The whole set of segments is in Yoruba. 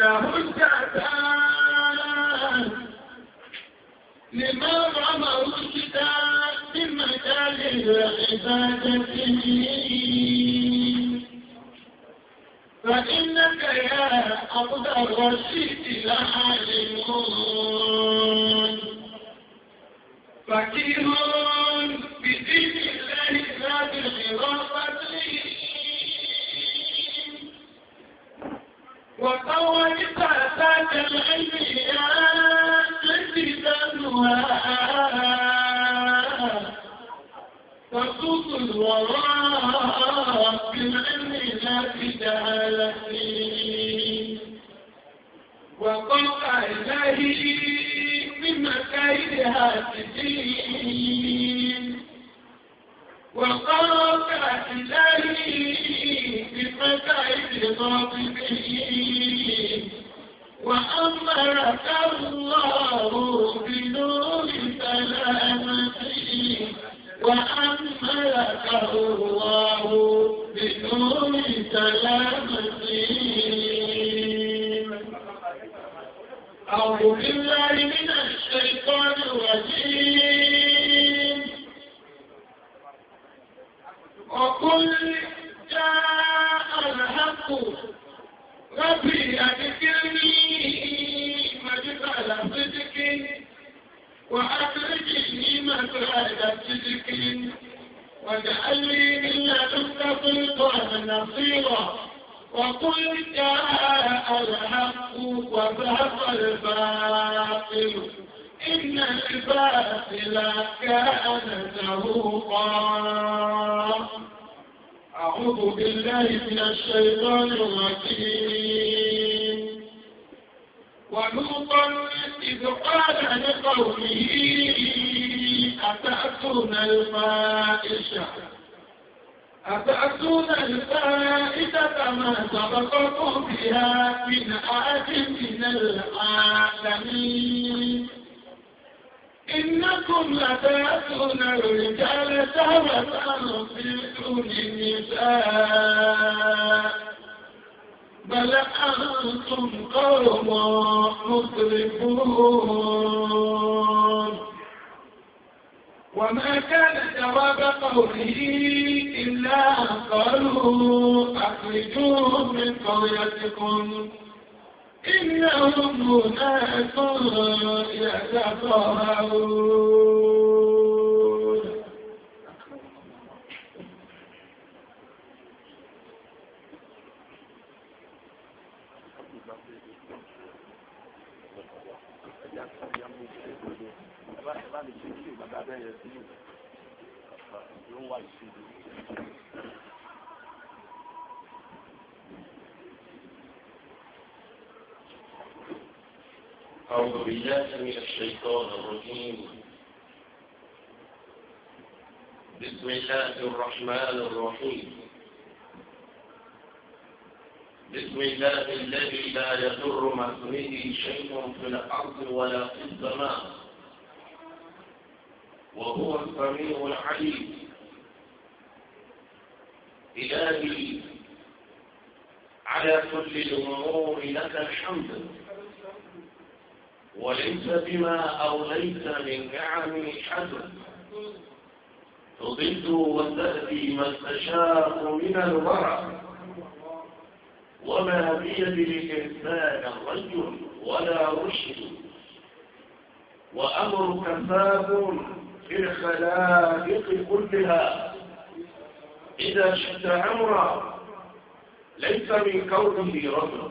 له الزعفان لما رموا الكتاب من مجال العبادة فإنك يا أفضل الرشيد لعالم فقير وقوارب ذات العلميات تزدادها تصوص الوراء بالعلم الذي جعل فيه وقطع الله من مكائد هاتفين وقاطع إلهي بفتح غاضبه وأمرك الله بنور سلامته وأمرك الله بنور سلامته أعوذ بالله من الشيطان الرجيم وقل جاء الحق ربي أذكرني مجدل صدق وأخرجني مخرج صدق واجعل لي من لدنك سلطانا نصيرا وقل جاء الحق وذهب الباطل إن الباطل كان زهوقا أعوذ بالله من الشيطان الرجيم ولوطا إذ قال لقومه أتأتون الفائشة أتأتون الفائشة ما سبقكم بها من أحد من العالمين إنكم لتأتون الرجال شهوة في النساء بل أنتم قوم مسرفون وما كان جواب قوله إلا أن قالوا أخرجوهم من قريتكم إنهم أناس يتطهرون Ìjọba ìṣèlú, bàbá bẹ́ẹ̀ أعوذ بالله من الشيطان الرجيم بسم الله الرحمن الرحيم بسم الله الذي لا يضر مع اسمه شيء في الأرض ولا في السماء وهو السميع العليم إلهي على كل الأمور لك الحمد وليس بما أوليت من نعم حسن تضد وتأتي ما استشاق من الورع وما بيد الإنسان الرجل ولا رشد وأمر كفاف في الخلائق كلها إذا شئت عمرا ليس من كونه رجل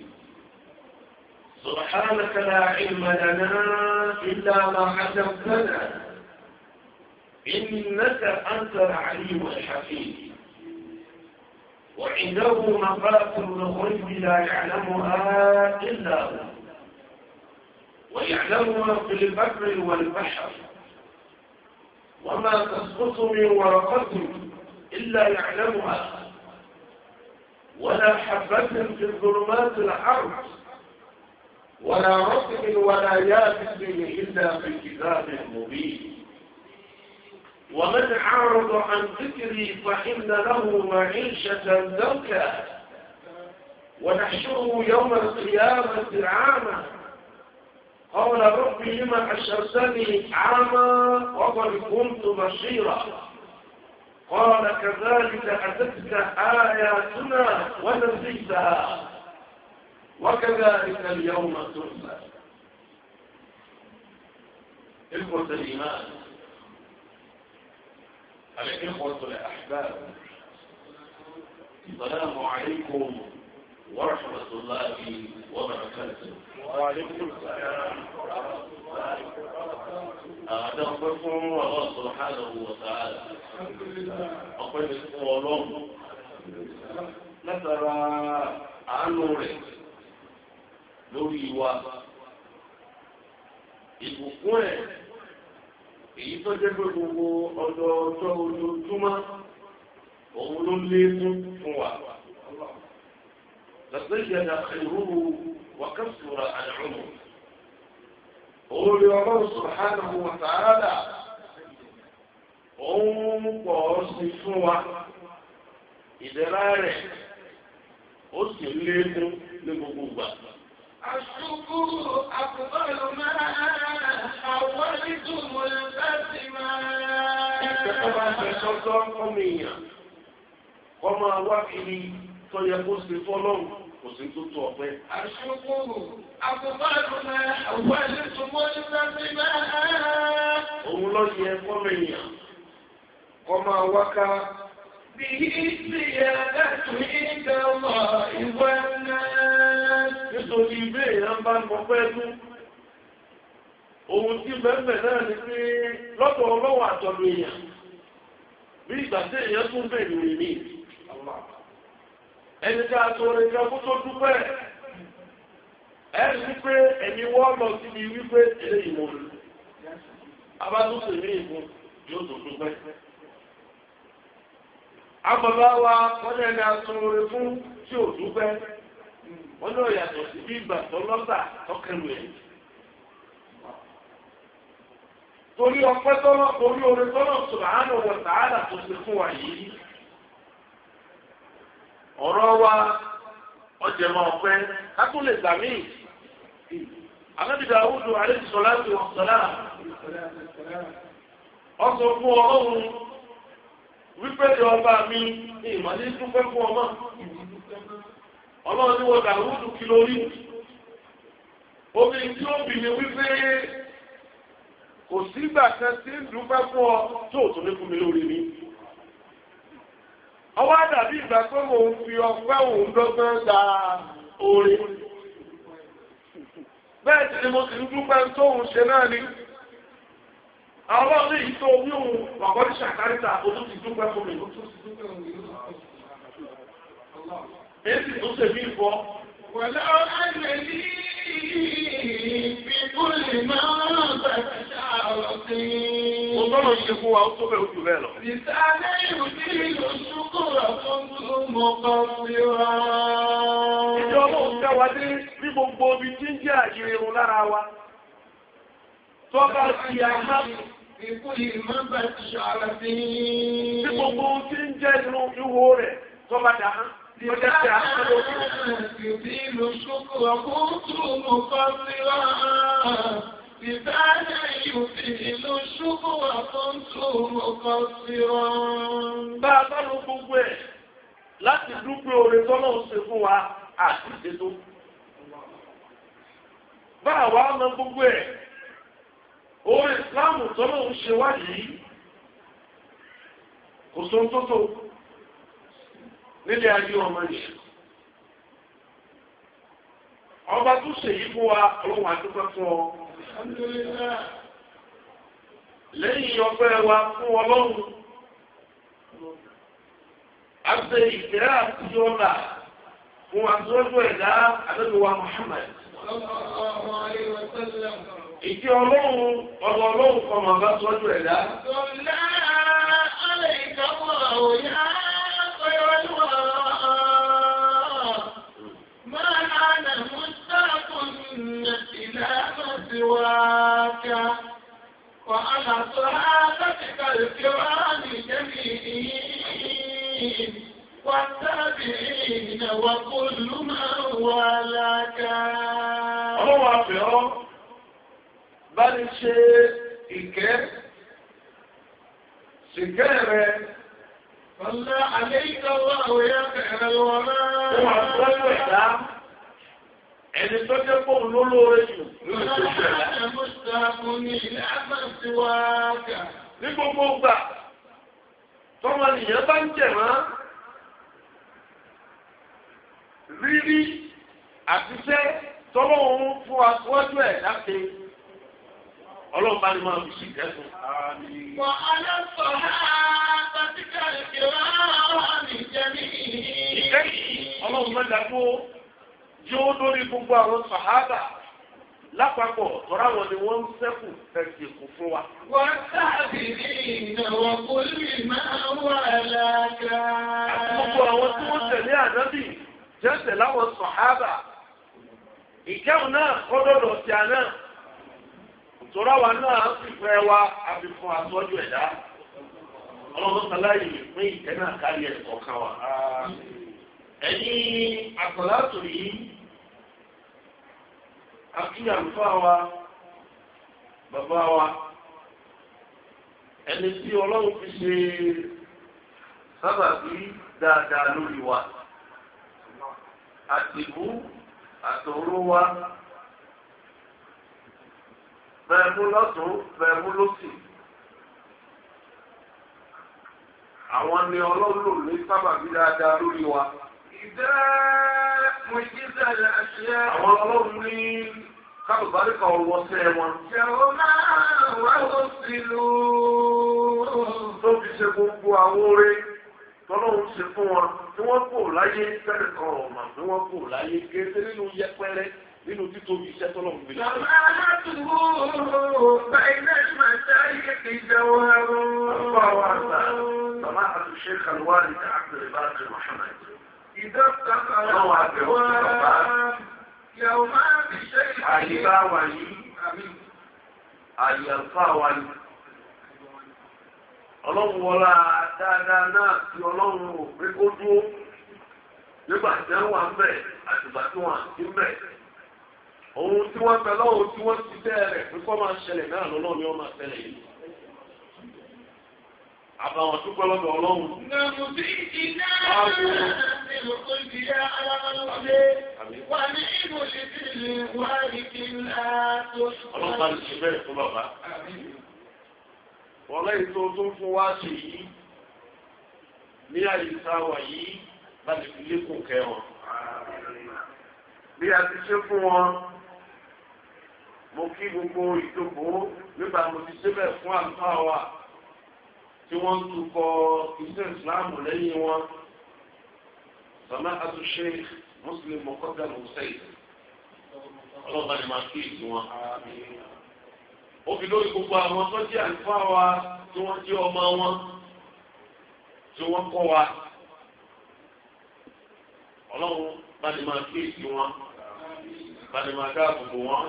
سبحانك لا علم لنا إلا ما علمتنا إنك أنت العليم الحكيم وعنده مقاتل الغيب لا يعلمها إلا هو ويعلمها في البر والبحر وما تسقط من ورقة إلا يعلمها ولا حبة في ظلمات الأرض ولا رطب ولا يابس إلا في كتاب مبين ومن أعرض عن ذكري فإن له معيشة ذوكا ونحشره يوم القيامة عاما قال ربي لما حشرتني عاما وقد كنت بشيرا قال كذلك أتتك آياتنا ونسيتها وكذلك اليوم تحسى إخوة الإيمان الإخوة الأحباب السلام عليكم ورحمة الله وبركاته وعليكم السلام ورحمة الله وبركاته الله سبحانه وتعالى أقول لكم ولوم نترى نورك lórí wa ìbùkún ẹ̀ èyí tó jẹ́ pé gbogbo ọjọ́ ọjọ́ ojoojúmọ́ òun ló lékún fún wa. Lọ́sẹ̀yẹ̀dà ìrúhu wákàtúrà àdàrúmù. Orí ọlọ́run subhanahu wa ta'ala òun pọ̀ sí fún wa. Ìdẹ̀ra rẹ̀ ó sì lékún ní gbogbo ìgbà. الشكر أفضل ما ọmọ èèyàn, ọmọ tó yẹ kó ṣe fọ́lọ́run kò sí tó tó ọ̀pẹ. Àṣùkò àkùbọ́dù náà àwọn ẹ̀sùn mọ́jú láti máa. Òun yẹ Bí nítorí ilé èèyàn bá ń gbọ́pẹ́ tún ohun tí bẹ́ẹ̀ náà ni pé lọ́dọ̀ ọlọ́wọ́ àtọ̀lù èèyàn bí ìgbà tí èèyàn tún bèrè rè mí ẹni tí a tó rẹ jẹ kó tó dúpẹ́ ẹ ní pé ẹ̀mí wọ́n lọ síbi wípé èlé ìmọ̀ rẹ̀ abátúnṣe ní ìfún yóò tó dúpẹ́. Àbàbá wa wọ́n ní ẹni a tó rẹ fún tí ò dúpẹ́. wọ́n lọ yàtọ̀ sí bí ìgbà tó lọ́gbà tọ́kẹ̀lú ẹ̀. torí ọpẹ́ tọ́lọ́ torí oore tọ́lọ́ tó ṣe fún wa yìí ọ̀rọ̀ wa ọjẹ̀mọ̀ ọpẹ́ kátó lè sàmì àbẹ́bìdà àwùjọ alayhi salatu wa salam ọ̀sọ̀ fún ọlọ́run mi ìmọ̀lẹ́ dúpẹ́ fún ọmọ. ọlọ́run ní wọ́n dàrúdù kí lórí obìnrin tí ó bì ní wípé kò sígbà kan tí ń dúpẹ́ fún ọ tó ò tún ní fún mi lórí mi ọwọ́ àdàbí ìgbà pé mò ń fi ọpẹ́ òun dọ́gbọ́n gba orin bẹ́ẹ̀ tí mo ti ń dúpẹ́ tóun ṣe náà ni àwọn ọlọ́run èyí tó wí òun wàkọ́dí ṣàkárìtà ojú ti dúpẹ́ fún mi èsì tó ṣe mí bọ́. Wọ̀lá ọ̀rẹ́ ní ìbíkú lè máa bẹ̀rẹ̀ ṣàrọ̀ sí. Mo tọ́lọ̀ ṣe fún wa ó tó bẹ̀rù jù bẹ́ẹ̀ lọ. Ìsàlẹ̀ ìlú tí ìlú ṣúkúrọ̀ tó ń tó mọ sí wa. Ìjọba ò fẹ́ wa dé ní gbogbo omi tí ń jẹ́ àyè irun lára wa. Tọ́ba ti àhá. Ìkú lè máa bẹ̀rẹ̀ ṣàrọ̀ sí. Ní gbogbo ohun tí ń jẹ́ irun ìwò rẹ̀ tọ́ba dà hán. Ìdílù ṣúkú ọkùnkùnmù kan sí wá. Ìdáná ìdílù ṣúkú ọkùnkùnmù kan sí wá. Bá a bá ló gbogbo ẹ̀ láti dúpẹ́ oore tọ́lọ́ ń ṣe fún wa àti ìṣètò. Bá a wá mọ gbogbo ẹ̀, oore ìsìláàmù tọ́lọ́ ń wá yìí. Kò sóhun tó nílé ayé ọmọ yìí ọba tó ṣèyí fún wa ọlọ́run àdúgbò fún ọ lẹ́yìn ọpẹ́ wa fún ọlọ́run àti ìfẹ́ àti fún àtúntò ẹ̀dá àdébíwá ìdí ọlọ́run ọ̀dọ̀ ọlọ́run bá tọ́jú ẹ̀dá. سواك وأنا صحابتك الكرام جميعين والتابعين وكل من والاك هو أبيض بل شيء ìkẹ́ ṣìkẹ́ rẹ̀ Fọ́lá àlẹ́ ìkọwà òyà kẹrẹ lọ́rọ̀. Wọ́n àtọ́lẹ̀ dá ẹni tó jẹ́ fóun ló lóore jù lórí tó ṣẹlẹ̀. ní gbogbo gbà tọ́mọ nìyẹn bá ń jẹ̀ mọ́ rírí àtisẹ́ tọ́lọ́hún fún wa síwájú ẹ̀ láti ọlọ́run bá ní máa fi sí ìdẹ́kùn. wà á lọ sọ ha pàtíkà ìkìlá wà ní jẹ́mi. ìdẹ́kùn ọlọ́run mẹ́ta tó. tí ó lórí gbogbo àwọn sàhábà lápapọ̀ tọ́ra wọn ni wọ́n ń sẹ́kù ẹ̀sìn kù fún wa. wọ́n sábì ìnáwó kúlì máa wà gbogbo àwọn tí wọ́n tẹ̀lé ànábì jẹ́sẹ̀ láwọn sàhábà ìkẹ́hùn náà kọ́dọ̀dọ̀ a tọ́ra wa náà fẹ́ wa fún àtọ́jú ẹ̀dá ọlọ́run sàlàyé pé ìtẹ́ náà kárí ẹ̀ kọ̀ọ̀kan wa. yìí. àti àlùfáà wa bàbá wa ẹni tí ọlọ́run fi ṣe sábàbí dáadáa lórí wa àtìbú àtòró wa bẹ́ẹ̀ mú lọ́tún bẹ́ẹ̀ mú lọ́sì. àwọn ni ọlọ́run lò ní sábàbí dáadáa lórí wa. Àwọn ọlọ́run ní kálùbáríkà ọwọ́ sẹ́ wọn. Yàwó máa wà ó sí lò. Tó fi ṣe gbogbo àwọn oore tọ́lọ́run ṣe fún wọn tí wọ́n kò láyé fẹ́rẹ̀ kan ọ̀mà tí wọ́n kò láyé kéde nínú yẹpẹrẹ nínú títóbi iṣẹ́ tọ́lọ́run gbé. Bàbá alátùwò báyìí náà máa ṣáyé ìjọwọ́ àrùn. Bàbá wa àgbà, bàbá àtúnṣe kàlùwárì ní àgbèrè bá ti إذا افتقر الأبواب يوم بشيء àyíká wa yìí àyànká wa yìí ọlọ́run wọlá dáadáa náà tí ọlọ́run ò pé kó dúró nígbà tí wọ́n wà ń bẹ̀ àtìgbà tí wọ́n àti ń ohun tí wọ́n bẹ tí wọ́n ti bẹ́ẹ̀ rẹ̀ pé máa ṣẹlẹ̀ náà lọ́lọ́run ni wọ́n máa ṣẹlẹ̀ yìí àbàwọn tó gbọ́ lọ́dọ̀ ọlọ́run. Nàmú bí iná ní lóko ìdí alámọ́lódé wà ní ìlú ìdílé wà ìdí ńlá tó sùn. Ọlọ́pàá ti ṣe bẹ́ẹ̀ fún bàbá. Wọ́lá ètò tó fún wa ṣe yìí ní àyíká wa yìí láti fi lékò kẹ́ Bí a ti ṣe fún wọn, mo kí gbogbo ìjókòó nígbà mo ti ṣe bẹ́ẹ̀ fún àlùfáà tí wọ́n ń tukọ̀ iṣẹ́ ìsìláàmù lẹ́yìn wọn sọ̀nà àtúnṣe Muslim mọ̀kọ́dàmù sẹ́yìn ọlọ́ba ni máa kíyèsí wọn. ó fi lórí gbogbo àwọn tó jẹ́ àlùfáà wa tí wọ́n jẹ́ ọmọ wọn tí wọ́n kọ́ wa ọlọ́run bá ní máa kíyèsí wọn bá ní máa dáàbò bò wọn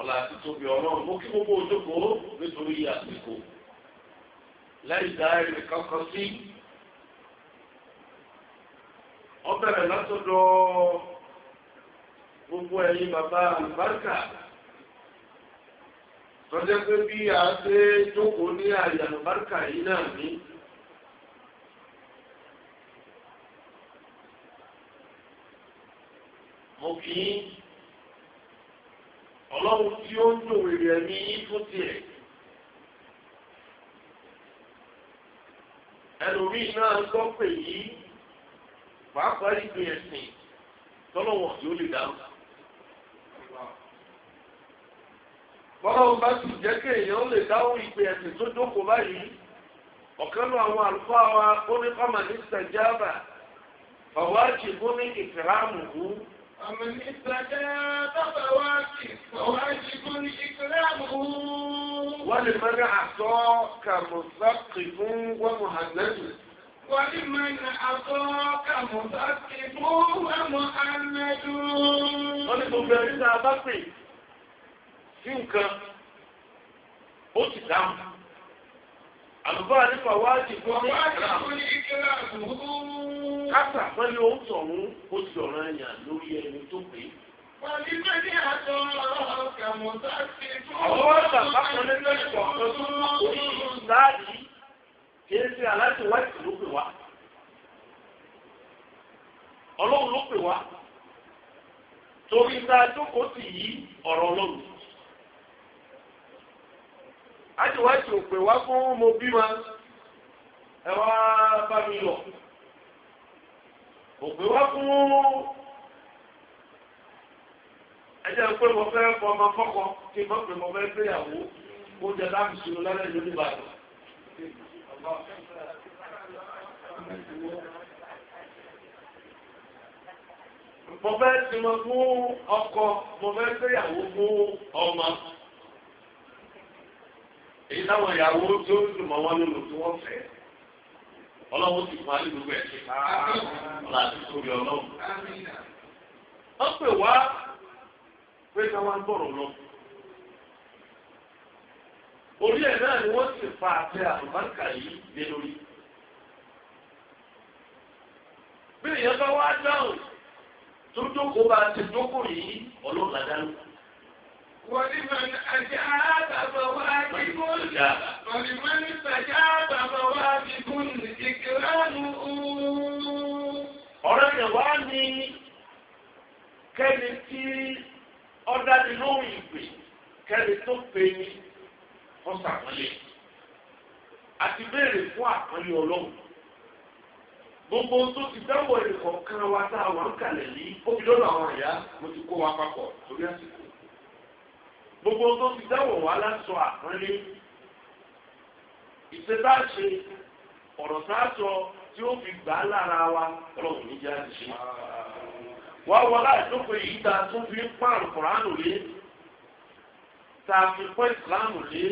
ọ̀la àti tóbi ọlọ́run mo kí gbogbo òjòkó nítorí àsìkò láì dá ẹnì kankan sí ó bẹ̀rẹ̀ látọ̀dọ̀ gbogbo ẹ̀yin bàbá àlùbáríkà tọ́jẹ́ pé bí a ṣe jókòó ní àyè àlùbáríkà yìí náà ní. mo kì í ọlọ́run tí ó ń dòwèrè ẹ̀mí yín fún tiẹ̀. ẹlòmíì náà gbọ́ pè yí pàápàá ìlú ẹ̀sìn tọ́lọ́wọ̀n yóò lè dáhùn. bọ́lọ́wọ́ bá sì jẹ́ kí èèyàn lè dáhùn ìpè ẹ̀sìn tó jókòó báyìí ọ̀kan nu àwọn àlùfáà wa ó ní kọ́mà ní sàjáàbà ọ̀wá jìbó ní ìfìhàmù hù. ومن استجاب فواجب فواجب إكرامه ولمن أعطاك مثقف ومهند ولمن أعطاك مثقف ومهند wọ́n ní gbogbo ẹni tá a bá pè sí nǹkan kásà pẹ́lú oúnjẹ ọ̀hún ó ti ọ̀ràn ẹ̀yàn lórí ẹni tó pé. Àwọn ọ̀sà bákan nínú ìtọ̀ ọ̀tún orí láàdì kìí ṣe aláṣẹ wáìtì ló pè wá. Ọlọ́run ló pè wá. Torí ta jókòó sì yí ọ̀rọ̀ Ọlọ́run. Àjẹwájú ò pè wá fún mo bímọ. Ẹ wá bá mi lọ kò pé wá fún ẹjẹ pé mo fẹ́ fọ ọmọ fọkọ kí n bá pè mo fẹ́ gbéyàwó kó jẹ láti ṣòro lálẹ́ ìlú nìbàdàn. mo fẹ́ sinmi fún ọkọ mo fẹ́ gbéyàwó fún ọmọ èyí táwọn ìyàwó tó ń dùn mọ́ wọn lòlò tí wọ́n fẹ́ ọlọ́run ti fún alẹ́ gbogbo ẹ̀ ṣe ọ̀la ti tóbi ọlọ́run. wọ́n pè wá pé ká wá gbọ́rọ̀ lọ. orí ẹ̀ náà ni wọ́n sì fa àtẹ àlùbáríkà yìí lé lórí. bí èèyàn bá wá dáhùn tó dókòó bá ti dókòó yìí ọlọ́run àdánù. ولمن أجاب فواجب ولمن استجاب فواجب إكرامه. ọ̀rọ̀ yẹn wá ní kẹ́ni tí ọ̀dàdì lóhùn ìgbè kẹ́ni tó pè ní ọ̀sàmọ́lẹ̀ àti béèrè fún àpọ́nlé ọlọ́run gbogbo tó ti dáwọ́ ẹ̀kọ́ kan wa tá a wà ń kalẹ̀ yìí ó fi lọ́dọ̀ àwọn àyà mo ti kó wa papọ̀ torí àsìkò gbogbo tó ti dáwọ̀ wá lásọ àpọ́nlé ìṣẹ́tà ṣe ọ̀rọ̀ tá a sọ tí ó fi gbà á lára wa ọlọ́run ní jẹ́ àti ṣe. wá wọlá ìjókòó èyí tá a tún fi ń pa àlùkòránù lé tá a fi pọ́ ìsìláàmù lé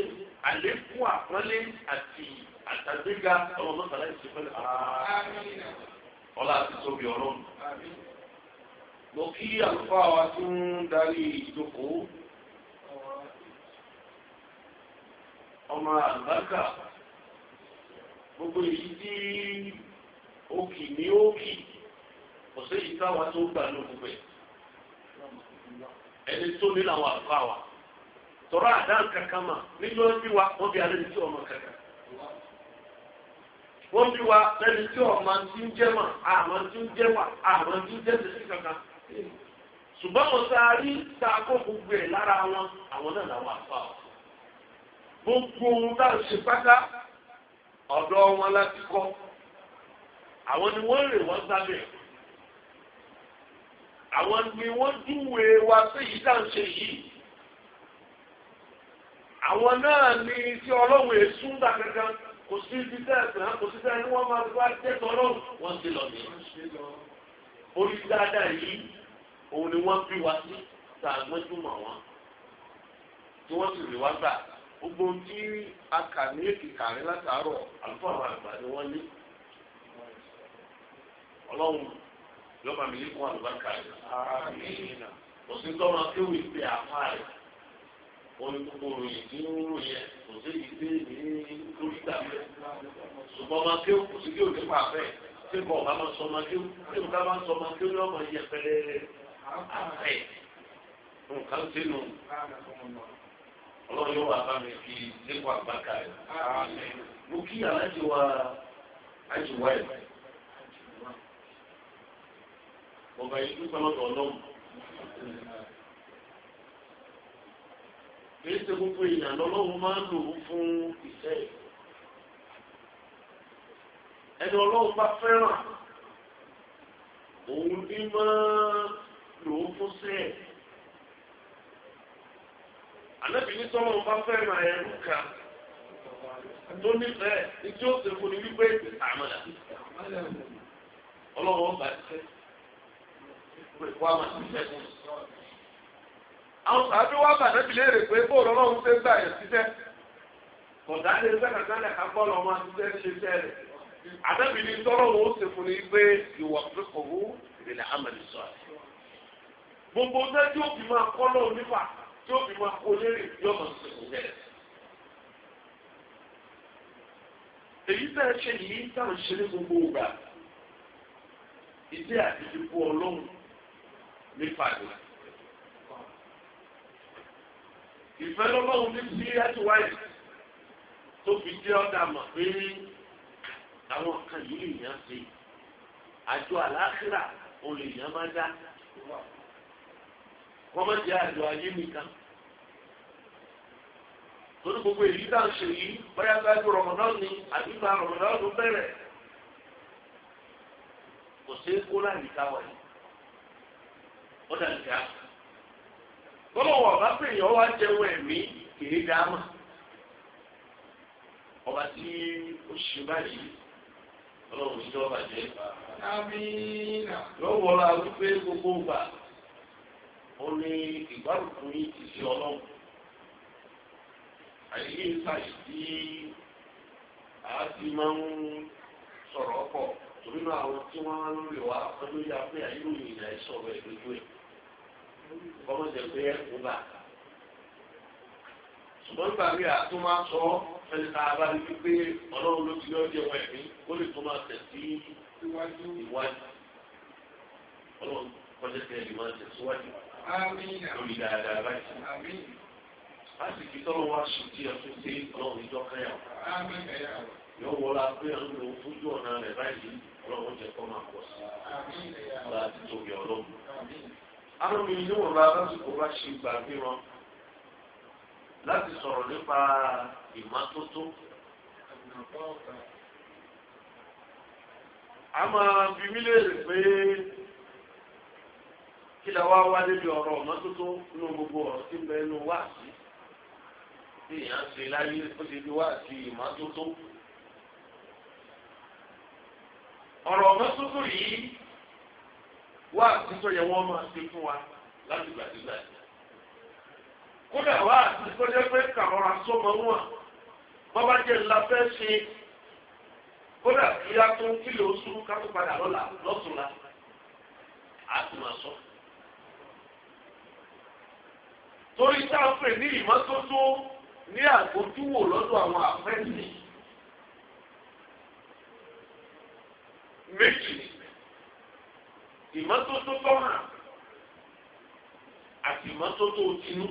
àlékún àpọ́nlé àti àtàgbéga ọlọ́run náà sàlàyé ṣe fẹ́lẹ̀ ọlá àti tóbi ọlọ́run. mo kí àlùfáà wa tún darí ìjókòó. ọmọ àgbàkà gbogbo èyí tí òkì ní òkì ọ̀sẹ̀ yìí táwa tó gbà ló gbogbo ẹ̀ ẹni tó ní làwọn àlùfáà wa tọ́rọ àdáhùn kankan mà níjọ́ bí wa bí alẹ́ ọmọ kankan wọ́n bí wa lẹ́ni tí ti ń jẹ́ mà ti ń jẹ́ wà àmọ́ ti ń jẹ́ sẹ́sẹ́ kankan ṣùgbọ́n mo sáré gbogbo ohun tá a ṣe pátá ọ̀dọ̀ wọn láti kọ́ àwọn ni wọ́n rè wọ́n sábẹ̀ àwọn ni wọ́n júwe wa pé yìí tá à ń ṣe yìí àwọn náà ni tí ọlọ́run èsú ń gbà kankan kò sí ibi tẹ́ ẹ̀sìn hàn kò sí tẹ́ ẹni wọ́n máa fi wá tẹ́tọ̀ ọlọ́run wọ́n ti lọ ní. orí dáadáa yìí òun ni wọ́n bí wa sí tá a gbẹ́jú mọ̀ wọ́n tí wọ́n sì rí wá gbà gbogbo tí a kà ní èkì kàrí látàárọ̀ àlùfáà àgbà ni wọ́n ní ọlọ́run yọba mi lékún àlùbáríkà rẹ̀ kò sí tọ́mọ akéwì pé àfa rẹ̀ orí gbogbo ròyìn tí ń rò yẹ kò sí èyí tí èyí lórí dàbẹ̀ ṣùgbọ́n ọmọ akéwì kò sí kí òde àfẹ́ ṣé kò ọba máa sọ ọmọ akéwì ṣé kò ọba máa sọ ọmọ akéwì ọmọ yẹpẹrẹ àfẹ́ nǹkan sínú ọlọ́run yóò wá bá mi fi lẹ́kọ̀ọ́ àgbàkà rẹ̀. mo kí aláàjì wa aláàjì wa ẹ̀. ọba yìí dúpẹ́ lọ́dọ̀ ọlọ́run. kìí ṣe gbogbo èèyàn lọ́lọ́run máa ń lò ó fún iṣẹ́ ẹ̀. ẹni ọlọ́run bá fẹ́ràn òun ní máa lò ó fún sẹ́ẹ̀ ànábì ní sọ́mọ́ ń bá fẹ́ ra ẹrú kan tó nífẹ̀ẹ́ ìjọ òṣèlú ni wípé àmàlà ọlọ́wọ́ bá ti fẹ́ pé wá máa ti fẹ́ fún un. àwọn sàbí wá bàtà bí léèrè pé bóòlù ọlọ́run ṣe ń gbà yẹn síṣẹ́ kọ̀dá lè sẹ́kàtàlẹ̀ agbọ́lọ̀ máa ṣiṣẹ́ ṣe sẹ́rẹ̀. ànábì ní sọ́rọ̀ òun ṣe fún ni pé ìwà pípọ̀ wú ìrìnà àmàlì sọ̀rọ̀. gbogbo ọjọ́ tí ó fi máa kọ́ lọ́ọ̀ nípa tí ó fi máa kó lérè yọ ọmọ sọ̀rọ̀ rẹ̀. èyí tá a ṣe yìí tá a ṣe ní gbogbo ìgbà ìdí àti ìdìbò ọlọ́run nípa rẹ̀. ìfẹ́ lọ́lọ́run ní sí ẹ́tíwáyé tó fi jẹ́ ọ̀dà mọ̀ pé àwọn kan yìí lè yàn sí àjọ àlàáfíà òun lè yàn máa dá. wọ́n má jẹ́ àjọ ayé nìkan torí gbogbo èyí tá à ń ṣe yìí bóyá sáájú rọmọdán ni àbí rọmọdán ló bẹ̀rẹ̀ kò ṣeé kó láyìí táwa yìí ó dà nígbà bá pè yàn wá ọba tí ó ṣe báyìí ṣe ọba gbogbo gbà. ó ní ìgbárùkù yìí ti ṣe ọlọ́run àyè ìsàyè tí a ti máa ń sọ̀rọ̀ ọkọ̀ torí náà àwọn tí wọ́n á lórí wa pẹ̀lú yà pé àyè ìyìnlá ìsọ̀rọ̀ ẹ̀ lójú ẹ̀ kọ́mọ jẹ pé ẹ̀kú bá a. ṣùgbọ́n nígbà rí àtún máa sọ ẹni tá a bá rí wípé ọlọ́run ló ti lọ́ọ́ jẹun ẹ̀mí ó lè tó máa tẹ̀ sí iwájú ìwájú ọlọ́run kọjá tẹ̀ lè máa tẹ̀ síwájú wa lórí dáadáa báyìí. Lásìkò tọ́lọ́ wá sùn tí ẹ tún dé ọlọ́run ìjọ káyà wọ̀. Yóò wọra pé à ń lo ojú ọ̀nà rẹ̀ báyìí ọlọ́run jẹ kọ́ máa pọ̀ sí i. Ọlá ti tóbi ọlọ́run. Àwọn mi ní wọn bá lásìkò bá ṣe gbàgbé wọn láti sọ̀rọ̀ nípa ìmọ́tótó. A máa bi mí léèrè pé kí la wá wá níbi ọ̀rọ̀ ọ̀mọ́tótó nínú gbogbo ọ̀rọ̀ tí ń bẹ nínú wáàsí tí èèyàn ṣe láyé ó ti di wáàsí ìmọ́tótó. ọ̀rọ̀ ọ̀mọ́tótó yìí wáàsí tó yẹ wọ́n máa ṣe fún wa láti gbàdúgbà. kódà wáàsí tó jẹ́ pé kàrọ̀ra sọ́mọ wọn wọ́n bá jẹ́ ńlá fẹ́ ṣe kódà kí a tún kílò oṣù ká tó padà lọ́la lọ́tùnla àtùmọ̀ sọ́kù torí sáfẹ̀ ní ìmọ́tótó ní àgbójúwò lọ́dọ̀ àwọn àfẹ́sì méjì ìmọ́tótó tó hàn àti ìmọ́tótó tinú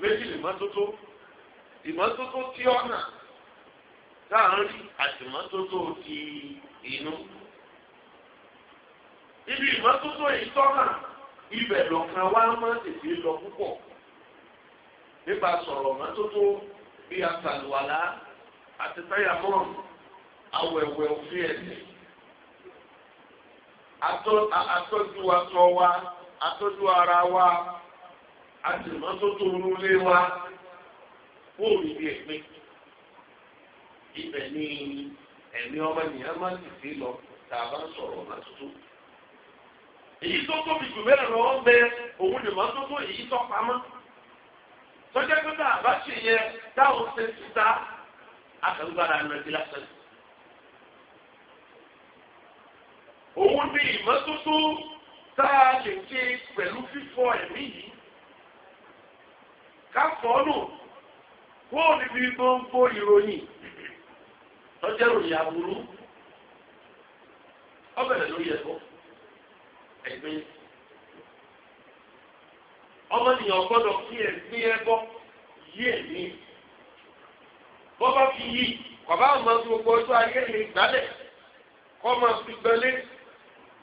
méjì ìmọ́tótó ìmọ́tótó tí ó hàn láàárín àti ìmọ́tótó ti inú ibi ìmọ́tótó èyí tó ibẹ̀ lọ́kàn wá máa tètè lọ púpọ̀ nípa sọ̀rọ̀ mọ́tótó bí asàlùwàlá àti táyàmọ́ọ̀n awẹ̀wẹ̀ òfin ẹ̀sìn atọ́jú atọ́ wa atọ́jú ara wa àti mọ́tótó olúlé wa wọ́n ò ní bí ẹ̀pẹ́ ibẹ̀ ni ẹ̀mí ọmọ nìyẹn máa tètè lọ tàbá sọ̀rọ̀ mọ́tótó. èyí tó tóbi jù mẹ́rin lọ ń bẹ òun lè máa tó èyí tó pamọ́ bá ṣe yẹ táwọn ṣe ta àtàlùbára nàìjíríà lásán. òun ni ìmọ́tótó tá a lè ṣe pẹ̀lú fífọ ẹ̀mí yìí ká gbogbo ìròyìn àbúrú lórí ẹgbẹ́ yìí ọmọnìyàn gbọ́dọ̀ fi ẹ̀gbin ẹbọ yí èmi bọba fi yí bàbá àmọ́ gbogbo ọjọ́ ayé lè gbálẹ̀ kọ máa fi gbẹlé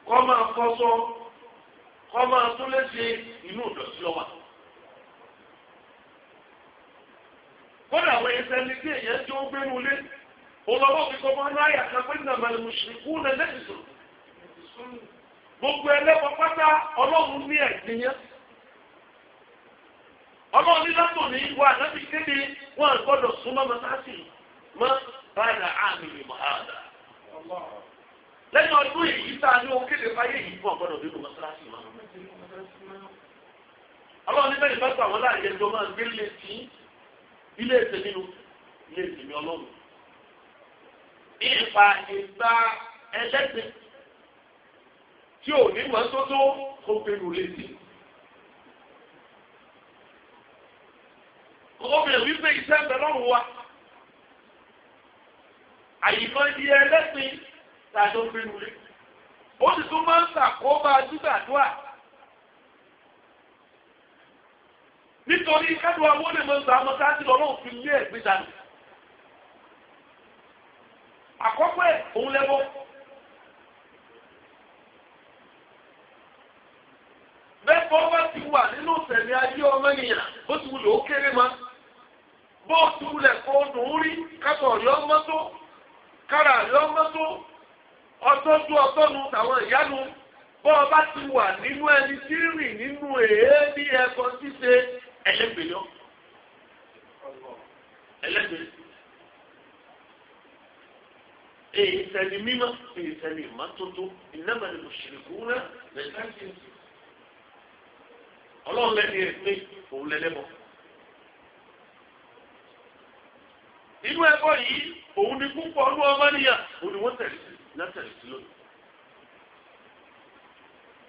kọ máa fọṣọ kọ máa tún lè ṣe inú ìdọ̀tí ọwà. kódà àwọn ẹsẹ̀ ní kí èèyàn tí ó gbénu lé olọ́wọ́ fi kọ́ mọ́ náírà kan pé nàmàlì mùsùlùmí kú lẹ́lẹ́sìn sọ̀rọ̀ gbogbo ẹlẹ́wọ̀n pátá ọlọ́run ní ẹ̀sìn yẹn ọlọ́run ní lọ́tọ̀ ní wà láti kéde wọn gbọ́dọ̀ súnmọ́ mọ́sáàsì mọ́ báyà àmì mọ́hàdà lẹ́yìn ọdún èyí tá a ní o kéde fáyé yìí fún ọgbọ́dọ̀ nínú mọ́sáàsì mọ́ ọlọ́run ní bẹ́ẹ̀ bá wọn láàyè ẹjọ́ máa gbé lé sí ilé ètè nínú ilé ètè mi ọlọ́run nípa ìgbà ẹlẹ́sìn tí ò ní mọ́ tó tó kó gbèrú létí. obìnrin wípé iṣẹ́ ń bẹ lọ́rùn wa àyìnbó di ẹlẹ́sìn tàbí obìnrin rẹ̀ ó sì tún máa ń ṣàkóbá dúgbàdúà nítorí kádùá wọ́n lè máa ń gbà mọ́tá sí lọ́rùn fi lé ẹ̀gbẹ́ dànù àkọ́kọ́ ẹ̀ òun lẹ́wọ́. bẹ́ẹ̀ bá ti wà nínú tẹ̀mí ayé ọmọ ènìyàn bó ti wulẹ̀ ó kéré ma bó ti wulẹ̀ kó rí kátó ọ̀rẹ́ ọmọ tó kára ọtọ́ tàwọn ìyánu bó ti wà nínú ẹni tí nínú ṣíṣe ọlọ́run lẹ́ni èpè òun lẹ́lẹ́bọ̀. inú ẹ̀kọ́ yìí òun ni púpọ̀ ọlú ọmọ nìyà òun ni wọ́n tẹ̀lé sí látẹ̀lé sí lónìí.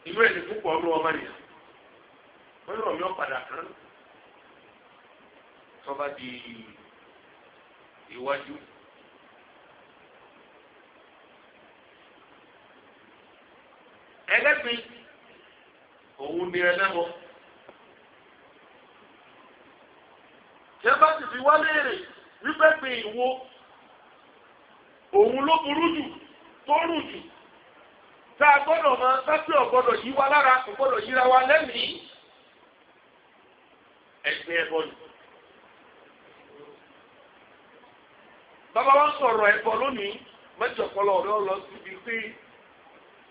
inú ẹ̀ ni púpọ̀ ọlú ọmọ nìyà wọ́n yọ̀ mí ọ̀padà kan tọ́ba di iwájú. ẹlẹ́gbin òun ni ẹlẹ́wọ̀n. tí wọ́n bá sì fi wá léèrè wípé pé ìwo òun ló burú jù tó rù jù tá a gbọ́dọ̀ mọ sápẹ ọgbọ́dọ̀ yí wa lára ọgbọ́dọ̀ yíra wa lẹ́mìí ẹgbẹ́ ẹbọ ni. bàbá wa sọ̀rọ̀ ẹbọ lónìí mẹ́jọ kọlọ ọ̀rẹ́ ọlọ síbi pé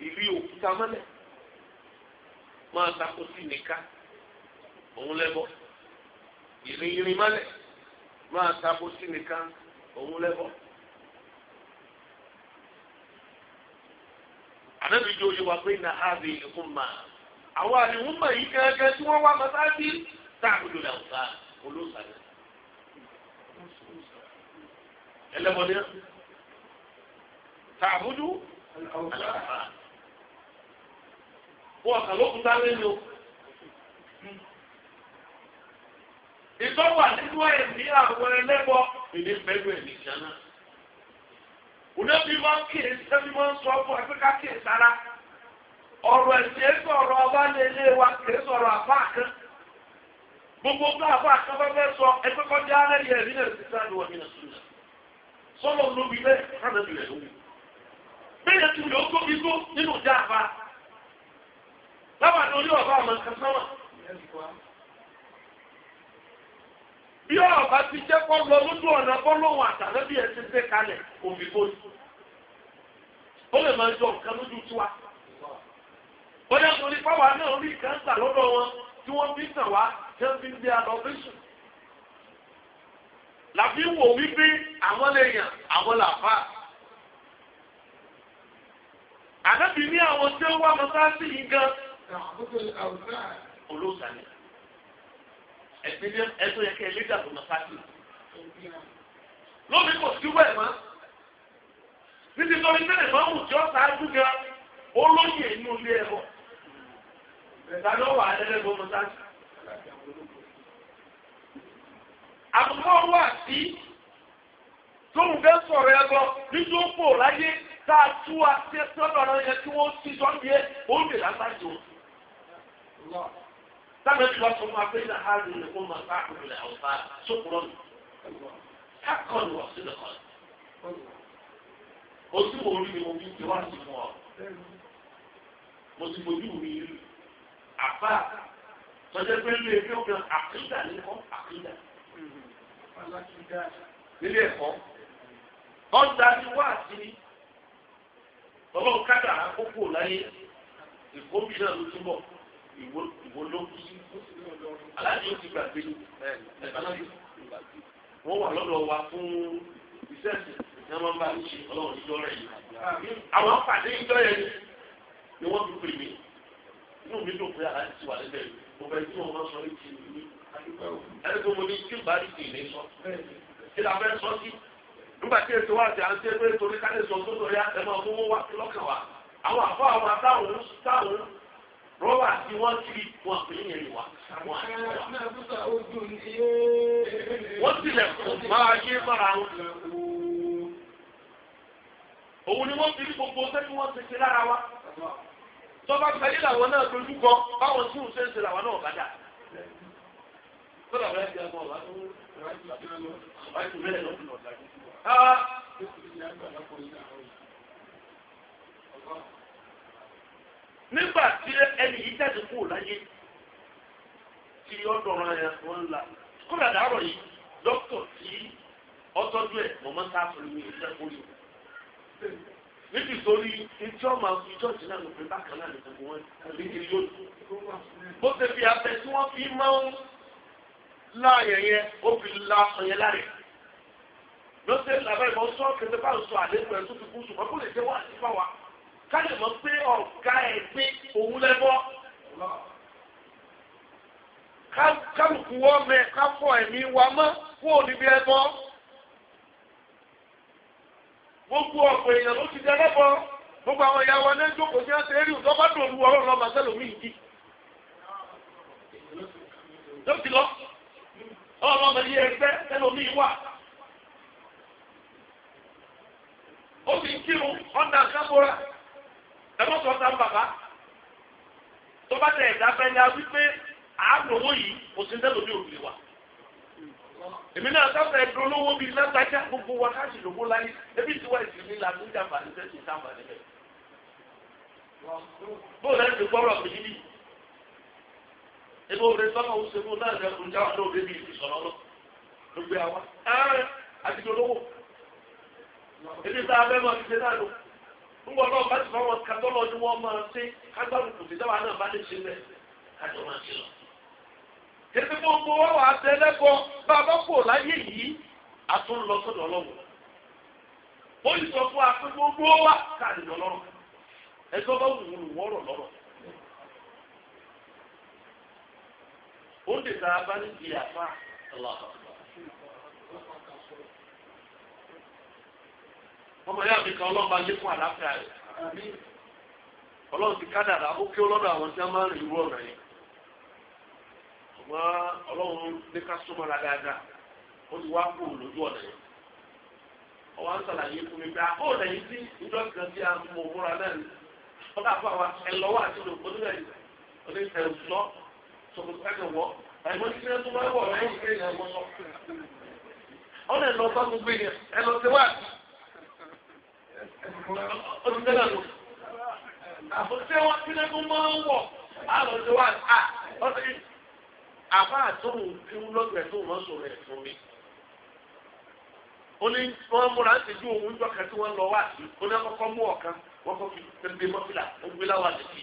ìlú òkúta mọ́lẹ̀ máa takò sí nìka òun lẹ́bọ̀ ìrìn ìrìn mọ́lẹ̀ máa tako sí nìkan òun lẹ́bọ̀. ànábi jẹ́ òye wa pé na ábí ìkún mà àwọn àdìhún mọ̀ yìí gẹ́gẹ́ tí wọ́n wá mọ́sáàbí táàbùdù làwùsà olóòsàlẹ̀. ẹlẹ́bọ̀ ni táàbùdù àlàfà. wọ́n kà lókun tá lẹ́nu. ìtọ́wà nínú ẹ̀mí àwọn ẹlẹ́bọ ìní pẹ̀lú ẹ̀mí jẹ́nà. Òdẹ́bí máa ń kíyè sẹ́mi máa ń sọ fún Áfíríkà kíyè sára. Ọ̀rọ̀ ẹ̀sìn ẹ̀sìn ọ̀rọ̀ ọba lè lé wa kìí sọ̀rọ̀ àbá kan. Gbogbo ọgbà àbá kan fẹ́ fẹ́ sọ ẹgbẹ́ kọjá lẹ́yìn ẹ̀rí náà ti sáré wọn nínú sílẹ̀. Sọ́lọ̀ ló wí bẹ́ẹ̀ kánà ju ẹ̀rú. Bẹ́ẹ̀ tún lè ó tóbi tó nínú ìjà àbá. Lábàdàn orí ọ̀bá àmọ̀ kan sáwọn bí ọba ti jẹ́ kọ́ lọ lójú ọ̀nà bọ́lọ́hùn àtàlẹ́bí ẹ̀ ti gbé kalẹ̀ òbí kò sí. ó lè máa jọ nǹkan lójú tiwa. bóyá torí páwa náà rí káńtà lọ́dọ̀ wọn tí wọ́n fi tàn wá tí wọ́n fi ń gbé alọ́fẹ́sùn. làbí wò wípé àwọn lè yàn àwọn làfà. àdàbí ní àwọn tí ó wá mọ́sáàsì yìí gan. olóòtú àná ẹ̀mílíọ̀n ẹ̀tọ́ yẹ kẹ́ ẹ lédà tó máa fásitì. lómi kò sí wẹ̀ mọ́ títí tó ní tẹ́lẹ̀ máa mú jọ́ sáájú gan olóyè inú ilé ẹ̀bọ̀. ẹ̀ka ló wà lẹ́lẹ́ tó máa sáájú. àbúrò wà sí tóun fẹ́ sọ̀rọ̀ ẹ̀bọ̀ nítorí ó pò láyé tá a tú wa sí ẹ̀sọ́ lọ́rọ̀ yẹn tí wọ́n ti sọ́ọ́ yẹ ó lè lásájú sábẹ́ tí wọ́n sọ fún apẹ́ ní àhàlù ní kó máa bá àkùnrin rẹ̀ ọ̀fà sókùrọ̀ nù. kákọ́ọ̀lù ọ̀sílẹ̀ kan. ojú wo rí ni mo fi ń jẹ́ wá sí fún ọ. mo ti mojú mi rí àbá sọjọ́ pé ilé ẹgbẹ́ obìnrin àkídà ní kọ́ àkídà. nílé ẹ̀kọ́ ọ̀dà ni wá sí ọlọ́run kádà àkókò láyé ìkóbìnrin ló túbọ̀ ìwọ ló kí aláàjì ó ti gbàgbé wọ́n wà lọ́dọ̀ wa fún iṣẹ́ ẹ̀sìn ní wọ́n máa ń bá mi ṣe ọlọ́run níjọ́ rẹ̀ yìí àwọn pàdé ìjọ yẹn ni wọ́n dúpẹ́ mi inú mi dùn pé aláàjì ti wà lẹ́bẹ̀ẹ́ mo bẹ̀rẹ̀ tí wọ́n máa sọ létí mi ẹni tó mo ní kí n bá rí ìlé sọ kí la fẹ́ sọ sí nígbà tí ètò wa ti à ń ṣe pé torí ká lè sọ tó lọ yá ẹ máa mú wá lọ́kàn wa àwọn àfọ àwọn táwọn táwọn rọ́bà tí wọ́n ti wọ́n pè é yẹn wà. wọ́n tilẹ̀ kó máa yé mara wọn. òun ni wọ́n fi gbogbo sẹ́ni wọ́n ti ṣe lára wa. tọ́ba gbẹ́lẹ́ làwọn náà dojú kọ báwọn tí òun ṣe ń ṣe làwọn náà bá dà. Ah nígbà tí ẹni yìí jáde kú láyé tí ọ̀dọ̀ ọ̀rọ̀ yẹn wọ́n ń la kódà dàárọ̀ yìí dókítà tí ọtọ́jú ẹ̀ mọ̀mọ́ sá fún mi ìṣẹ́ orí níbi ìsorí ìjọ máa fi ìjọ sí náà lópin bákan náà nìkan wọn àbí kiri yóò bó ṣe fi abẹ tí wọ́n fi máa ń la ayẹyẹ ó fi la ọyẹ láre lọ́sẹ̀ làbẹ́ ìmọ̀ sọ́ọ̀kì ní bá ń sọ àlékún ẹ̀ tó fi kú ṣùgbọ́n kó lè jẹ́ wá sí fáwa káyọ̀ mọ̀ pé ọ̀gá ẹ̀ pé òun lẹ́bọ́ kálukú wọ́n mẹ káfọ́ ẹ̀mí wa mọ́ kó o níbi ẹbọ gbogbo ọ̀pọ̀ èèyàn ló ti dẹ́lẹ́bọ gbogbo àwọn ìyá wa náà jókòó sí ẹsẹ̀ eré ìtọ́ bá dòlù ọ̀rọ̀ lọ́mọ sẹ́lómi yìí yóò ti lọ ọlọ́mọ yìí ẹgbẹ́ sẹ́lómi wà. ó fi ń kírun ọ̀nà àkàbọ̀ra ẹ̀mọ́ sọ sáà bàbá tó bá tẹ̀ ẹ̀dá fẹ́ ni a wípé àánúwó yìí kò sí dẹ́lò ní òrùlé wa. èmi náà sáfẹ́ ẹ̀dùn olówó bíi lágbájá gbogbo wa káàsì lówó láyé ebi tí wọ́n ti ní làánú jàmbá ní sẹ́sì sáàmbà níbẹ̀. bóòlù ẹ̀ ti gbọ́rọ̀ mi níbí. ebe òde sọ́nà ó ṣe fún náà ẹ̀kún jáwá náà òde ìsọ̀rọ̀ lọ ńgbọ náà bá ti fọ àwọn katọlọ ni wọn máa ṣe kágbárù kùtì dáwà náà bá lè ṣe bẹ́ẹ̀ kájọ máa ṣe lọ. ètò gbogbo wa wà á tẹ lẹ́kọ̀ọ́ bá a bá kò láyé yìí a tún lọ sọ́dọ̀ ọlọ́run. ó lè sọ fún wa pé gbogbo wa káàdì lọ́rọ̀ ẹjọ́ bá wù wọ́rọ̀ lọ́rọ̀. ó lè ta abánibí àfa ọlọ́run. ọmọ yá mi kan ọlọ́run bá lékún àlàáfíà rẹ̀ ọlọ́run ti kádàrà ó kí ọlọ́dọ̀ àwọn tí wọ́n máa ń rìn irú ọ̀nà yẹn ọmọ ọlọ́run ká súnmọ́ la dáadáa ó ti wá lójú ọ̀nà yẹn ọwọ́ ń sàlàyé fún mi pé àbọ̀ ọ̀nà yìí sí ìjọ kan bí a mọ̀ òmùra náà ni ọlọ́run àfa wa ẹ lọ́wọ́ àti lò onígbà yìí ọ̀nà ó ti tẹ́lẹ̀ lọ. àbúté wọn tí lẹ́kún máa ń wọ̀ àlọ́jọ́ wa à ọ̀sẹ̀ àbá àtòhùn tí ń lọ́gbẹ̀ẹ́ tó wọ́n sọ̀rọ̀ ẹ̀ fún mi. ó ní wọ́n múra ń tẹ̀jú òun jọ kan tí wọ́n lọ wá sí ó ní akọ́kọ́ mú ọ̀kan wọ́n kọ́ fi tẹ̀lé mọ́fìlà ó gbé láwọn àdìsí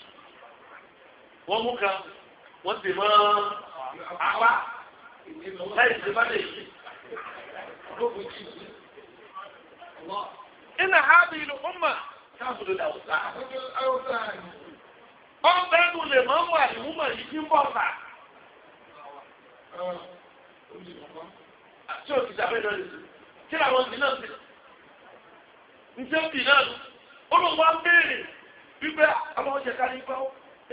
iná hábì ìlú ọmọ káàbùdó làwùsà. ọ̀bẹ ẹnu lè mọ́ wà ní wúmọ̀ yìí kí ń bọ̀ fà. àti òkè ìjàmbá ìlú ọ̀rẹ́sì kí làwọn ìdí náà ti ǹjẹ́ bì náà olùwà ń béèrè wípé àwọn ọjà kárí bá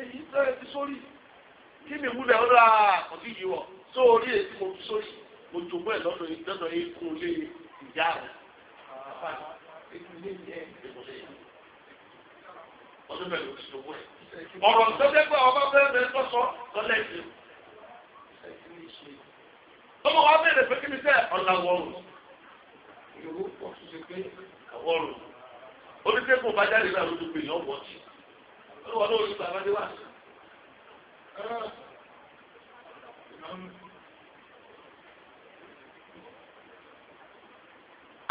èyí sẹ́yìn ti sórí kí mi wúlẹ̀ ó rà ọ̀dí yìí wọ̀ sórí èyí tí mo sórí mo jòkó ẹ̀ lọ́dọ̀ yìí lọ́dọ̀ yìí kún un lé ìjà rẹ̀ ọdún mẹ́lẹ̀ oṣù tó wọ́ ẹ̀. ọ̀rọ̀ tó dé pé ọba bẹ́ẹ̀ tó sọ ọmọ wa bẹ̀rẹ̀ pé kí ni sẹ́ ọ̀làwọ̀rùn. ìró pọ̀ tó ṣe pé àwọ̀rùn. oníṣègùn bá jáde náà lójú pé yọ̀ọ́ wọ̀tí. olúwa náà olùgbà bá dé wá sí.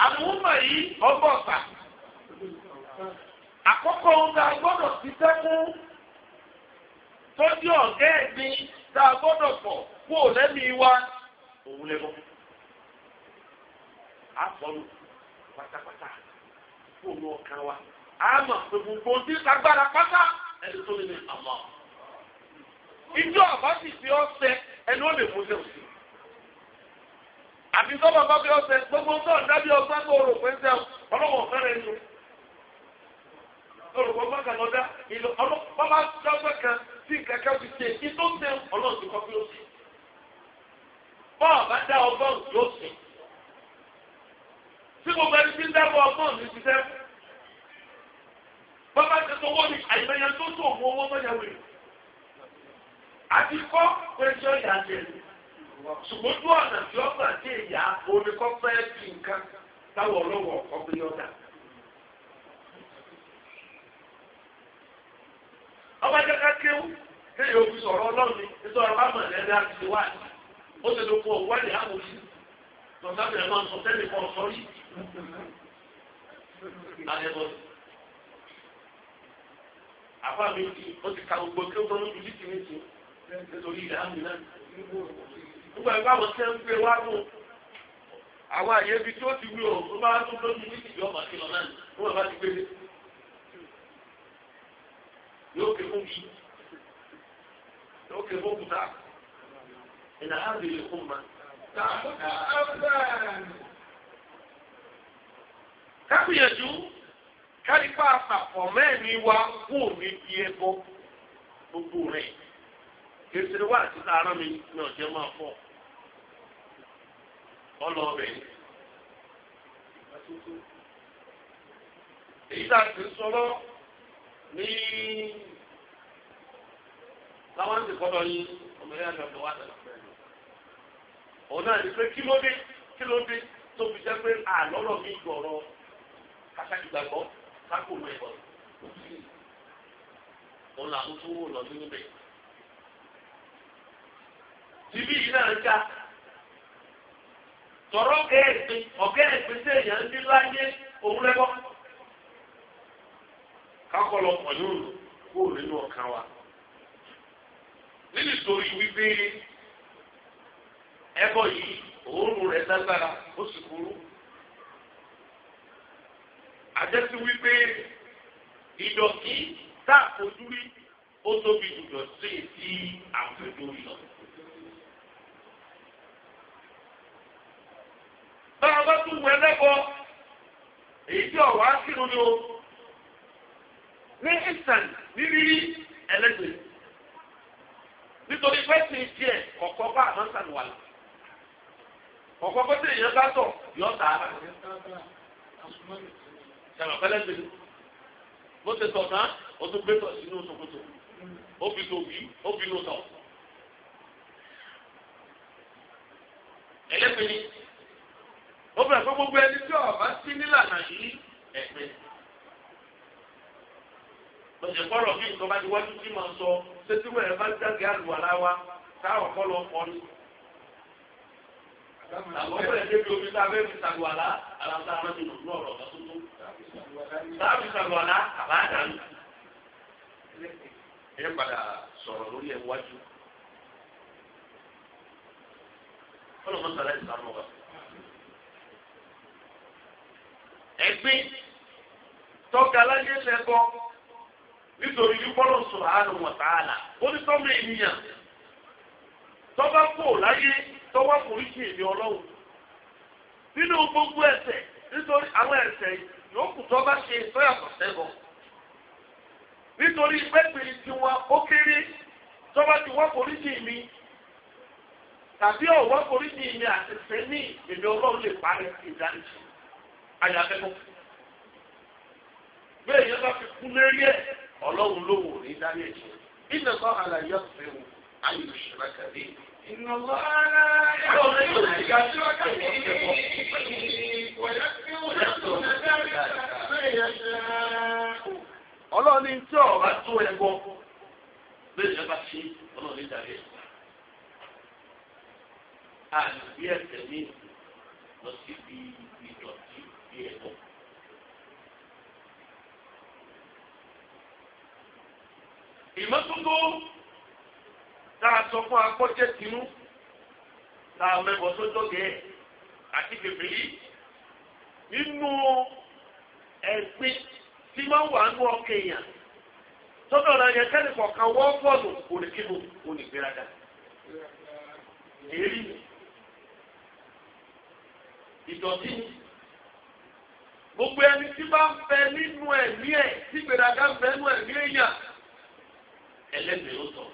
àmúmọ̀ yìí ọgbọ́n ọ̀sà àkọ́kọ́ ohun tá a gbọ́dọ̀ tọ́jú ọ̀gá ẹ̀gbin tá a gbọ́dọ̀ pọ̀ kú ò wa òun lẹ́gbọ́n a sọ̀rọ̀ pátápátá fún òun ọ̀kan wa a mọ̀ gbogbo ohun tí agbára pátá tó àbí sọ́mọ bá bí ọ̀sẹ̀ gbogbo ń tọ̀ dábí ọgbẹ́ tó rò pé ṣe ọlọ́wọ́ fẹ́rẹ̀ ń lò olùkọ́ gbọ́dọ̀ lọ dá ìlú ọlọ́pàá bá dágbẹ́ kan tí kẹ̀kẹ́ fi ṣe kí tó ń tẹ ọlọ́run ti kọ́ bí ó sì bọ́ọ̀ bá dá ọgọ́rùn yóò sì tí gbogbo ẹni tí ń dábọ̀ ọgọ́rùn ní ti sẹ́kù bọ́ọ̀ bá ti sọ wọ́n ní àyẹ̀mẹ́yẹ tó tó òun owó mọ́yàwó ṣùgbọ́n ojú ọ̀nà tí ọgbà dé ìyá omi kọ́ fẹ́ fi nǹkan táwọn ọlọ́wọ́ ọ̀gbìn ọ̀dà. ọba jẹ́ ká kéwú kéèyàn òfin sọ̀rọ̀ ọlọ́run nítorí ọba mọ̀ lẹ́nu àti ìwà ó ṣe ló fún ọ̀wá ní àwòrán lọ́sàbẹ̀rẹ̀ máa ń sọ tẹ́lẹ̀ kan sọ́rí. àbá mi ó ti ka gbogbo kí ó tọ́ lójú títí mi sí nítorí ilẹ̀ náà nígbà yẹn báwọn ṣe ń gbé wá nù àwọn àyè ibi tí ó ti wí o ló bá tó lómi ní ìdí ọmọ sí lọ náà nígbà bá ti gbé dé yóò ké fún yìí yóò ké fún kùtà ìnà ábìlì fún ma. kápìyànjú kárípà àpapọ̀ mẹ́ẹ̀ni wa kú òní di ẹbọ gbogbo rẹ̀ kí n ṣe wá mi ní ọ̀jẹ̀ máa fọ̀ ọlọ́ọ̀bẹ̀ yìí. èyí tá a sọ̀rọ̀ ní láwọn ti kọ́dọ̀ yín ọmọ ẹ̀yà ni ọ̀dọ̀ wa tẹ̀lé òun náà ní pé kí ló dé kí ló dé tó fi jẹ́ pé àlọ́lọ́ mi gbọ̀rọ̀ kásàkìgbàgbọ́ kákòrò ẹ̀bọ̀ òun làwọn tó wò lọ sí níbẹ̀. tìbí yìí náà ń ká tọrọ ọgá ẹgbẹ́ ọgá ẹgbẹ́ sí èèyàn ní láyé òun lẹbọ kakọlọ pọnyún kó nínú ọkàn wa nínú ìtòrí wípé ẹbọ yìí òórùn rẹ̀ lágbára ó sì burú àjẹsí wípé ìdọ̀tí tá a fojú rí ó tóbi jùlọ sí èsì àfẹnú lọ. bá tún wẹ lẹ́kọ̀ọ́ èyí tí ọ̀wá sínú ni o ní ìsàn nírírí ẹlẹ́gbẹ̀ẹ́ nítorí pé tí tiẹ̀ kọ̀kọ́ bá àmọ́ sàn wà lọ kọ̀kọ́ pé tí èèyàn bá tọ̀ yọ tà á sẹ̀rọ̀ pẹ́lẹ́gbẹ̀ẹ́ bó ṣe tọ̀ tán o tún gbé tọ̀ sínú ṣòkòtò ó fi tòbí ó fi lò tọ̀ ó bẹ̀rẹ̀ pé gbogbo ẹni tí ọ̀bá sí nílànà yìí ẹ̀gbẹ́. lọ́sẹ̀ kọ́rọ̀ bí nǹkan bá ti wájú tí màá sọ ṣé tí wọ́n ẹ̀ bá dàgé àlùwàlá wa táwọn kọ́ lọ pọ̀ ní. àwọn ọ̀bẹ̀rẹ̀ débi omi tá a fẹ́ fi sàlùwàlá aláǹtá aráàlú nínú ọ̀rọ̀ ọ̀gá tó tó. táàbì sàlùwàlá àbá àdánù. ẹ padà sọ̀rọ̀ lórí ẹ̀ wájú. kọ́lọ̀ mọ́tàlá ìsàmù ọ̀gá. ẹ̀gbin tọ́ka láyé lẹ́bọ̀ nítorí yúkọ́lọ̀ subhanahu wa ta'ala ó ní tọ́mọ ènìyàn tọ́ba kò láyé tọ́wọ́ foríṣi èmi ọlọ́run nínú gbogbo ẹ̀ṣẹ̀ nítorí àwọn ẹ̀ṣẹ̀ yòókù tọ́ba ṣe sọ́yàtọ̀ sẹ́bọ̀ nítorí pẹ́pẹ́ tiwọn ó kéré tọ́ba ti wọ́n foríṣi mi tàbí ọ̀wọ́ foríṣi mi àti sẹ́ni èmi ọlọ́run lè parí ìdánisẹ́ àyà akẹ́kọ̀ọ́. bẹ́ẹ̀ yẹn bá fi kú lérí ẹ̀ ọlọ́run ló wò ní dárí ẹ̀jẹ̀ iná kọ́ àlàyé ọ̀sẹ̀ wò ayò ìṣúná kàdé. ìnà lọ́wọ́ ara ẹ̀ ọ̀rẹ́ yóò ti ga sí ọ̀kà ọlọ́run ní tí ọ̀rá tó ẹ̀gbọ́ bẹ́ẹ̀ yẹn bá ṣe ọlọ́run ní dárí ẹ̀jẹ̀ àbí ẹ̀sẹ̀ mi lọ síbi ìdọ̀tí. vehicle. ìmọ́tótó tá a sọ fún akọ́jẹ́ tinú tá a mẹ́bọ̀ sójó gẹ̀ẹ́ àti bèbèrè nínú ẹ̀gbin tí máa ń wà nú ọkàn èèyàn tọ́jú ọ̀nà yẹn kẹ́lẹ́ kọ̀ọ̀kan wọ́n fọ́ọ̀nù oníkíbu onígbéraga èrí gbogbo ẹni tí bá ń bẹ nínú ẹ̀mí ẹ̀ tí gbèdàgà ń bẹ nínú ẹ̀mí èèyàn ẹlẹ́dẹ̀ẹ́ yóò sọ.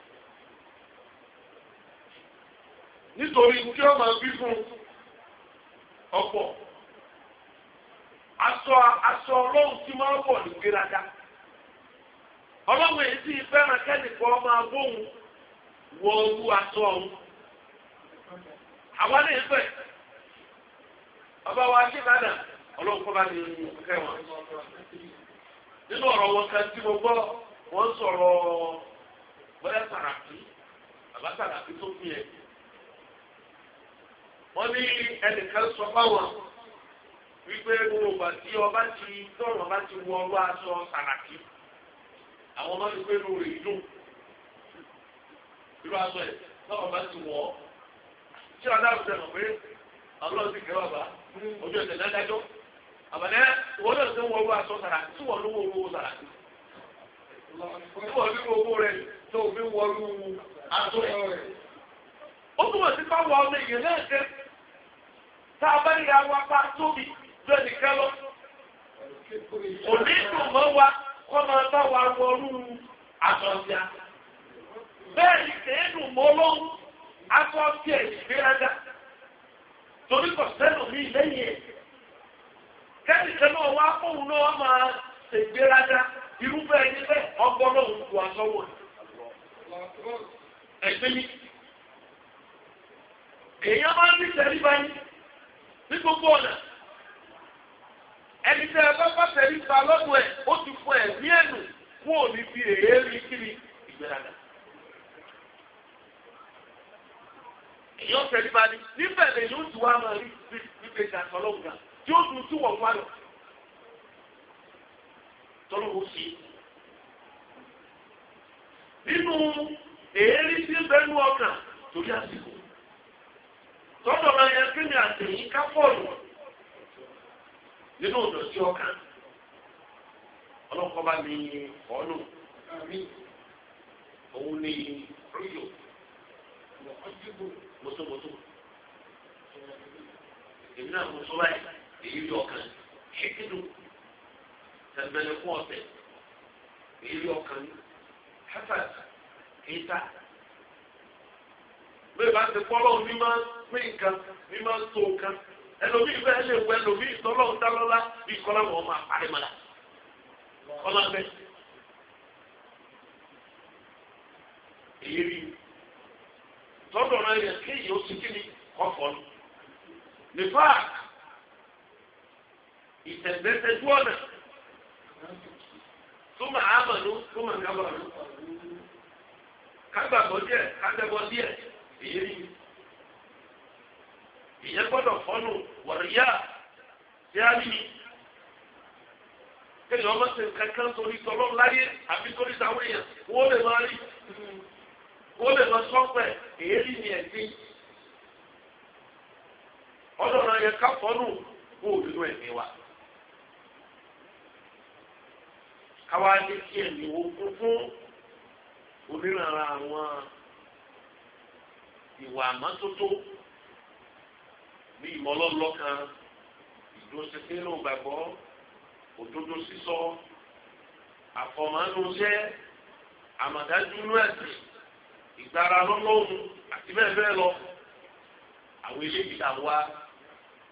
nítorí tí ó máa bí fún ọ̀pọ̀ aṣọ aṣọ ọlọ́run tí máa bọ̀ ní gbèdàgà ọlọ́run èyí fẹ́ràn kẹ́nìkan máa bóun wọ orú aṣọ ọ̀hún àwọn ọba wa ṣe ọlọ́run kọ́ bá ní wọn. nínú ọ̀rọ̀ wọn kan tí mo gbọ́ wọ́n sọ̀rọ̀ bóyá sàràkí bàbá sàràkí tó fi ẹ̀. wọ́n ní ẹnìkan sọ fáwọn wípé gbogbo ìgbà tí ọba ti tọ̀rọ̀ ti wọ aṣọ sàràkí àwọn ọmọ rè dùn irú aṣọ ẹ̀ ti wọ̀ ọ́. ọ̀dà mọ̀ àbàdẹ wọn náà tó ń wọ owó aṣọ sàrà tí wọn ló wọ owó sàrà tí wọn ló wọ owó rẹ tó fi wọlú aṣọ rẹ. ó túmọ̀ sí fáwọn ọmọ èèyàn náà jẹ́ tá a bá rí àwọn apá tóbi lọ́ọ̀ nìkan lọ. kò ní dùn mọ́ wa kọ́ máa bá wa wọlú aṣọ bíà. bẹ́ẹ̀ ni kèé dùn mọ́ lọ́wọ́ aṣọ bíà ìgbéraga torí kò sẹ́nu mi lẹ́yìn ẹ̀ kẹ́nìkan náà wá fóun náà máa ṣègbéraga irúfẹ́ ẹni bẹ́ẹ̀ ọgbọ́n náà ń tu àsọ́wọ́ ẹgbẹ́ mi. èèyàn máa ń rí tẹ̀líba yín ní gbogbo ọ̀nà ẹni tẹ́ ẹ bá bá tẹ̀líba lọ́dún ẹ̀ ó ti fọ ẹ̀mí ẹ̀nù fún òní fi èérí kiri ìgbéraga. èèyàn tẹ̀líba ni níbẹ̀ lè ló ti wá máa rí bí bí bí kàtọ́ tí ó dùn sí wọ̀n wáyọ̀ tọ́lọ́ kò sí. nínú èérí sí bẹ́nu ọkàn torí àsìkò tọ́lọ́ máa yẹ kí ni àtẹ̀yìn ká pọ̀lù nínú ọ̀dọ̀ sí ọkàn ọlọ́kọ́ bá ní ọ̀nù òun ní ríyò mọ̀tòmọ̀tò èmi náà mọ̀tò báyìí èyí lọ́kàn ṣíkìdù tẹ̀mẹ̀lẹ̀kún ọ̀tẹ̀ èyí lọ́kàn hafat kíta bẹ́ẹ̀ bá ti pọ́ lọ́wọ́ mímọ́ pín nǹkan mímọ́ tó nǹkan ẹlòmíì bẹ́ẹ̀ lè wọ ẹlòmíì tọ́lọ́wọ́ dálọ́lá bí kọ́lá wọn máa parí mọ́lá ọlá bẹ́ẹ̀. èyí rí tọ́dọ̀ náà yẹ kéèyàn ó sì kí ni kọ́fọ́ ni nípa ìtẹ̀gbẹ́sẹ̀jú ọ̀nà túmọ̀ àmọ̀nú túmọ̀ kábàánú kágbàgbọ́ díẹ̀ kágbẹ́bọ́ díẹ̀ èyí rí ìyẹn gbọ́dọ̀ fọ́nù wọ̀rìyá tí a rí kéde ọmọ sí kankan torí tọlọ́ láyé àbí torí táwọn èèyàn wọ́n lè máa rí wọ́n lè máa sọ́pẹ̀ èyí rí ni ẹ̀sìn ọ̀dọ̀ náà yẹ ká fọ́nù kó òdùnú ẹ̀mí wa. káwá ní kí ẹ̀mí wo kún fún onírànra àwọn ìwà àmọ́tótó bí ìmọ̀lọ́lọ́kan ìdúróṣinṣin ló gbàgbọ́ òdodo sísọ àfọ̀mọ́núṣẹ́ àmọ̀dájú inú ẹ̀sìn ìgbára lọ́lọ́run àti bẹ́ẹ̀ bẹ́ẹ̀ lọ àwọn eléyìí là wá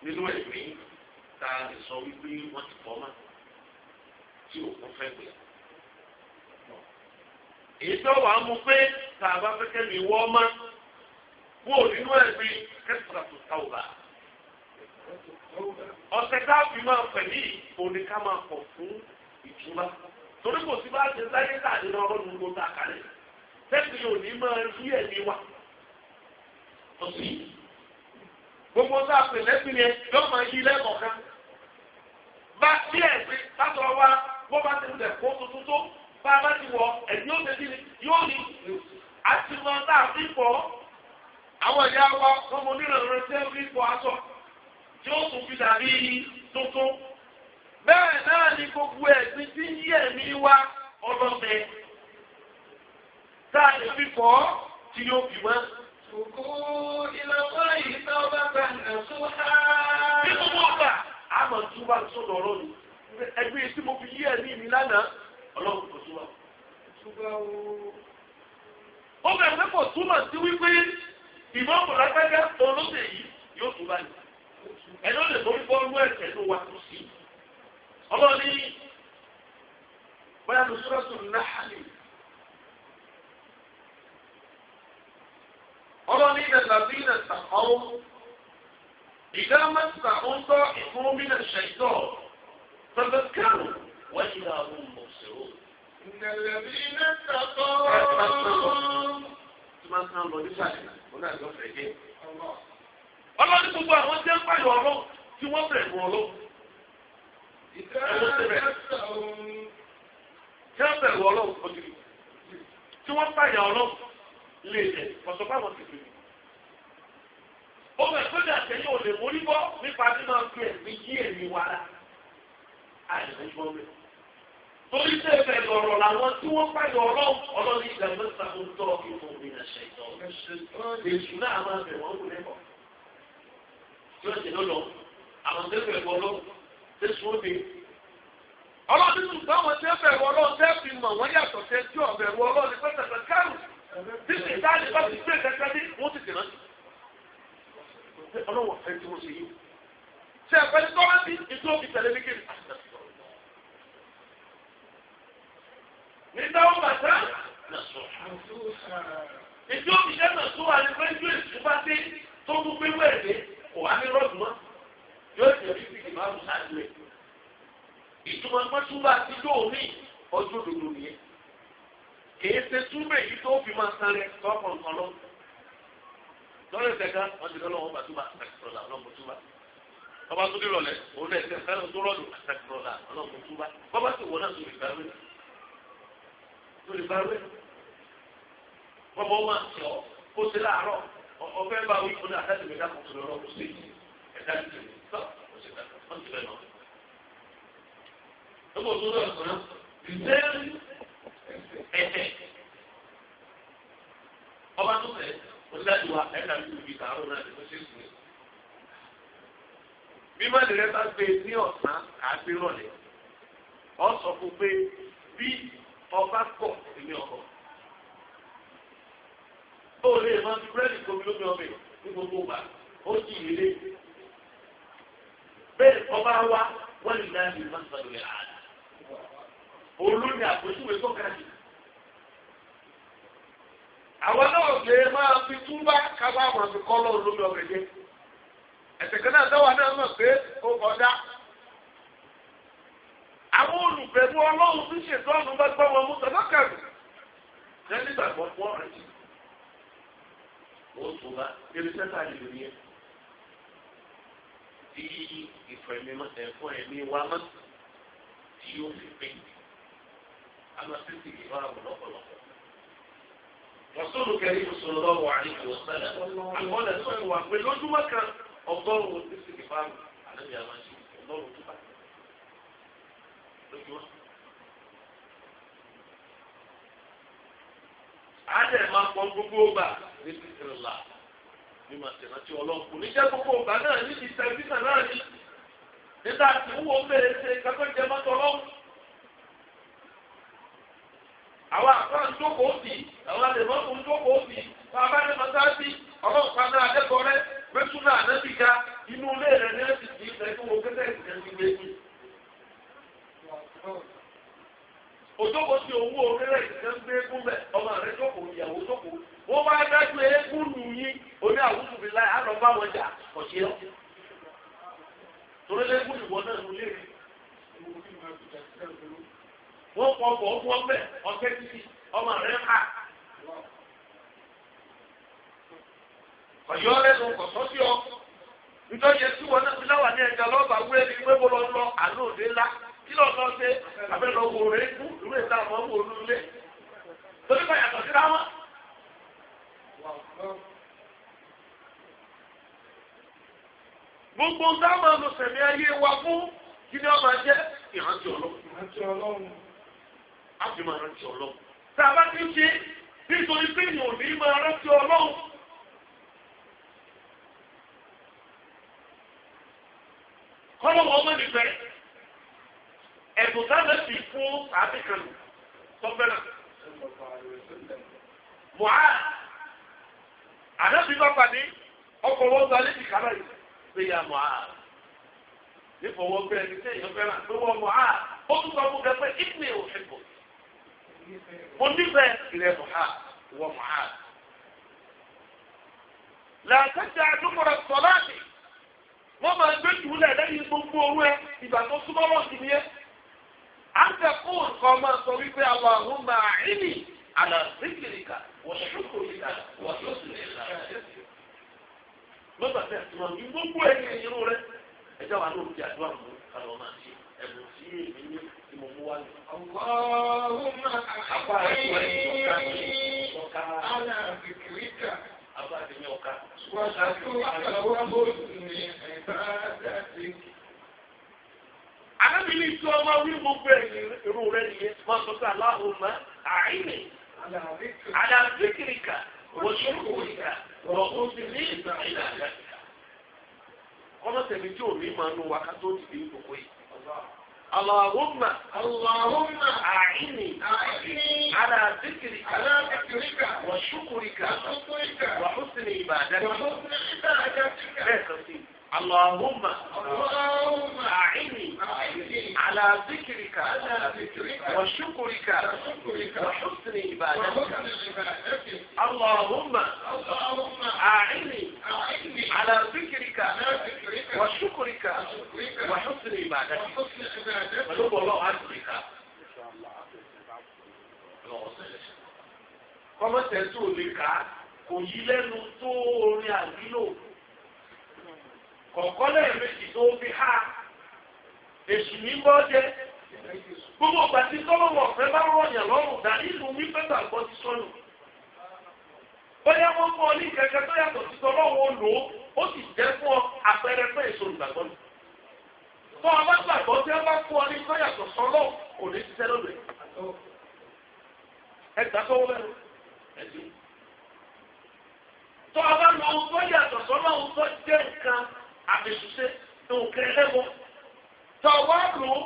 nínú ẹ̀mí ta lè sọ wípé wọ́n ti fọ́ máa tí òkun fẹ́ gbé. èyí tó wàá mú pé tá a bá fẹ́ kẹ́mi wọ́ ọ́ mọ́ wọ́n ò nínú ẹ̀mí kẹ́sìtà tó ta ò bá. ọ̀sẹ̀ tá a fi máa pẹ̀lú òní ká máa pọ̀ fún ìtura torí kò sí bá a ṣe sáyé tá a nínú ọlọ́run ló ta kálẹ̀ tẹ́sí òní máa rí ẹ̀mí wa. ọ̀sìn gbogbo tá a pè lẹ́sìn yẹn yóò máa yí lẹ́kọ̀ọ́ kan bá bí ẹ̀sìn látọ̀ wá bó bá ti bẹ̀ kó tuntun tó bá a bá ti wọ ẹ̀yìn ó yóò ní àti wọn tá a fi fọ àwọn ìyá wa ọmọ onírànlọ́rọ́ tẹ́ fi fọ aṣọ tí ó tún fi dàbí tuntun bẹ́ẹ̀ náà ni gbogbo ẹ̀sìn tí ń yí ẹ̀mí wa ọlọ́mẹ tá a lè fi fọ tí yóò fi wá. Òkú ìlọ́wọ́ yìí tó bá gbà nà sóhá. Bí gbogbo ọgbà, àmọ̀ tí ó bá sọ̀rọ̀ ọlọ́run ẹgbẹ́ tí mo fi yí ẹ̀ ní ìmí lánàá ọlọ́run kò súnmọ́. ó bẹ̀rẹ̀ pé kò túmọ̀ sí wípé ìmọ̀ ọ̀pọ̀lọpọ̀ ẹgbẹ́ olóṣèlú yìí yóò tún bá yìí ẹni ó lè borí bọ́ọ̀lù ẹ̀sẹ̀ ló wà tó sí. ọlọ́run ní bóyá lóṣù rẹ́sùn náà ní. ọlọ́run ní ìdàgbà bí ìdàgbà ọ̀hún ìdá mẹ́ta ń tọ́ ìfún mílẹ̀ ṣẹ̀dọ̀. فذكروا وإذا هم مبصرون. إن الذين اتقوا. Máa kan lọ nísàlẹ̀ náà, ó náà lọ fẹ̀ dé. Ọlọ́run gbogbo àwọn jẹ́ ń pààyàn ọ̀rọ̀ tí wọ́n bẹ̀rẹ̀ mọ́ ọ̀rọ̀. Tí wọ́n bẹ̀rù ọlọ́run kọjú. Tí wọ́n pààyàn ọlọ́run lè jẹ, ọ̀sọ̀ báwọn ti fi ó bẹ̀ pé bí àtẹ̀yìn ò lè mórí bọ́ nípa tí máa ń fi ẹ̀mí yí èmi wá rà àìsànjọ́mẹ́. torí tẹ́ fẹ́ lọ́rọ̀ làwọn tí wọ́n pàdé ọlọ́run ọlọ́run ìgbà mẹ́ta tó ń tọ́ ìmọ̀ omi náà ṣẹ̀tọ́. èṣù náà máa bẹ̀ wọ́n kú lẹ́kọ̀ọ́. tí wọ́n ti lọ́lọ́ àwọn tẹ́ fẹ́ wọ́ lọ́run tẹ́ sún mi. ọlọ́run tún gbọ́ àwọn tẹ́ fẹ́ wọ́ lọ́run tẹ́ fi mọ̀ wọ́n yàtọ̀ tẹ́ tí ọ̀bẹ̀ wọ́ lọ́run pẹ́tẹ̀pẹ́ kárù. tí ìdájọ́ bá ti gbé kẹ́kẹ́ ní wọ́n ti dì Ṣé ọlọ́wọ̀ fẹ́ tí mo ṣe yí? Ṣé ẹ̀fẹ́ ní tọ́lá bí ìtọ́ ìtẹ̀lé ní kéde? ní táwọn bàtà nàṣọ. ètò òṣìṣẹ́ nàṣọ wà ní pẹ́ńtù èṣù bá dé tó kú pé wẹ̀rẹ̀ kò wá ní rọ́ọ̀dù mọ́ yóò tẹ̀ bí bíi ìmáàmù sáájú ẹ̀. ìtumọ̀ pẹ́tùbà ti yóò ní ọjọ́ òdodo nìyẹn. kèé ṣe túbẹ̀ yìí tó fi máa san rẹ̀ tọ́kàn kan lọ. lọ́rẹ̀ tẹ̀ka wọ́n ti lọ́wọ́ bàtúbà àtàkùrọ̀là ọlọ́mọtúbà. bàbá òun náà ẹ̀ṣẹ̀ fẹ́ràn tó rọ̀dù àtàkùrọ̀là ọlọ́mọtúbà. bàbá tó wọ náà tó lórí balùwẹ̀ ọmọ wa ṣe ọ kó sí láàárọ̀ ọfẹ bá wí fún àtàtì mi dákun tó lọrọ kó sí ẹ̀dá tó lè tọ kó sí dákun tó ti bẹ lọ. ọmọ tó lọ sọ náà ìdẹ́rù ẹ̀tẹ̀ ọba tó fẹ́ onídàájú wa ẹ̀dá tó lè tààrọ̀ náà lè ṣe sùn. bí má bá gbé e ní ọ̀sán àgbérọ̀lẹ̀ ọ̀ sọ fún pé bí ọba pọ̀ èmi ọ̀pọ̀. ó lè máa fi búrẹ́dì tóbi lómi ọbẹ̀ ní gbogbo ìgbà ó jì ìrèlè. bẹ́ẹ̀ ọba wa wọ́n lè dá ìlú máa ń sọ̀rọ̀ yàrá. olórí àpòjúwe tó ga jù. àwọn náà lè máa fi túbá kábàámọ̀ fi kọ́ lọ́run lómi ọbẹ̀ jẹ́. ẹ̀sẹ̀ kan náà dáwà náà mọ̀ pé ó kọjá àwọn olùbẹ̀rù ọlọ́run tí ṣètò ọ̀nà bá gbọ́ wọn mú sọ́dọ́kàdù lẹ́yìn ìgbà gbọ́ fún ọ̀rẹ́ jù wọ́n tó bá irinṣẹ́ tá a lè rí ẹ tí ìfẹ̀mí ẹ̀fọ́ ẹ̀mí wa mọ́ tí yóò fi pé àmọ́ sí ti ìwà àwọn ọ̀pọ̀lọpọ̀ rasulu kẹrin sallallahu alaihi wa sallam àkọọ́lẹ̀ sọ̀rọ̀ wà pé lójúmọ́ kan ọgọ́rùn-ún ti sì ìfà àlẹ́ bí àádẹ́ máa pọn gbogbo ọgbà ní sísèrèlà ní màá tẹ̀lé tí ọlọ́pù níjẹ́ gbogbo ọgbà náà ní ti tẹ̀lifísà náà ní nígbà tí wọ́n bẹ̀rẹ̀ ṣe kápẹ́ jẹ́ mọ́tò ọlọ́pù. àwọn àkọ́rọ̀ ń jókòó sí àwọn àdèmọ́ ń jókòó sí wọn bá ní mọ́sáàsì ọlọ́pàá náà adẹ́kọ̀ọ́rẹ́ mẹ́túnà ànábìga inú ilé rẹ̀ ní ẹ̀sìn kì í òjòkó ti owó orílẹ̀ èdè ń gbé eégún bẹ̀ ọmọ rẹ jókòó ìyàwó jókòó wọ́n wá dájú eégún nù yín oní àwùjọ fi láì àlọ́ bá wọn jà ọ̀ṣẹ́ lọ. torí eégún ìwọ náà ló lé wọ́n kọ́ ọkọ̀ ọgbọ́n bẹ̀ ọ̀kẹ́ títí ọmọ rẹ ká. ọ̀yọ́ lẹ́nu kọ̀ sọ́sí ọ nítorí ẹ tí wọn náà fi láwà ní ẹja lọ́ọ̀bà wúlẹ́ni pé mo lọ lọ kí ló lọ ṣe abẹ́lọ wo rẹ̀ kú ìwé ìta àmọ́ wò ó lulẹ̀ torí bá yàtọ̀ síra wọn. gbogbo dáhùn ọlọsẹ̀mí ayé wa fún kí ni ọmọ jẹ́ ìrántí ọlọ́run. a fi máa rántí ọlọ́run. tá a bá ti ṣe nítorí pé èèyàn ò ní máa rántí ọlọ́run. kọ́lọ́wọ́ ọmọ nìfẹ́ ẹ̀bùn táwọn ti fún àbí kan tọ́gbẹ́nà. Mùhà ànábì bá pàdé ọkọ̀ wọn gba létí kàrá yìí pé ya mùhà. Nífọwọ́ bẹ́ẹ̀ ni sẹ́yìn fẹ́ràn pé wọ́n mùhà ó tún sọ fún gẹ́gẹ́ ìpínlẹ̀ òṣèlú. Mo nífẹ̀ẹ́ ìrẹ̀ mùhà wọ́n mùhà. Làtẹ́jà àdúgbòrò sọ̀láàtì wọ́n máa gbé jùlẹ̀ lẹ́yìn gbogbo orú ẹ ìgbà tó súnmọ́ wọ́n sì àtẹkùn kan máa sọ wípé Allahumma a'inni ala zikrika wa shukrika wa husni ibadatika. lọ́gbà tí a ti máa ń gbogbo ẹ̀yìn irú rẹ̀ ẹjọ́ wa ló ń di àdúrà mú kálọ̀ máa ṣe ẹ̀bùn tí èmi ní tí mo mú wá ní. Allahumma a'inni ala zikrika abáàdé ní ọ̀ka. wàhálà tó àgbà wà bó ní ìbáradà sí. àlejò ní tí ọmọ wí gbogbo èrò rẹ nìyẹn wọn sọ pé aláhùnmá àìní àdàbíkìrìkà wọṣọkùnrìkà wọkùnrin ní ìgbàlá اللهم اللهم على ذكرك على ذكرك وشكرك وحسن عبادتك وحسن عبادتك اللهم أعني على ذكرك وشكرك وحسن عبادتك اللهم أعني على ذكرك وشكرك وحسن عبادتك ونبو الله عنك kọ́mọ̀tẹ̀ tó lè ká kò yí lẹ́nu tó orin àgbélò kọ̀ọ̀kan lẹ́yìn méjì tó ń fi há èsì ní bọ́ jẹ́ gbogbo ìgbà tí tọ́lọ́wọ̀ ọ̀fẹ́ bá rọ̀yàn lọ́rùn dá ìlú mi pẹ́pà gbọ́ ti sọnù bóyá wọ́n mọ ní kẹ̀kẹ́ tó yàtọ̀ sí tọ́lọ́wọ̀ lò ó ó sì jẹ́ fún ọ àpẹẹrẹ fún èso ìgbàgbọ́ nù tó o bá gbàgbọ́ tí wọ́n bá fún ọ ní tó yàtọ̀ sọ́lọ́ kò ní ṣiṣẹ́ lóde ẹ gbà tó wọ́n tó o bá lọ ohun tó yàtọ̀ sọ́lọ́ ohun tó jẹ́ nǹkan àbẹ̀ṣiṣẹ́ nǹkan ẹlẹ́wọ̀ tó wá lò ó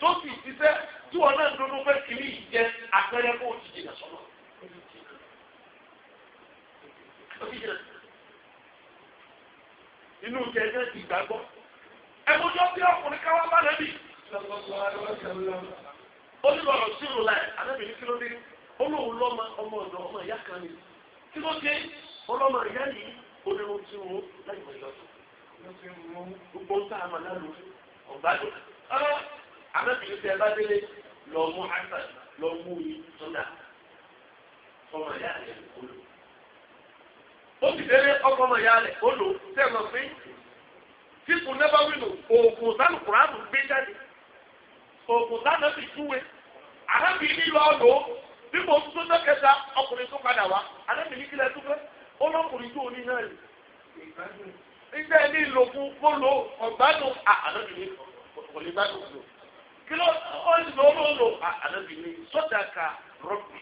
tó sì ṣiṣẹ́ tí wọn náà dúró fẹ́ kiri yìí jẹ àpẹẹrẹ kó o ti jìnà sọ́nà. inú jẹjẹ ti gbàgbọ́ ẹ mú jọ bí ọkùnrin káwá bá lẹ́bi. ó ní lọ́rọ̀ sírò láì alábìrin kí ló dé ó lóun lọ́mọ ọmọ ọ̀dọ̀ ọmọ ìyá kan ni kí ló dé ọlọ́mọ ìyá yìí ó ní ohun tí wọ́n láì mọ̀ ìyá tó ló fi mú gbogbo ń sáà máa lálù ọ̀gbádùn. àbẹ́bìnrin tẹ bá délé lọ mú hasan lọ mú i sọ́dà ọmọ ìyá rẹ̀ kó lò. ó sì délé ọkọ ọmọ ìyá rẹ̀ kó lò sẹ́wọ̀n pé sísun nẹ́bàwí lò oògùn sálùkùránù gbé jáde oògùn sálùkùránù túwe àbẹ́bìnrin lọ lò ó bí mo tún tó kẹta ọkùnrin tó padà wá àbẹ́bìnrin kílẹ̀ tó fẹ́ ó lọ́kùnrin tó o ní náà yìí nígbà ẹni ìlò fún fóònù ọ̀gbádùn ànábìnrin kòlí bá dùn lò kí ló ó ń lò ó lò ànábìnrin sọ́jà ká rọ́bì.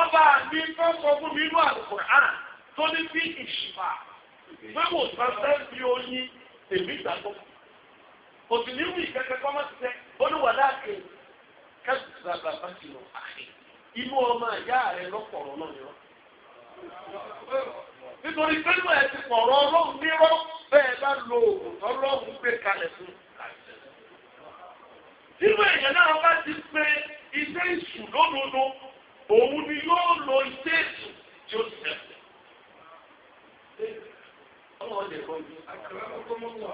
ọba mi fẹ́ sọ fún mi inú àlùkùránì tó ní bí ìṣìfà pé mo sọ fẹ́ fi oyin èmi gbàgbọ́. kò sì ní wí kẹ́kẹ́ kọ́ máa ti tẹ́ olúwàlá àkè kẹ́sìtìlá bàbá ti lọ àkè inú ọmọ ìyá rẹ lọ́pọ̀ ọ̀rọ̀ náà yọ nítorí pẹ́lú ẹ̀ ti pọ̀rọ̀ ọlọ́run nírọ́ bẹ́ẹ̀ bá lo òògùn tọ́lọ́run gbé kalẹ̀ fún. Nínú èèyàn náà bá ti pé iṣẹ́ ìṣù lódodo, òun ni yóò lo iṣẹ́ ìṣù tí ó ṣẹlẹ̀. Ọlọ́run lè kọ́ ju àkàrà ọkọ̀ mọ́tò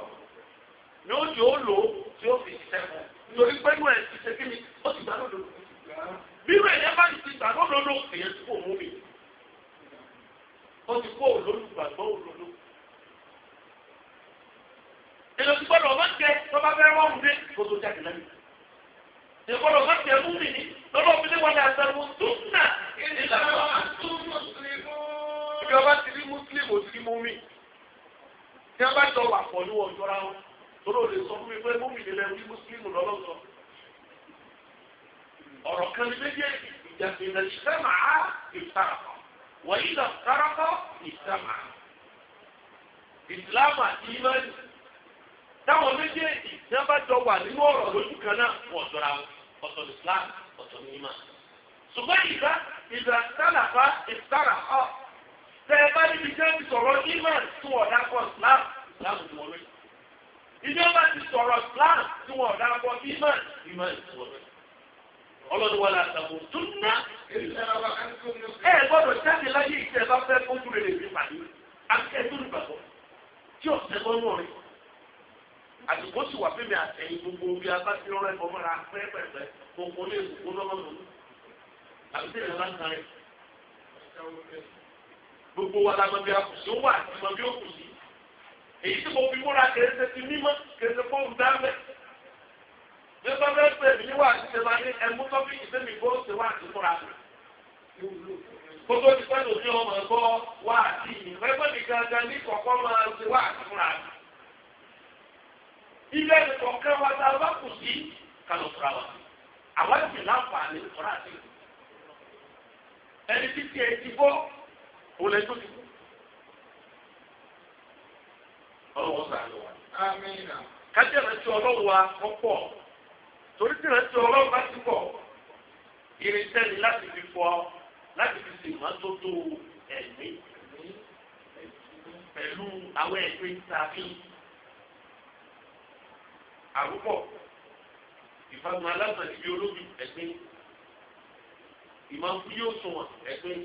ni ó yóò lò ó tí ó fi ṣẹ́kù nítorí pẹ́lú ẹ̀ ṣe kí ni ó ti gbà lódodo. Bí ìwé ẹ̀yẹ́ bá ti gbà lódodo, èyẹ ti kò mú mi ó ti kó olólùgbàgbọ́ òdodo. èlò ti gbọ́dọ̀ ọmọ jẹ tọ́ba fẹ́ rọrùn dé kó tó jáde lẹ́nu. èlò gbọ́dọ̀ ọmọ jẹ mú mi ní lọ́dọ̀ fi lé wọn ní asẹ́wó tó ń nà. ìlànà àtún mùsùlùmí. ibi ọba ti rí mùsùlùmí ò ti rí mú mi. tí wọ́n bá jọ wà pọ̀ ní wọn jọra wọn tọ́lọ́ lè sọ fún mi pé mú mi nílẹ̀ rí mùsùlùmí lọ́lọ́sọ. ọ̀rọ̀ kan ní méjèèjì ìjà wọ́n yìí lọ sárakọ́ ìsàmà ìsìlámù àti ìmọ̀lì táwọn méjèèjì tí wọ́n bá jọ wà nínú ọ̀rọ̀ lójú kan náà wọ́n jọra ọ̀tọ̀ ní islam ọ̀tọ̀ ní ìmọ̀ ṣùgbọ́n ìgbà ìgbà sálàfà ìsàràkọ́ tẹ́ ẹ bá níbi jẹ́ ti sọ̀rọ̀ ìmọ̀ tí wọ́n dákọ̀ islam islam ni wọ́n rí ìjọba ti sọ̀rọ̀ islam tí wọ́n dákọ̀ ìmọ̀ ìmọ̀ ìwọ̀n ọlọ́run wà látàbò tún ná. ẹ gbọ́dọ̀ jáde láyé ìṣe bá fẹ́ fojú rẹ̀ lè pàdé akẹ́kẹ́ tó ní gbàgbọ́ tí ọ̀sẹ̀ bọ́ nù rẹ̀. àdìgbò sì wà fẹ́mi àtẹ̀yìn gbogbo bí a bá ti rọrẹ́ bọ́ mọ́ra pẹ́ẹ́pẹ́ẹ́pẹ́ gbogbo ní ìgbòho lọ́mọdún. àbí tẹ̀lé bá ń kan rẹ̀. gbogbo wa la mọ bí a kù sí ó wà àti mọ bí ó kù sí. èyí tí mo fi múra kèrèsè ti mímọ́ kèrèsè fóònù dáńbẹ́ bí wọ́n bẹ́ẹ̀ pé èmi wà ṣe máa ní ẹmú tó bí ìsinmi kó ṣe wà sí fúnra mi. Gbogbo ti pẹ́ lòdì ọmọ ẹ̀kọ́ wà sí i. Ẹgbẹ́ mi gangan ní kọ̀ọ̀kan máa ṣe wà sí fúnra mi. Ilé ẹni kọ̀ọ̀kan wa ta bá kù sí káló fúnra wa. Àwọn ìsìn láǹfààní fúnra sí. Ẹni títí ẹ ti bọ́ òun lè tó ti kú. Ọlọ́wọ́ sàánú wa torí tí ìrántí ọlọ́run bá ti pọ̀ irinṣẹ́ ni láti fi fọ láti fi sì máa tó tó ẹ̀mí pẹ̀lú àwọn ẹ̀gbin tàbí àrúbọ̀ ìfagun alágbàdì bíi olóbi ẹ̀gbin ìmọ̀kú yóò sunwọ̀n ẹ̀gbin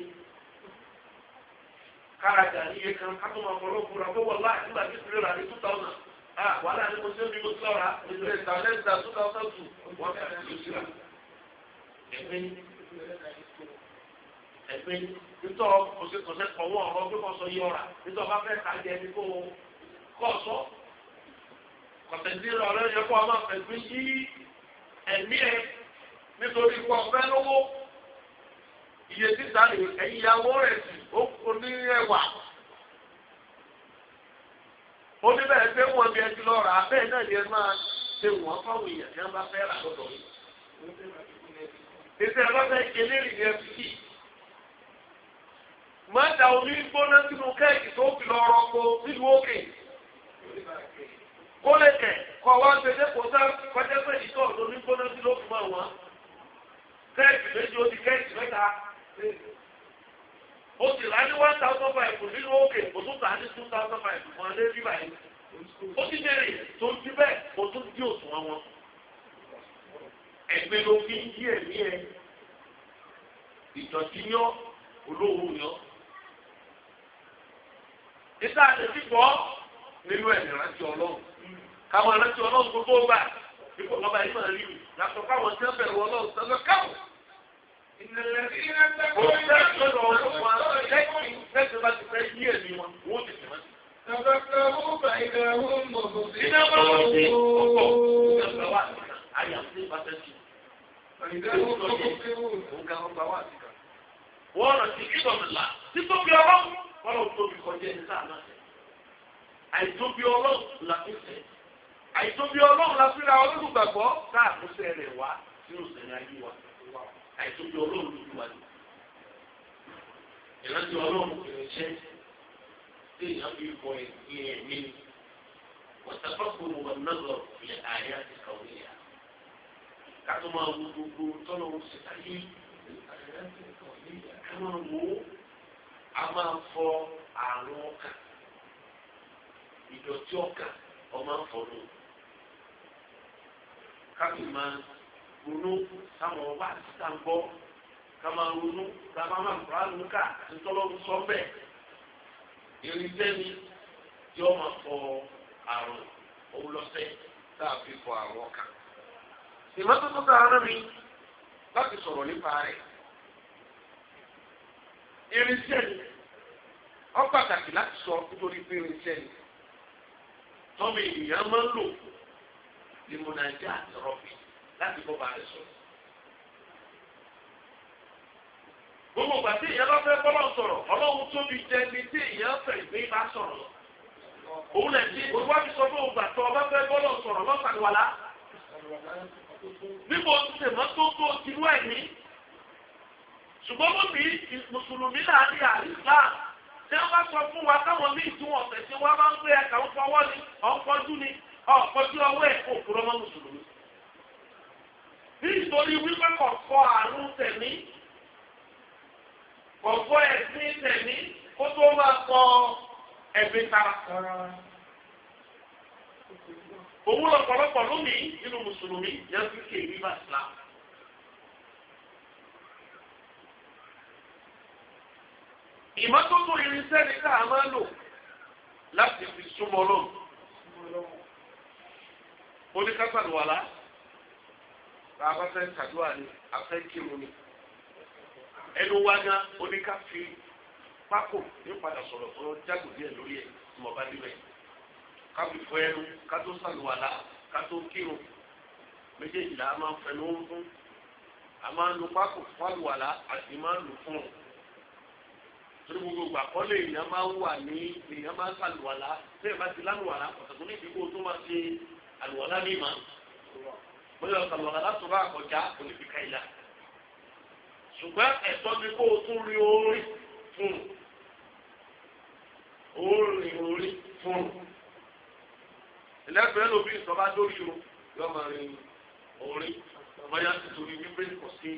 kárajà níye kan ká tó máa fọlọ́ fúra bó wọ́n láàyè nígbà tí ìpínlẹ̀ rà ní two thousand. Ah, wàhálà ni mo ṣe bí mo ti lọ́ra ìṣẹ̀lẹ̀ ìta lẹ́sìtà tó ká ọ̀tọ̀ tù wọ́n fẹ́ fi ṣe ṣe. ẹ̀gbẹ́ ẹ̀gbẹ́ nítọ́ kọ̀ṣẹ́ kọ̀ṣẹ́ kọ̀wọ́ ọ̀rọ̀ pé kò sọ yí ọ̀rà nítọ́ bá fẹ́ tàjẹ́ ẹni kó kọ́ sọ. kọ̀ṣẹ́ ti rọ̀ ọ̀rẹ́ yẹ kó a máa fẹ́ gbé yí ẹ̀mí ẹ nítorí kó ọ̀fẹ́ lówó iye títà ẹ̀yìn rẹ̀ sì ó ní ẹwà ó ní bẹ́ẹ̀ pé wọ́n bí ẹtí lọ́ọ́ rà bẹ́ẹ̀ náà ni ẹ máa ṣe wọ́n fáwọn èèyàn tí wọ́n bá fẹ́ rà lọ́dọ̀ yìí. ètò ẹ̀rọ fẹ́ eléyìí ni ẹ fi kì í. má da omi gbóná sínú kẹ́ẹ̀kì tó fi lọ rọpò nílùú òkè. kó lè kẹ̀ kọ́ wá gbèdé kó sá kọjá pé ìtọ́ ọ̀dọ́ omi gbóná sínú òkè máa wọ́n. kẹ́ẹ̀kì méjì ó di kẹ́ẹ̀kì mẹ́ta. o sì rà ní one thousand five nínú òkè kò tún tà ní two thousand five fún adé bí báyìí ó sì jẹ́rìí tó ń bíbẹ̀ kò tún dí òṣùwọ̀n wọn ẹgbẹ́ ló fi ń yí ẹ̀mí ẹ ìdọ̀tí yọ olówó yọ títà lè fi bọ́ nínú ẹ̀ ìrántí ọlọ́run káwọn ọlọ́run gbogbo gbà yìí máa rí mi Wọ́n fẹ́ sọ̀rọ̀ ọlọ́wọ́ lẹ́yìn lẹ́sẹ̀ bá ti fẹ́ yí ẹ̀mí wọn, wọ́n ti tẹ̀ wọ́n. Tàbátàwọ́ bàìdà wọn mọ̀ bọ̀ sí. Iná máa ń ṣe ọ̀pọ̀ ìgbàgbà wà sí kan, àyà ń ṣe ìbáṣẹ́ sí. Bàìdà wọn mọ̀ bọ̀ sí wọn. Òun ga ọgbà wà sí kan. Wọ́n rọ̀ sí ìdọ̀mìlà títóbi ọlọ́run, wọ́n lọ tóbi kọjá ẹni sáà náà sẹ́. Àìtóbi ọlọ́run la fi sẹ́. Àìtóbi ọlọ́run la fi ra ọlọ́run gbàgbọ́ sáà tó sẹ́ rẹ̀ wá sínú sẹ́ni ayé wa àìsókè ọlọ́run tó ti wà ní. ìrántí ọlọ́run kò ní ṣe tí èèyàn fi kọ ẹ̀yìn ẹ̀mí ni. wọ́tàfọ́kù ni wọ́n nọ́gọ̀ ilẹ̀ ààyè àti kàwé yà. kátó máa wo gbogbo tọ́lọ̀ ń ṣe táyé ká máa wo a máa fọ àrùn ọkà ìdọ̀tí ọkà ọmọ àfọ̀nù ká sì máa ronú káwọn ọba àtìsá ń gbọ́ ká máa ronú ká máa máa kúrò àlùmí ká ìtọ́lọ́run sọ bẹ́ẹ̀ irinṣẹ́ ni tí ó máa fọ àrùn òun lọ́sẹ̀ tá a fi fọ àrùn ọkàn. ìmọ́tótó ká ara mi láti sọ̀rọ̀ nípa rẹ̀ irinṣẹ́ ni ó pàtàkì láti sọ nítorí pé irinṣẹ́ ni tọ́mì ènìyàn máa ń lò ní mọ̀nàjà àti rọ́bì láti kó ba rẹ̀ sọ̀rọ̀. gbogbo ìgbà tí ìyá bá fẹ́ bọ́lọ̀ sọ̀rọ̀ ọlọ́run tóbi jẹ́ ní tí ìyá fẹ́ ìgbé bá sọ̀rọ̀ lọ. òun lè ti olúwa fi sọ fún ògbà tó ọba fẹ́ bọ́lọ̀ sọ̀rọ̀ lọ́sàdùwàlá. níbo ṣe mọ́ tó tó tinú ẹ̀ ní. ṣùgbọ́n mo bí mùsùlùmí láàrin àríkà tí wọ́n bá sọ fún wa káwọn míì tí wọ́n fẹ̀ sí wọ́n bá ń gbé ẹ̀ka ń fọwọ́ ni ọ̀pọ̀jú ni ọ̀pọ̀jú ọwọ́ ẹ̀ kó òkúrọ́ mọ́ mùsùlùmí nítorí wípé kọ̀ọ̀kọ́ àrùn tẹ̀mí kọ̀ọ̀kọ́ ẹ̀sìn tẹ̀mí kó tó máa kọ ẹ̀mí tara. Òun lọ̀pọ̀lọpọ̀ lómi nínú Mùsùlùmí yẹn fi kéwì bá Ìsìlámù. ìmọ́tótó irinṣẹ́ ni ká máa lò láti fi súnmọ́ lọ́nà. oníkásá ló wà lá bá a bá fẹ́ ṣàdúrà ni a fẹ́ kírun ni ẹnu wá ná oníkà fi pákó yóò padà sọ̀rọ̀ fún ọ jágò díẹ̀ lórí ẹ̀ tí mo bá débẹ̀ ká fi fọ ẹnu ká tó sàlùwàlà ká tó kírun méjèèjì là á máa fẹnu ń fún a máa ń lo pákó fàlùwàlà àti máa ń lò fún un torí gbogbo àkọlé èèyàn máa ń wà ní èèyàn máa ń sàlùwàlà bẹ́ẹ̀ bá ti lálùwàlà pàtàkì onídìgbò tó máa ṣe àlùwàlà ní ìmọ̀ bóyá ọ̀sán lọ́la láti bá àkọjá onífìkà ìlà ṣùgbọ́n ẹ̀tọ́ mi kó o tún rí orí fún orí orí fún ẹlẹ́gbẹ̀ẹ́ lóbi ìsọba lórí o yọ máa rin orí bóyá nítorí wípé kò sí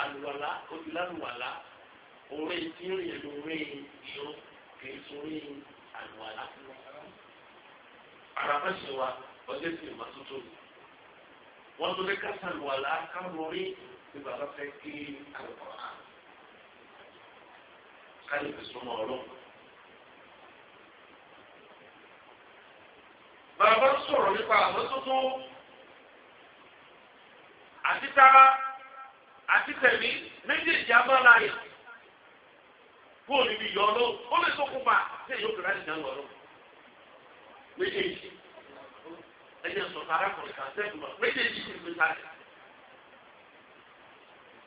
àlùwàlá ojúlàlùwàlá orí tí ń rìn lórí ìrún kì í sórí àlùwàlá. àràfẹ́sẹ̀ wa ọjọ́ sì máa tuntun ni wọ́n tó lé kásán wà lá kámórí tí bàbá fẹ́ kí àlùkò á káyọ̀ fi súnmọ́ ọlọ́run. bàbá sọ̀rọ̀ nípa àmọ́tótó àti tara àti tẹ̀mí méjèèjì abáláyé bóòlù mi yọ ọ lọ ó lè sókùnfà tí èyí ó fi láti dáná ọ lọ méjèèjì ẹ̀jẹ̀ sọ̀tà arákùnrin kan sẹ́gbọ̀n méjèèjì ti gbé sáré.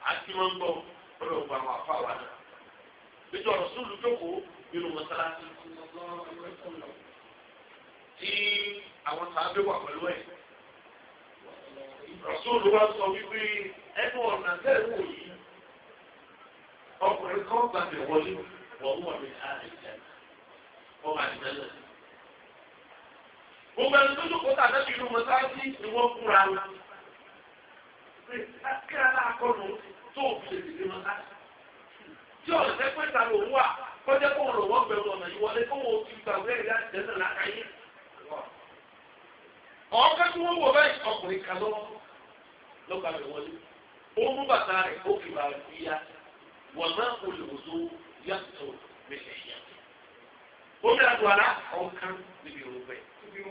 àti wọn gbọ́ ọ̀rọ̀ ògbà wà fà wà náà. ìjọ rọ̀súlù jókòó nínú mọ́sálásí. tí àwọn sàábé wà pẹ̀lú ẹ̀. rọ̀súlù wa sọ wípé ẹnu ọ̀nà bẹ́ẹ̀ wò yìí ọkùnrin kan gbàgbé wọlé wọ́n wọ̀ mí àìsàn. wọ́n wà ní mẹ́lẹ̀ gbogbo ẹni tó dúkọ́ tàbí ẹbí inú mọ́sáàsì ni wọ́n fúnra wọn. kíra náà kọ́ ló tó òfin lè dìde mọ́sáàsì. tí ọ̀rọ̀ tẹ́ pé ta ló wà kọjá kó wọn lọ wọ́n bẹ̀rù ọ̀nà yìí wọlé kó wọn ò ti gbà wẹ́rẹ́ láti tẹ̀lé lákàáyé. ọ̀ọ́kẹ́ tí wọ́n wọ báyìí ọkùnrin kan lọ́wọ́ lọ́gbà rẹ̀ wọlé. ó mú bàtà rẹ̀ ó fi bàrẹ̀ ẹ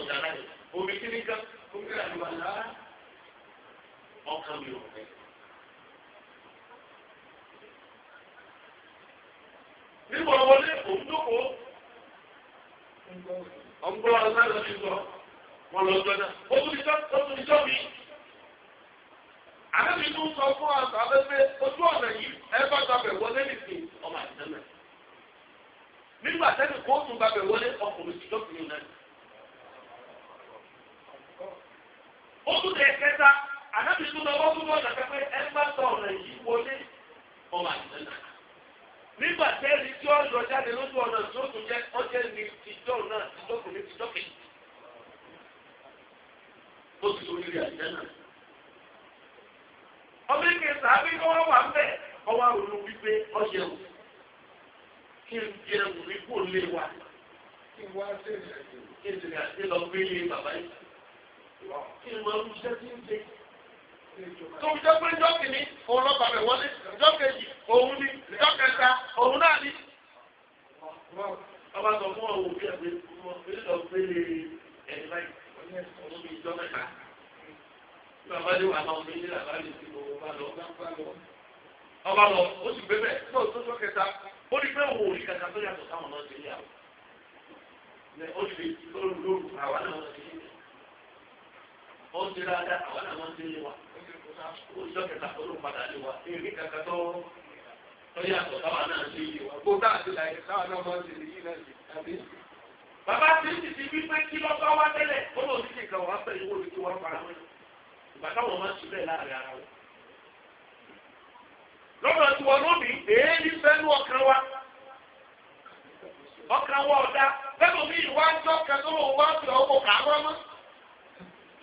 ọ̀gá láyé omi kí ni ká omi rà lù àlá ọkàn mi ò fẹ́. nígbà wọlé òun dókòó ọgbọ́n ti sọ wọn lọ sọ náà ó tún ti sọ mi àbẹ́bí tó ń sọ fún àgbà abẹ́fẹ́ ojú ọ̀nà yìí ẹ bá gbàgbẹ́ wọlé nìsín ọmọ àti sẹ́mẹ̀. nígbà tẹ́lẹ̀ kó tún gbàgbẹ́ wọlé ọkùnrin ti lọ́kùnrin náà. ó tún lè kẹta ànábì tún lọ́wọ́ tún lọ́jà pẹ́pẹ́ ẹ má tọ̀ ọ̀nà yìí wọlé ọmọ àtẹ̀lẹ́ nígbà tẹ́lẹ̀ tí ó lọ jáde lójú ọ̀nà tó tún jẹ́ ọjẹ́ ni tìjọ́ náà tìjọ́ kò ní tìjọ́ kejì ó ti lórí rẹ̀ àjẹ́ náà. ọmọ ìkè sàábí kọ́ wá wà bẹ́ẹ̀ ọwọ́ àrùn wípé ọ̀yẹ̀ wò kí n jẹun wípé ó lé wa kí n wá sí ìrìn àjò kí n sì rìn àjò lọ gbé ilé bàbá yìí ìmọ̀ ìṣẹ́ tí ń ṣe. tó ń jẹ́ pé jọ́ọ̀kì ni òun lọ́ba rẹ̀ wọlé jọ́ọ̀kejì òun ni jọ́ọ̀kẹta òun náà ni. ọba sọ fún ọ̀hún bí ẹgbẹ́ ìlọ pé ẹ̀yìn láì ọ̀hún bí ìjọ mẹ́ta. bàbá lè wà náà bí nílà bá lè fi òun bá lọ. ọba lọ ó sì gbé bẹ́ẹ̀ tó jọ́kẹta ó ní pé òun ò rí yàtọ̀ sáwọn náà ti rí àwọn. ó sì lóru lóru àwa náà ti rí ó ti ra dá àwọn àwọn ti lé wa ó jọ kẹta tó ló padà lé wa èrè kàkà tó tó yàtọ̀ táwọn náà ti lé wa. kó tá àti láyé táwọn náà máa ń ṣe yìí náà ṣe. bàbá ti ń tìtì wípé kí ló bá wá tẹ́lẹ̀ ó lọ sí ìkan wá pẹ̀lú owó mi kí wọ́n fara mọ́ ìgbà táwọn máa ń ṣe bẹ́ẹ̀ láàrin ara wọn. lọ́dọ̀ tí wọn lóbi èé fẹ́nu ọkàn wa ọkàn wa ọ̀dà fẹ́lómi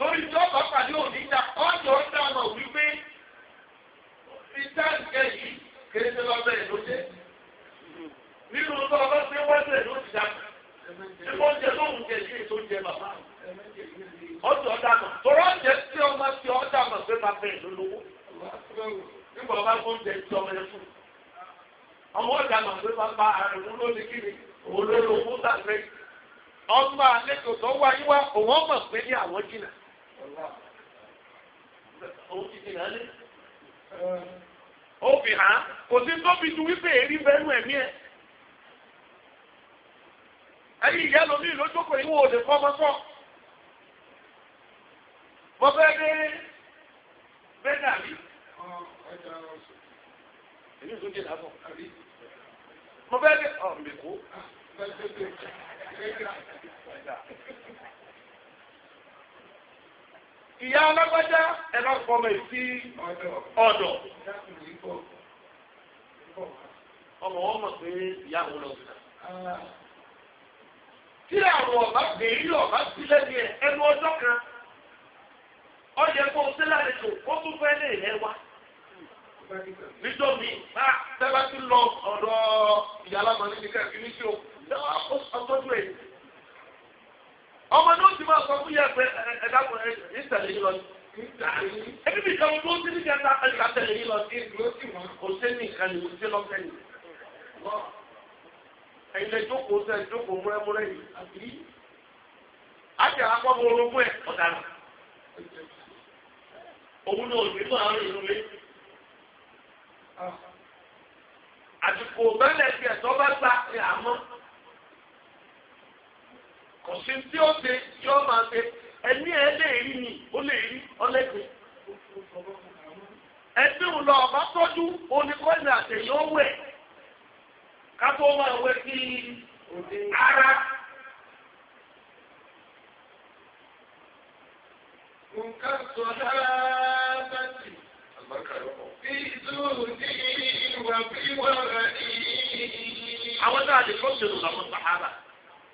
torí tí ọkọ̀ pàdé òní ta ọjọ́ dáná wípé ìtàgé yìí kéde lọ́bẹ̀ ló jẹ́ nínú tó ọba ṣe wọ́sẹ̀ ló ti dà tí wọ́n jẹ lóhùn jẹ yìí tó jẹ bàbá ọjọ́ dáná tọrọ jẹ tí ọmọ tí ọ dáná pé máa bẹ̀ ló lówó nígbà ọba tó ń jẹ tí ọmọ yẹn fún ọmọ ọjà náà pé máa bá àrùn lónìí kiri òun ló lówó sàgbẹ́ ọmọ àlejò tó wáyé wá òun ọmọ pé ní àwọn jìnnà ó fi hàn kò sí tóbi ju wípé èrí bẹ́nu ẹ̀mí ẹ̀ ẹ̀yìn ìyá lomi lójókòó ìwọ òde kọ́ mo fẹ́ dé bẹ́ẹ̀ dàbí èmi tún jẹ dàbọ̀ mo fẹ́ dé ọ̀ mbẹ̀kú ìyá alágbájá ẹ lọ fọmọ ẹ sí ọ̀dọ̀ ọmọ wọn mọ̀ pé ìyá àwọn lọ sí tí àwọn ọba bèèrè ọba sílẹ̀ ní ẹ ẹnu ọjọ́ kan ọyẹ kó sílẹ̀ àlejò kó tún fẹ́ lè rẹ wá nítorí bá tẹ́lá ti lọ ọ̀dọ̀ ìyá alágbájá ní kẹ́kẹ́ ní sí o ọjọ́ tó ẹ̀ ọmọ náà ti máa sọ fún yẹ pé ẹ̀dá kò ìtẹ̀lé yìí lọ ẹbí mi kan tó ti ní kẹta ẹ̀ka tẹ̀lé yìí lọ sí ìlú sí wọn kò sí ní nǹkan ní ìlú sí lọ́fẹ̀ yìí. ẹ̀yin lè jókòó sẹ́ jókòó múrẹ́múrẹ́ yìí àbí àti àkọ́ bọ̀ orogún ẹ̀ ọ̀daràn. òun náà ò ní fún àwọn ìlú àsìkò bẹ́lẹ̀ tiẹ̀ tó bá gbà ní àmọ́ kò sí tí ó ṣe yọ máa ṣe ẹni ẹ lè rí ni ó lè rí ọlẹ́gbẹ̀ẹ́ ẹbí ń lọ ọba tọ́jú oníkọ́ni àtẹ̀yọ́wẹ̀ ká tó máa wẹ̀ sí ara. nǹkan sọ bí ní ìwà bí wọ́n ní. àwọn náà lè làwọn sàhárà.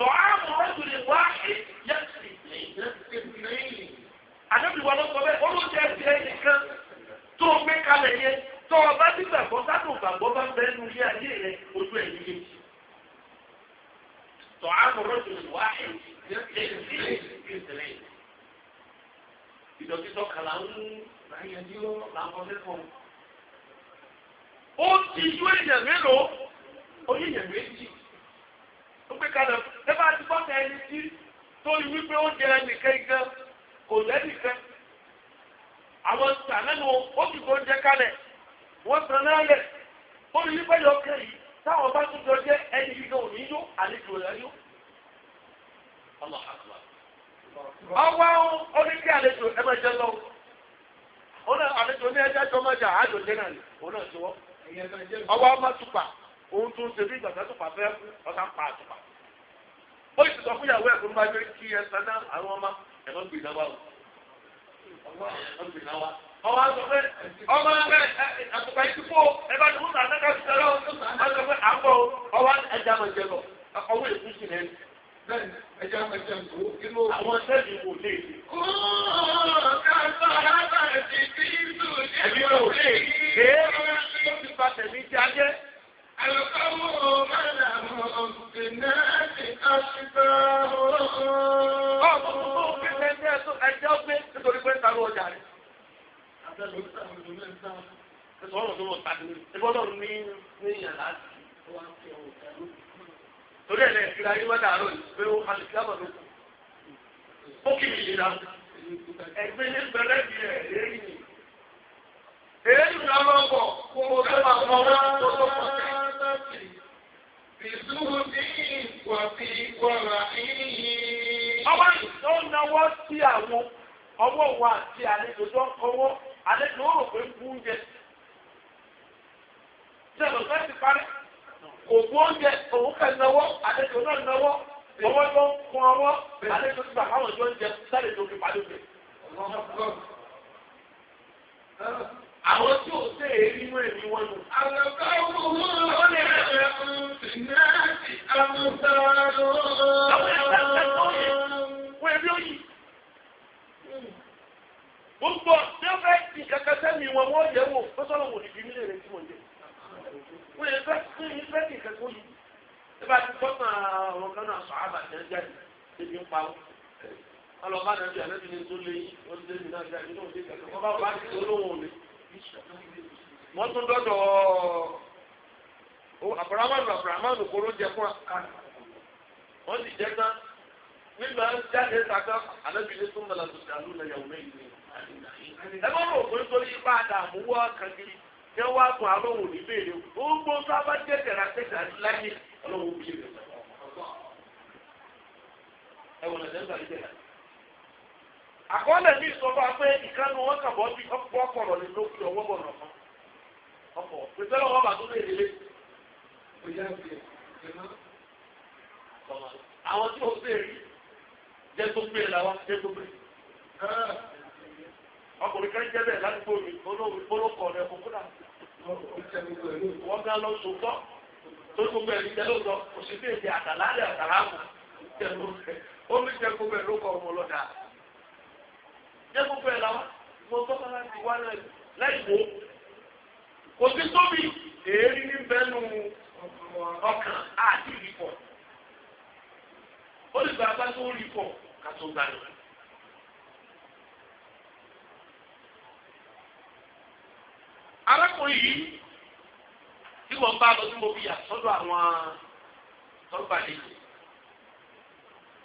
طعام رجل واحد يكفي اثنين àdébìlì wa ló sọ bẹ́ẹ̀ olóòtú ẹ̀sìn ẹ̀yìn kan tó o gbé kalẹ̀ yẹn tó o bá ti gbàgbọ́ sádùn gbàgbọ́ bá ń bẹ́ẹ̀ nu ilé ayé rẹ ojú ẹ̀ yíyé. طعام رجل واحد يكفي اثنين ìdọ̀tí sọ̀kàlà ń ráyẹ̀dí ó làwọn lẹ́kọ̀ọ́. ó ti ju èèyàn mélòó ó yẹ èèyàn méjì ó gbé kalẹ̀ fún ẹ bá ti gbọ́dọ̀ ẹni tí tó yí wípé ó jẹ ẹnìkan igan kò lẹ́nìkan àwọn sàmẹ́nu ó ti gbọ́ jẹ kalẹ̀ wọ́n san náà lẹ̀ ó rí wípé yọkẹ́ yìí táwọn bá tún jọ jẹ ẹni igan ò ní yó àlejò rẹ̀ yó. ọwọ́ oníkí àlejò ẹ máa jẹ lọ́wọ́ ọ̀nà àlejò ní ẹjẹ́ tó máa jà àjò jẹ́ náà lè òun náà ti wọ́ ọwọ́ ọmọ tùpà òun tún ṣe bí ìgbà tó tùpà fẹ́ ọ̀sán pa àtùpà ó sì sọ fúnyàwó ẹ̀ fún bájú kí ẹ sáná àwọn ọmọ ẹ̀ lọ́ gbìn náwó ọmọ àgbẹ̀ pé ọmọ àgbẹ̀ àtùkà ìdìbò ẹ bá dùn sàn náà kàṣí sọ̀rọ̀ àgbẹ̀ pé àbọ̀ ọwọ́ ẹja máa jẹ lọ ọwọ́ èkúsì náà bẹ́ẹ̀ ẹja máa jẹ lọ àwọn sẹ́ẹ̀lì wò lè. E. ẹ̀mí ò lè kéé e. ó ti fa tẹ̀mí jẹ́ القوم لهم بالناس أشباه ẹjọ́ gbé nítorí pé ń taró ọjà rẹ̀. Ìsọ̀rọ̀ tó lọ Ẹgbẹ́ ní bẹ̀rẹ̀ bí ẹ̀ èyí ni. Èyí ni àwọn ọkọ̀ kó o fẹ́ máa mọ wọn tó tó kọ̀ sí. Ọwọ́ ìṣó náwó sí àwọn ọwọ́ wa àti àlejò tó ń kọwọ́ àlejò ó rò pé ń bu oúnjẹ. Ṣé lọ fẹ́ ti parí? Kò bu oúnjẹ, òun kẹ́ náwó, àlejò náà náwó, ọwọ́ tó ń kún ọwọ́, àlejò tó gbà káwọn jọ ń jẹ, sálejò fi parí òfin àwọn tí ò sẹ́ èrí mọ́ ẹ̀mí wọn nù. àlọ́kọ́ owó ó lè rẹ̀ fìnnáàtì àmúṣàlọ́. àwọn ẹgbẹ́ ẹ̀kọ́ yẹn wọ́n ẹbí òyì. gbogbo tí ó fẹ́ ti kẹ̀kẹ́ sẹ́mi wọn wọ́n yẹ̀ wò ó sọ̀rọ̀ wò ní bí mílíọ̀nù tí mo jẹ. wọ́n yẹ fẹ́ kí ní fẹ́ kí kẹ́kọ́ yìí. ẹ bá ti gbọ́n náà kan náà sọ àbàtẹ́ jáde débi ń pa ọlọ́ba náà bí alẹ́ bí ní tó lé yìí ó ti dé mi náà jáde ní òde kẹ́kẹ́ wọ́n tún dọ́dọ̀ aburahamanu aburahamanu kóró jẹ fún wa wọ́n sì jẹ́ tán nígbà jáde sàkán alábìlẹ̀ tó mọ̀lá tó dàlú lẹ̀ yàwó mẹ́yìn ẹ bá rò pé nítorí ipá àdààmú wá kankiri ní wá gùn alóhùn ní béèrè ó ń gbó sábà jẹ́ tẹ̀rà tẹ̀rà láyé ọlọ́wọ́ bí rẹ̀ ẹ wọ̀n yìí tẹ̀rà àkọọ́lẹ̀ mi sọ fún wa pé ìkànnì wọn kàn bọ́ bí ọkọ̀ ọkọ̀rọ̀ lè ló fi ọwọ́ bọ̀ nà fún ọkọ̀ pèsè lọ́wọ́ bá tó lè lélẹ̀ àwọn tí ó bèèrè jẹ́ tó bèèrè làwọn jẹ́ tó bèèrè ọkùnrin kan jẹ́ bẹ́ẹ̀ ládùúgbò mi olókọ̀ rẹ̀ kò kúrà wọ́n gán lọ sòtọ́ tó gbogbo ẹ̀rí jẹ́ lóòótọ́ òṣìṣẹ́ èdè àtàlálẹ̀ àtàlámù ó ní jẹ́ gbogbo ẹ̀ lókọ̀ ọmọ ọlọ́dà jẹ́ gbogbo ẹ̀ làwọn mo tọ́ka láti wá lẹ́yìn kò sí tóbi èérí ní bẹ́ẹ̀nu ọkàn àti ìrìpọ̀ ó lè gba abá tó rí pọ̀ ká tó gbà lọ. arákùnrin yìí tí wọ́n bá lọ sí mo fi yà sọ́dọ̀ àwọn tọ́gbà lẹ́yìn.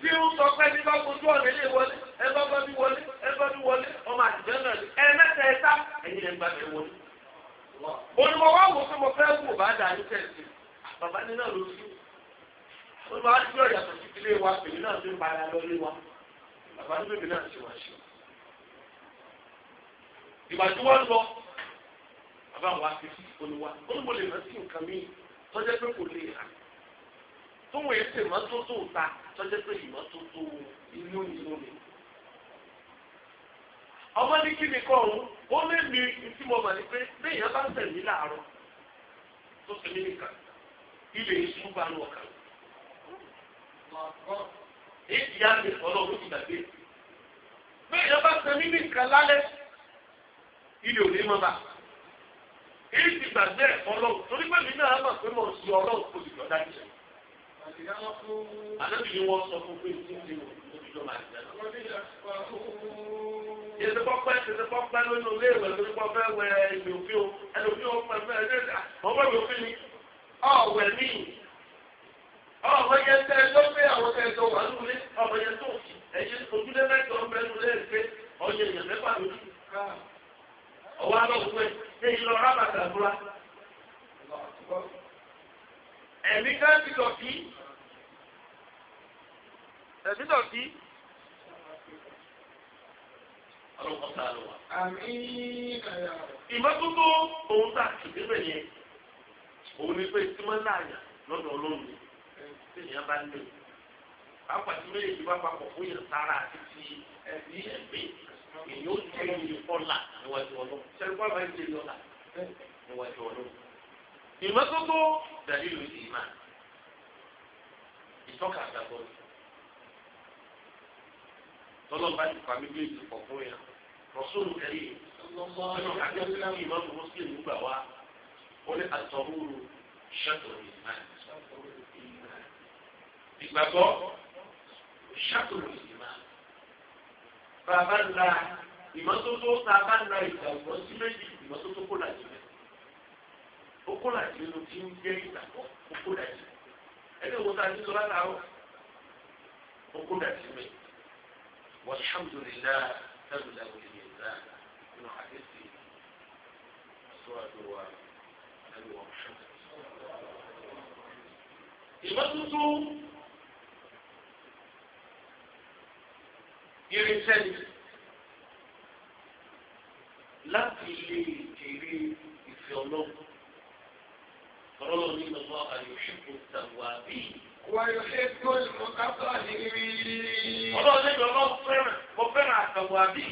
tí ó sọ pé ní bá gbójú ọ̀nà ilé wọlé ẹ bá bá mi wọlé ẹ bá mi wọlé ọmọ àtijọ́ náà ni ẹ mẹ́ta ẹ sá ẹ̀yin ẹ̀ ń bá mi wọlé. olùmọ̀ wá wò pé mo fẹ́ wò bá dà ní tẹ̀sí bàbá ní náà ló sí olùmọ̀ àti yóò yàtọ̀ sí ilé wa pèmí náà ló ń para lọ́lé wa bàbá ní bèbí náà ti wá sí. ìgbà tí wọ́n lọ bàbá wa ti fi olùwà olùmọ̀ lè rántí nǹkan tó wọ́n èsì ìmọ́tótó ta tọ́jú pé ìmọ́tótó inú inú mi. ọmọ ní kí ni kọ́ ọ̀hún ó lé mi tí mo mọ̀ ní pé béèyàn bá ń tẹ̀lé láàárọ̀ tó ṣe mí nìkan ilé iṣu bá ń wọ̀kàn. èyí á lè fọ́ lọ́wọ́ ti gbàgbé. béèyàn bá ṣe mí nìkan lálẹ́ ilé ò ní mọ́ bá èyí ti gbàgbé ẹ̀fọ́ torí pé mi náà mọ̀ pé mo ń sọ kò sì lọ́dájú sẹ́yìn àlọ́bí wọn sọ fún pé tí ń di òjò máa jẹ náà. yẹtù pọpẹ lónìí olú èwẹ lórí pọpẹ wẹ ẹlòmí o ẹlòmí o pẹpẹ ẹlòmí ọmọ mi ò fi ni ọwẹ mi ọmọ yẹn tẹ ẹjọ pé àwọn tẹ ẹjọ wà lóore ọmọ yẹn tó ẹyẹ ojúlé mẹ́jọ ń bẹ lóore ẹgbẹ ọyẹ yẹn mẹ́fà lórí ọwọ́ ẹ̀mí kan ti dọ̀tí ẹ̀mí dọ̀tí. Ìmọ́tótó òun ta ìdíbẹ̀ yẹn, òun ni pé tí wọ́n láàyà lọ́dọ̀ ọlọ́run tí èèyàn bá lè. Pàápàá tí méjèèjì bá papọ̀ fún yẹn sára àti ti ẹbí ẹ̀mí, èyí ó ti ẹ̀yìn ọ̀la níwájú ọlọ́run. Ṣẹ́ni bá máa ń ṣe ọ̀la níwájú ọlọ́run ìmọ́tótó dàlílù ìmá ìtọ́ka àgbàgbọ́ tọ́lọ́ba ti fa méjèèjì pọ̀ fún yà rọ̀sùlù kẹ́lí nínú àjọṣe kí ìmọ̀ mùsùlùmí gbà wá ó ní àtọ̀húrù ṣàtọ̀ ìmá ìgbàgbọ́ ṣàtọ̀ ìmá bàbá ńlá ìmọ́tótó tá a bá ńlá ìgbàgbọ́ sí méjì ìmọ́tótó kó làjẹ́ okó làjì nínú tí ń jẹ́ ìgbàgbọ́ okó dàjì ẹni wo ta ní lọ láràárọ̀ okó dàjì mi walhamdulillah sábà làwọn ènìyàn náà nínú àdéhùn sọ́wọ́ àdúrà àdúrà ọ̀ṣun. ìmọ́tótó irinṣẹ́ ni láti lè jèrè ìfẹ́ ọlọ́run ọlọ́run ní ìlọ́wọ́ àyọ̀ṣẹ́kù tàwábí. wàyọ̀ṣẹ́kù mọ̀kápá ní rí. ọlọ́run ní ìlọ́wọ́ fẹ́ràn mo fẹ́ràn àtàwábí.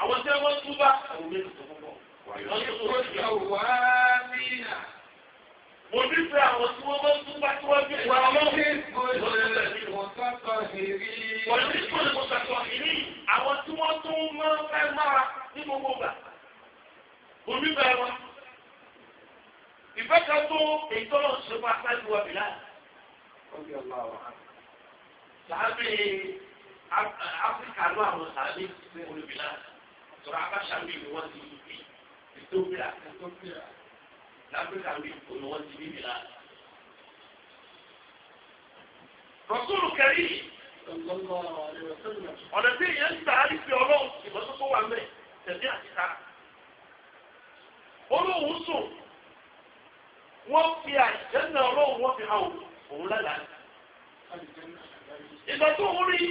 àwọn tí wọ́n túbá àwọn méjì tó pọ̀. wàyọ̀ṣẹ́kù tàwábí. mo nífẹ̀ẹ́ àwọn tí wọ́n bá túbá tí wọ́n tún máa ń fẹ́ mára ní gbogbo gbà. oníbẹ̀rẹ̀ ìfẹ́ kan tó èyí tó lọ sí fún aṣáájú wa bìlá. sàbẹ̀ áfíríkà ló àwọn sàbẹ̀ olùbìlá sọ̀rọ̀ abáṣà mi ni wọ́n ti fi ìtòkìlà láfíríkà mi ni wọ́n ti fi bìlá. rọ̀súlù kẹrí ọ̀nà tí èèyàn ń gbà á lè fi ọlọ́run ìbọn tó wà mẹ́ tẹ̀lé àti ká. olóhùn sùn. wọ́n fi àìjẹ́nà ọlọ́run wọ́n fi hàn òun lálá. ìgbà tó ń rí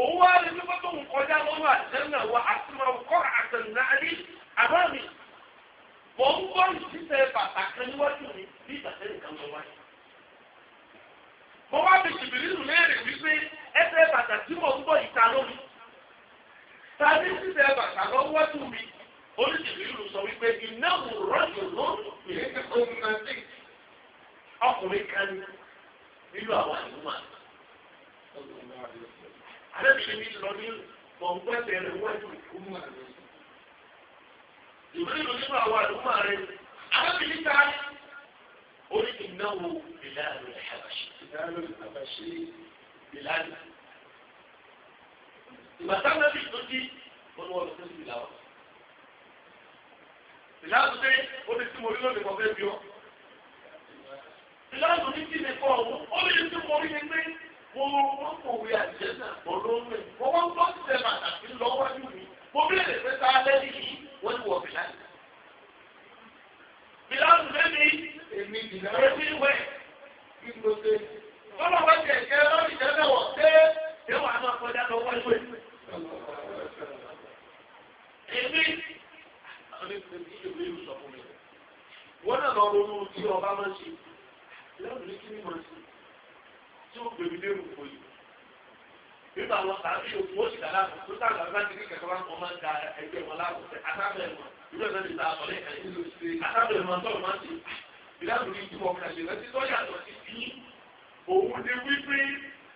òun wá rí pípẹ́ tó ń kọjá lọ́wọ́ àìjẹ́nà wa àti máa kọ́ àtẹnudárí àbá mi. mò ń gbọ́ ìṣiṣẹ́ bàtà níwájú mi bí nìkan mo wá jìbìrì nù wípé قلت بيقولوا صويب بيه إنه الرجل من فيه أقولك أن إلا وحيما على بشميل الرجل وهو سيرهوات الأمة يريد يبع والأمة على بشميل تعالي قلت إنه بلال الحبشي بلال الحبشي بلال ما تعمل في الدنيا قلوا بسم الله ìlànà pé ó ti tí mo rí lónìí kan fẹ́ bí ọ. ìlànà ní kí ni kọ́ ọ̀hún ó tí mo rí ni pé mo wọ́n kò àjẹ́ náà mo ló ń rìn mo wọ́n gbọ́ sílẹ̀ pàtàkì lọ́wọ́jú mi mo béèrè pé sáà lẹ́yìn yìí wọ́n ti wọ̀ bìláì. bìláì lẹ́ni èmi bìláì èmi wẹ̀ kí ló dé. bọ́lá wọ́n ti ẹ̀kẹ́ lọ́ọ̀dì tẹ́lẹ̀ wọ̀ pé èèwọ̀ àná ọ̀pọ̀jà kan wọ́n náà lọ ronú tí ọba máa ń ṣe lẹ́nu ní kí máa ń ṣe tí ó gbèmí lérò fún yìí. nígbà wọn tàbí òkú ó sì dà láàbò tó sáà gbàgbá ti ní kẹ̀kẹ́ wọn máa ń da ẹgbẹ́ wọn láàbò tẹ àtàbẹ̀ wọn ìwé ìfẹ́ ti ta àtọ̀lẹ́ àtàbẹ̀ wọn tọ̀ máa ń ṣe ìlànà ní ìtumọ̀ kàṣẹ́ rẹ ti yàtọ̀ sí ti òun ni wípé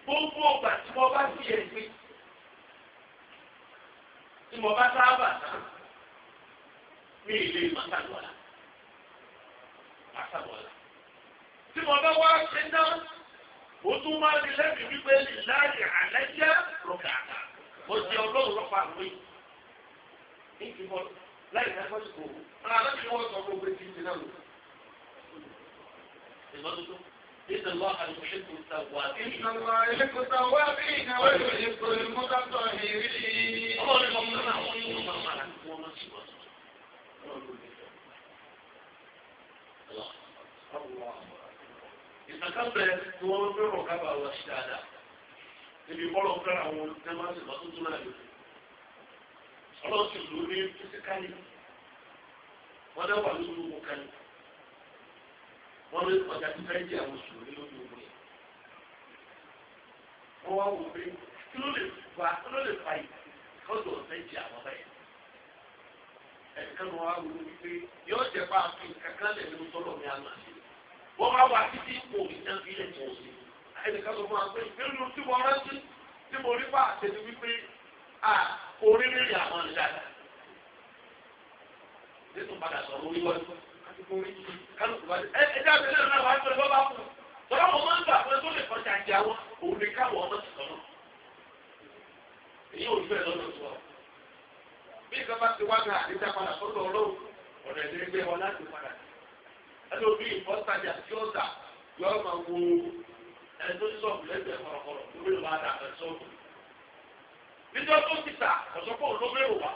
gbogbo ọgbà tí mo bá fi ẹ̀ mi ìlú màkàlùwàlà màkàlùwàlà tí mo bá wá ṣe ná o tún máa ní lẹ́bi wípé láàyè àlẹ́jẹ́ rọ̀gàdà mo jẹ ọlọ́run lọ́pàá mi ní ìfimọ́ láì fẹ́ fọ́ ìkó ara lọ́bi ni wọ́n sọ fún ogun títí náà lò. ìmọ̀tótó إن الله يحب التوابين إن الله يحب التوابين ويحب المتطهرين. الله يحب التوابين وما سواه ìsàkábẹ̀ tí wọ́n fẹ́ràn kábà wá sí dáadáa níbi bọ́lọ̀ fẹ́ràn àwọn olùtẹ́mọ́sí lọ́tútù náà lò ọlọ́sìn ló ní físíkálì wọ́n dẹ́ wà lórí ogun kan wọ́n lé ọjà tí fẹ́ẹ́ jẹ́ àwọn sùúrù lórí ogun yẹn wọ́n wá wò pé kí ló lè fa kí ló lè fa ìkọ́jọ́ ọ̀fẹ́ jẹ́ àwọn báyìí ẹ̀kan wà wù ú pé yóò jẹ́ bá a fi kankan lẹ̀ nínú tọ́lọ̀ ní àná wọ́n bá wà títí kò ní tán fi lẹ̀ tọ̀ sí ẹnìkan tó máa pé nínú tí mo rántí tí mo rí bá àtẹ̀lé wípé à orílẹ̀ èdè àwọn ìdájà nínú padà sọ̀rọ̀ orí wọ́n àti kò rí kálukú bá dé ẹ ẹ jẹ́ àbẹ̀lẹ̀ náà wà á tẹ̀lé bọ́ bá kù tọ́lá wọn máa ń gbà pé tó lè kọjá ìjà wọn òun ni káwọn ọmọ ti sọ̀rọ̀ èyí ò fẹ́ lọ́dọ̀ tó wà bí nǹkan bá ti wá ní àdéjà padà sọ́dọ̀ ọlọ́run ọ̀nà ìdílé gbé wọn láti padà ẹnu bí ìfọ́sàjà tí ó dà yọ ọ́ máa wo ẹni tó ti sọ̀rọ̀ lẹ́gbẹ̀ẹ́ kọ̀rọ̀kọ̀rọ̀ tó bí wàá dà ẹ̀ sọ̀rọ̀ níjọ́ tó ti tà ọ̀sọ́pọ̀ olóbèrò wa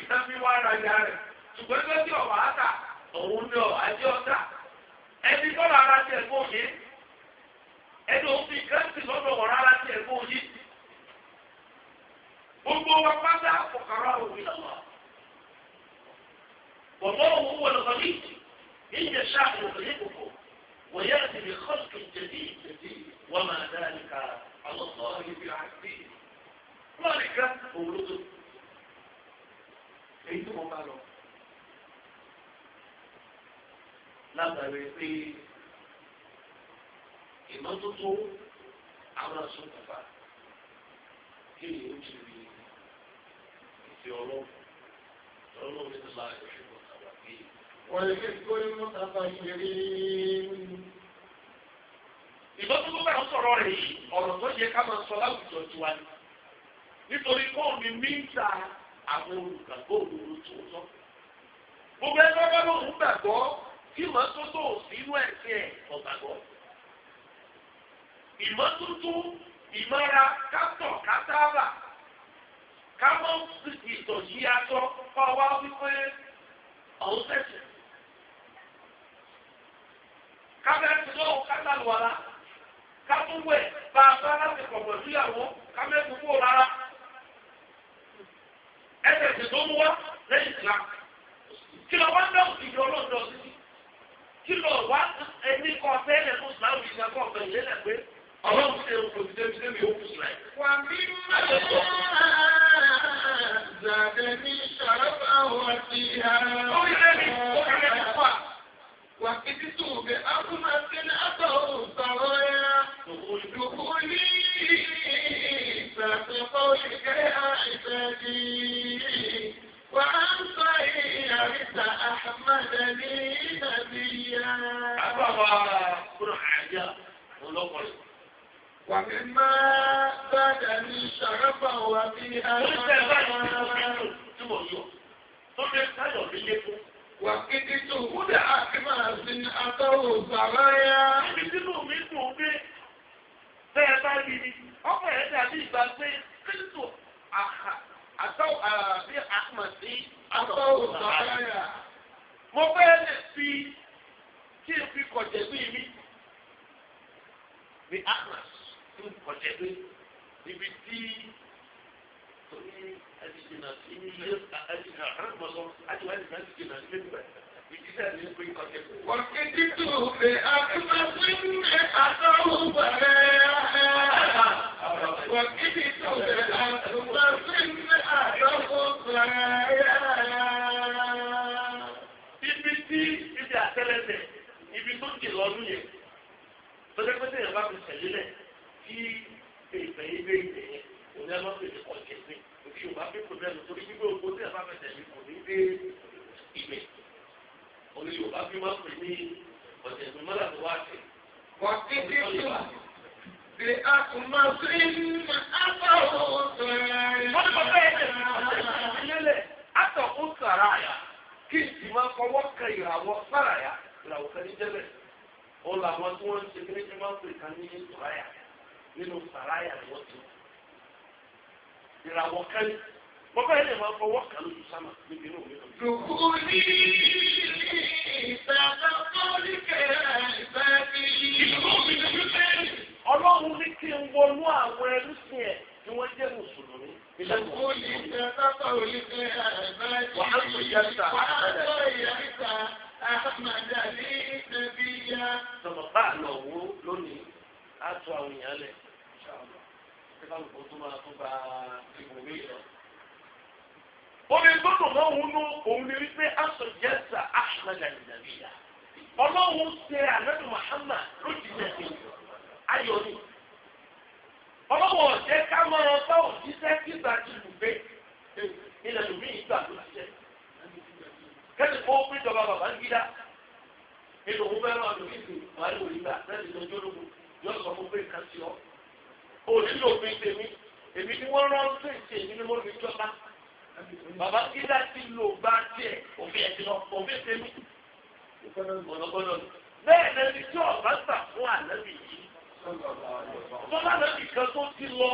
ìta fi wá ara ya rẹ̀ ṣùgbọ́n ẹgbẹ́ tí ọ̀wà á tà òun ni ọ̀wà á jẹ́ ọ̀tà ẹni tọ́lọ̀ ara ti ẹ̀gbọ́n yìí ẹni òun fi kẹ́ńtì lọ́dọ̀ ọ̀rọ̀ ara ti yìí. gbogbo wọn pátá fọkàrà òwe lọ́wọ́. Bọ̀bọ̀ òun wọlé wọlé ìjẹ ṣáà ìwọlé kòkó wọ̀nyẹ́ àti lè kọ́sùkì jẹ̀dí jẹ̀dí wọ́n máa dá nìka àlọ́kọ́ ibi àti wọ́n nìka òwúrọ̀ èyí tó wọ́n bá lọ. Lábàárẹ̀ pé ìmọ́tótó àwọn aṣọ kọfà kí ni ó ti rí. sí ọlọ́run ọlọ́run ní ìlà ìṣòro àgbàgbé. wọ́n lè fi kó ní mọ́tà bá ṣeré. ìbọn tó gbọ́dọ̀ sọ̀rọ̀ rẹ̀ yìí ọ̀rọ̀ tó yẹ mítà àwọn olùgbàgbọ́ òdodo tó tọ́. gbogbo ẹgbẹ́ bá lóun gbàgbọ́ tí mọ́tótó sínú ẹ̀sìn ẹ̀ ọ̀gbàgbọ́. ìmọ́tótó ìmọ́ra kátọ̀ kátáàbà kámọ́ ìtọ̀ yí aṣọ kọ́ wá wípé ọ̀hún sẹ̀sẹ̀. kábẹ́ẹ̀tì náà kátàlù wàrà kámúwẹ̀ bá a bá láti pọ̀ pẹ̀lú ìyàwó kámẹ́ẹ̀tì kúrò rárá. ẹsẹ̀ ti tó mú wá lẹ́yìn ìlà. kí lọ wá ń dáhùn ìdí ọlọ́dọ̀ sí kí lọ wá ẹni kọ́ fẹ́lẹ̀ fún sàrù ìgbà kọ́ ọ̀gbẹ̀yìn lẹ́lẹ̀ pé. ọlọ́run ṣe ń fojú débi débi ó kù sílẹ̀. wà á bí máa zàdé ní sàrọ́bà wọ́n ti hà. ó yẹ ní ọ̀rẹ́ rẹ̀ fà. wà á fi sùn bẹ akúmọ̀sí náà bọ̀ sọ̀rọ̀ yá. òdòkó ní ìsàkóso ìgbẹ́ àìsàn dì í. وعن صيحة أحمد لي نبيا. أبا بن حاجة ولقل ومما زادني شرفا وفيها وكدت هدى أكماس أتوا سرايا Bẹ́ẹ̀ bá rí ni, ọmọ ẹ̀ dàbí ìgbà pé kíntù àtọ́ bí àmọ̀ sí àtọ́ òṣàlàyà. Mo fẹ́ lè fi kí n fi kọ̀jẹ̀ bí mi. Bí àmọ̀ sí tí ó kọjá pé ibi tí torí ẹ̀dìjìnà sí ilé ẹ̀dìjìnà àrùnmọ̀sọ́ àti wàá nìkan ẹ̀dìjìnà sí ilé ìdílé ní pé kọjá pé. wọ́n ti dídò pé akúmọ̀sí ń bẹ àtọ́wò bẹ̀rẹ̀ ẹ̀ wọ́n ti dídò pé akúmọ̀sí ń bẹ àtọ́wò bẹ̀rẹ̀ ẹ̀. ibi tí ibi àtẹ́lẹsẹ̀ ibi tó jẹ lọ́dún yẹn tó dẹ́gbẹ́sẹ̀ yẹn bá fi tẹ̀lé lẹ̀ tí èèpẹ̀ yìí lé ìgbẹ̀ yẹn òun ẹ̀ lọ́sẹ̀ ní ọ̀jẹ̀ gbé òkè òbá fi kò lẹ́nu torí gbígbé ogun tí ẹ̀fà fẹsẹ̀ mi kò ní dé ìgbẹ̀ òun Yorùbá fi máa pè ní ọ̀jẹ̀ gbé mọ́lá tó wá sí. wọ́n ti dé ìlú bí a kò máa fi ń bá òun sọ̀rọ̀. wọ́n ti kọ́ bẹ́ẹ̀ kí ìsì máa fọwọ́ kan ìràwọ̀ sára yá ìràwọ̀ kan ní jẹ́lẹ̀ ó làwọn tí wọ́n ń ṣe kí ní ṣe máa ń pè ká ní ìtura yá nínú sàráyà ni wọ́n ti ìràwọ̀ kan mo bẹ́ẹ̀ lè máa fọwọ́ kan lójú sámà níbi inú mi. Dùkú ní ìsàlọ̀ kọ́líkẹ̀ ìbẹ́bí. Ìlú mi ni wípé ọlọ́run ní kí n wọnú àwọn ẹlúsìn ẹ̀ tí wọ́n jẹ́ mùsùlùmí. Dùkú ní ìsàlọ̀ kọ́líkẹ̀ ìbẹ́bí. Wàá tó yẹ ká. Wàá tó yẹ ká. Àmàdà ní ìtẹ̀bíyà. Sọ̀rọ̀ bá àlọ́ wo lónìí? á tu àwọn èèyàn lẹ̀ ṣé káwọn kò tó máa tó gba ìbòmí lọ. omi gbọ́dọ̀ náà wù nú òun ni wípé aṣọ jẹ́sà ahmed alìdàbíyà ọlọ́run ṣe ànábì muhammad lójijì ẹ̀sìn ayọ̀ ni ọlọ́wọ́ ọ̀jẹ́ ká máa bá òjíṣẹ́ kígbà ti lù gbé ilẹ̀ lùmí ìgbà tó ṣiṣẹ́ kẹ́sì kó péjọba bàbá ń gídá ètò òun fẹ́ràn lùmí ìgbà wà ní òyìnbá lẹ́sìn lọ́jọ́ lógún yóò sọ fún pé nǹkan ti ọ òní lòfin tèmi èmi ni wọ́n rántí èsì èmi ni mo fi jọba bàbá kílá ti lò bá tiẹ̀ òfin ẹ̀ ti lọ òfin tèmi gbọdọgbọdọ bẹ́ẹ̀ lẹni tí ọba gbà fún ànábì yìí bọ́lá ànábì kan tó ti lọ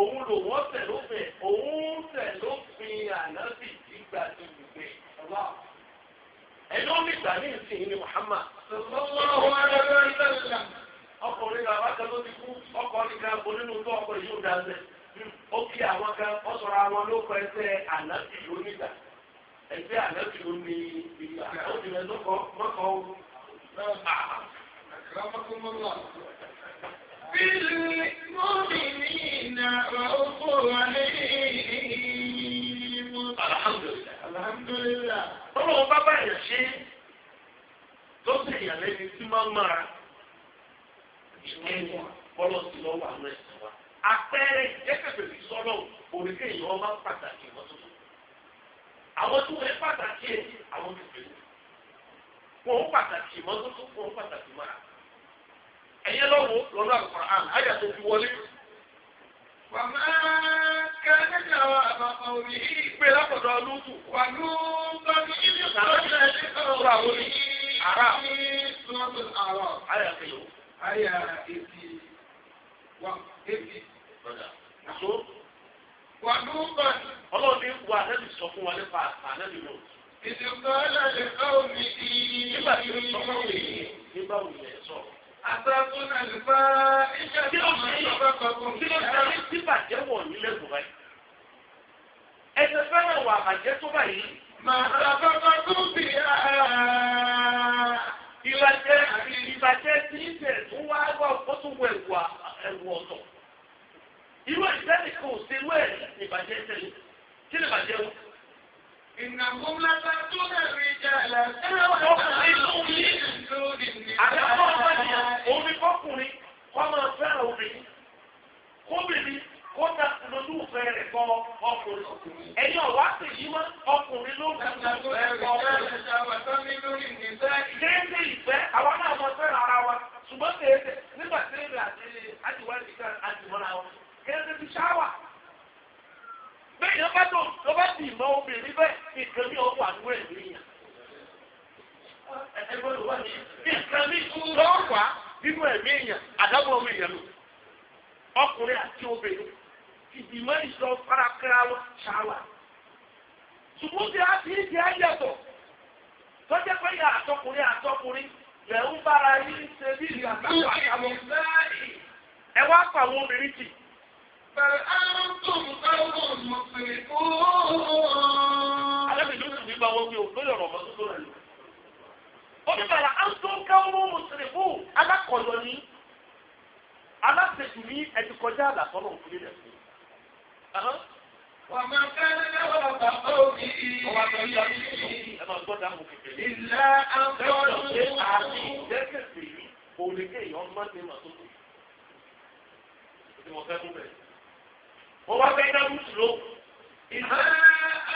òun lò wọ́n tẹ̀ lófin òun tẹ̀ lófin ànábì yìí gbà tó gbé ẹni ó ní ìgbà ní ìsìn ní Muhammad. sọlá wà lọ́wọ́ ẹgbẹ́ ìṣẹ̀lẹ̀. ọkùnrin bàbá kan ló ti kú ọkọ nìkan onínú tó ọkọ yìí ò dáṣẹ ó kí àwọn kan ó sọ̀rọ̀ àwọn ló kọ ẹsẹ̀ ànábì lónìgbà ẹsẹ̀ ànábì lóní ìgbà ó ti rẹ lọkọ ó. bá báyìí ṣe tó tí máa ń mara. ìwé wọn bọ́lọ̀ sí lọ́wọ́ àwọn ẹ̀sìn wa àpẹẹrẹ ìjẹ́kẹ̀fẹ̀ fi sọ́lọ̀ òrùka èèyàn máa ń pàtàkì ìmọ́tótó àwọn tó wẹ́ pàtàkì ẹ̀ àwọn kẹfẹ́ wọn ò pàtàkì ìmọ́tótó wọn ò pàtàkì mọ́ra ẹ̀yẹ lọ́wọ́ lọ́nà Al-Qur'an àyà tó fi wọlé. wàmà kẹ́kẹ́ àwọn wà lóòótọ́ ní ilé ìgbà lọ́sẹ̀ àyà èsì wà èsì. Àṣọ. Wà ló bà. Ọlọ́run ní wà ànábì sọ fún wa nípa ànábì náà. Ìdìbò aláàlẹ̀ káwọn mi di. Nígbà tí ó sọ fún mi, nígbà wo ni ẹ sọ? Àtàkùn àlùfá iṣẹ́ tí ó máa ń sọ fẹ́ kọ̀ọ̀kan. Kí ló ṣe ní bíbàjẹ́ wọ̀ nílẹ̀ tó báyìí? Ẹ̀sẹ̀ fẹ́ràn wà àbàjẹ́ tó bàyìí. Màá ra bàbá tó bì á ìbàjẹ́ ìbàjẹ́ tí ń bẹ̀ tó wá gbọ́ ó tún wọ ẹ̀wù ẹ̀wù ọ̀tọ̀. irú ìfẹ́ nìkan ò ṣe irú ẹ̀ ìbàjẹ́ tẹ̀lé kí ni ìbàjẹ́ wọn. ìnàkùn lápá tó dàbí ìjà àlà ẹ̀rọ ọkùnrin lórí lórí ní. àdàkọ́ ọ̀gbọ́n ni òun ni kọ́kùnrin kọ́ máa fẹ́ràn obìnrin kóbìnrin ó ta lójú ìfẹ́ rẹ̀ kọ́ ọkùnrin ẹ̀yin ọ̀wá sì yí mọ́ ọkùnrin ló ń kà kéèké ìfẹ́ àwa náà mọ fẹ́ ara wa ṣùgbọ́n kéèké nígbà tí èrè àti àdìwá ìdíkà àdìmọ́ra wa kéèké ti ṣáwà bẹ́ẹ̀ yẹn bá tó lọ bá dì mọ́ obìnrin bẹ́ẹ̀ nìkan ní ọwọ́ àdúgbò ẹ̀ nìyẹn. nìkan ní lọ́wọ́ wá nínú ẹ̀mí èèyàn àdábọ̀ ọmọ èèyàn lò ọkùnrin àti obìnrin ìgbìmọ̀ ìṣọ̀ farakira ṣáwà. ṣùgbọ́n tí a ti ń jẹ́ ẹ̀yẹ̀tọ̀ tó jẹ́ pé ìyá àtọkùnrin àtọkùnrin lẹ̀ ń bára yín ṣe bí ìyá àtàwọn ẹ wá pa àwọn obìnrin tì. bẹ̀rẹ̀ àwọn tó ń bá wọn mọ̀ pé ooo. alábìlú sì ní bá wọn bí o lórí ọ̀rọ̀ ọmọ tó tó rẹ̀ lọ. Oníbàárà Anton Káwọ́ Mùsùlùmí alákọ̀ọ́yọ ni aláṣẹ́jù ní ẹ̀dùkọjá àlàfọ́nà òfin rẹ̀. Wàmọ̀ kẹ́lẹ́ lọ́wọ́ bàbá òbí. Ọwọ́ àgbà yíyá mi ní ẹ̀ma gbọ́dọ̀ àwọn òkèkè. Ìlà àgbọ̀dọ̀ ṣe àmì. Jẹ́kẹ̀ pé òun èké èèyàn máa ń tẹ̀mà tó kù. Ìmọ̀ fẹ́ mú bẹ̀rẹ̀. Mo wá fẹ́ dá bùsù ló. Ìlà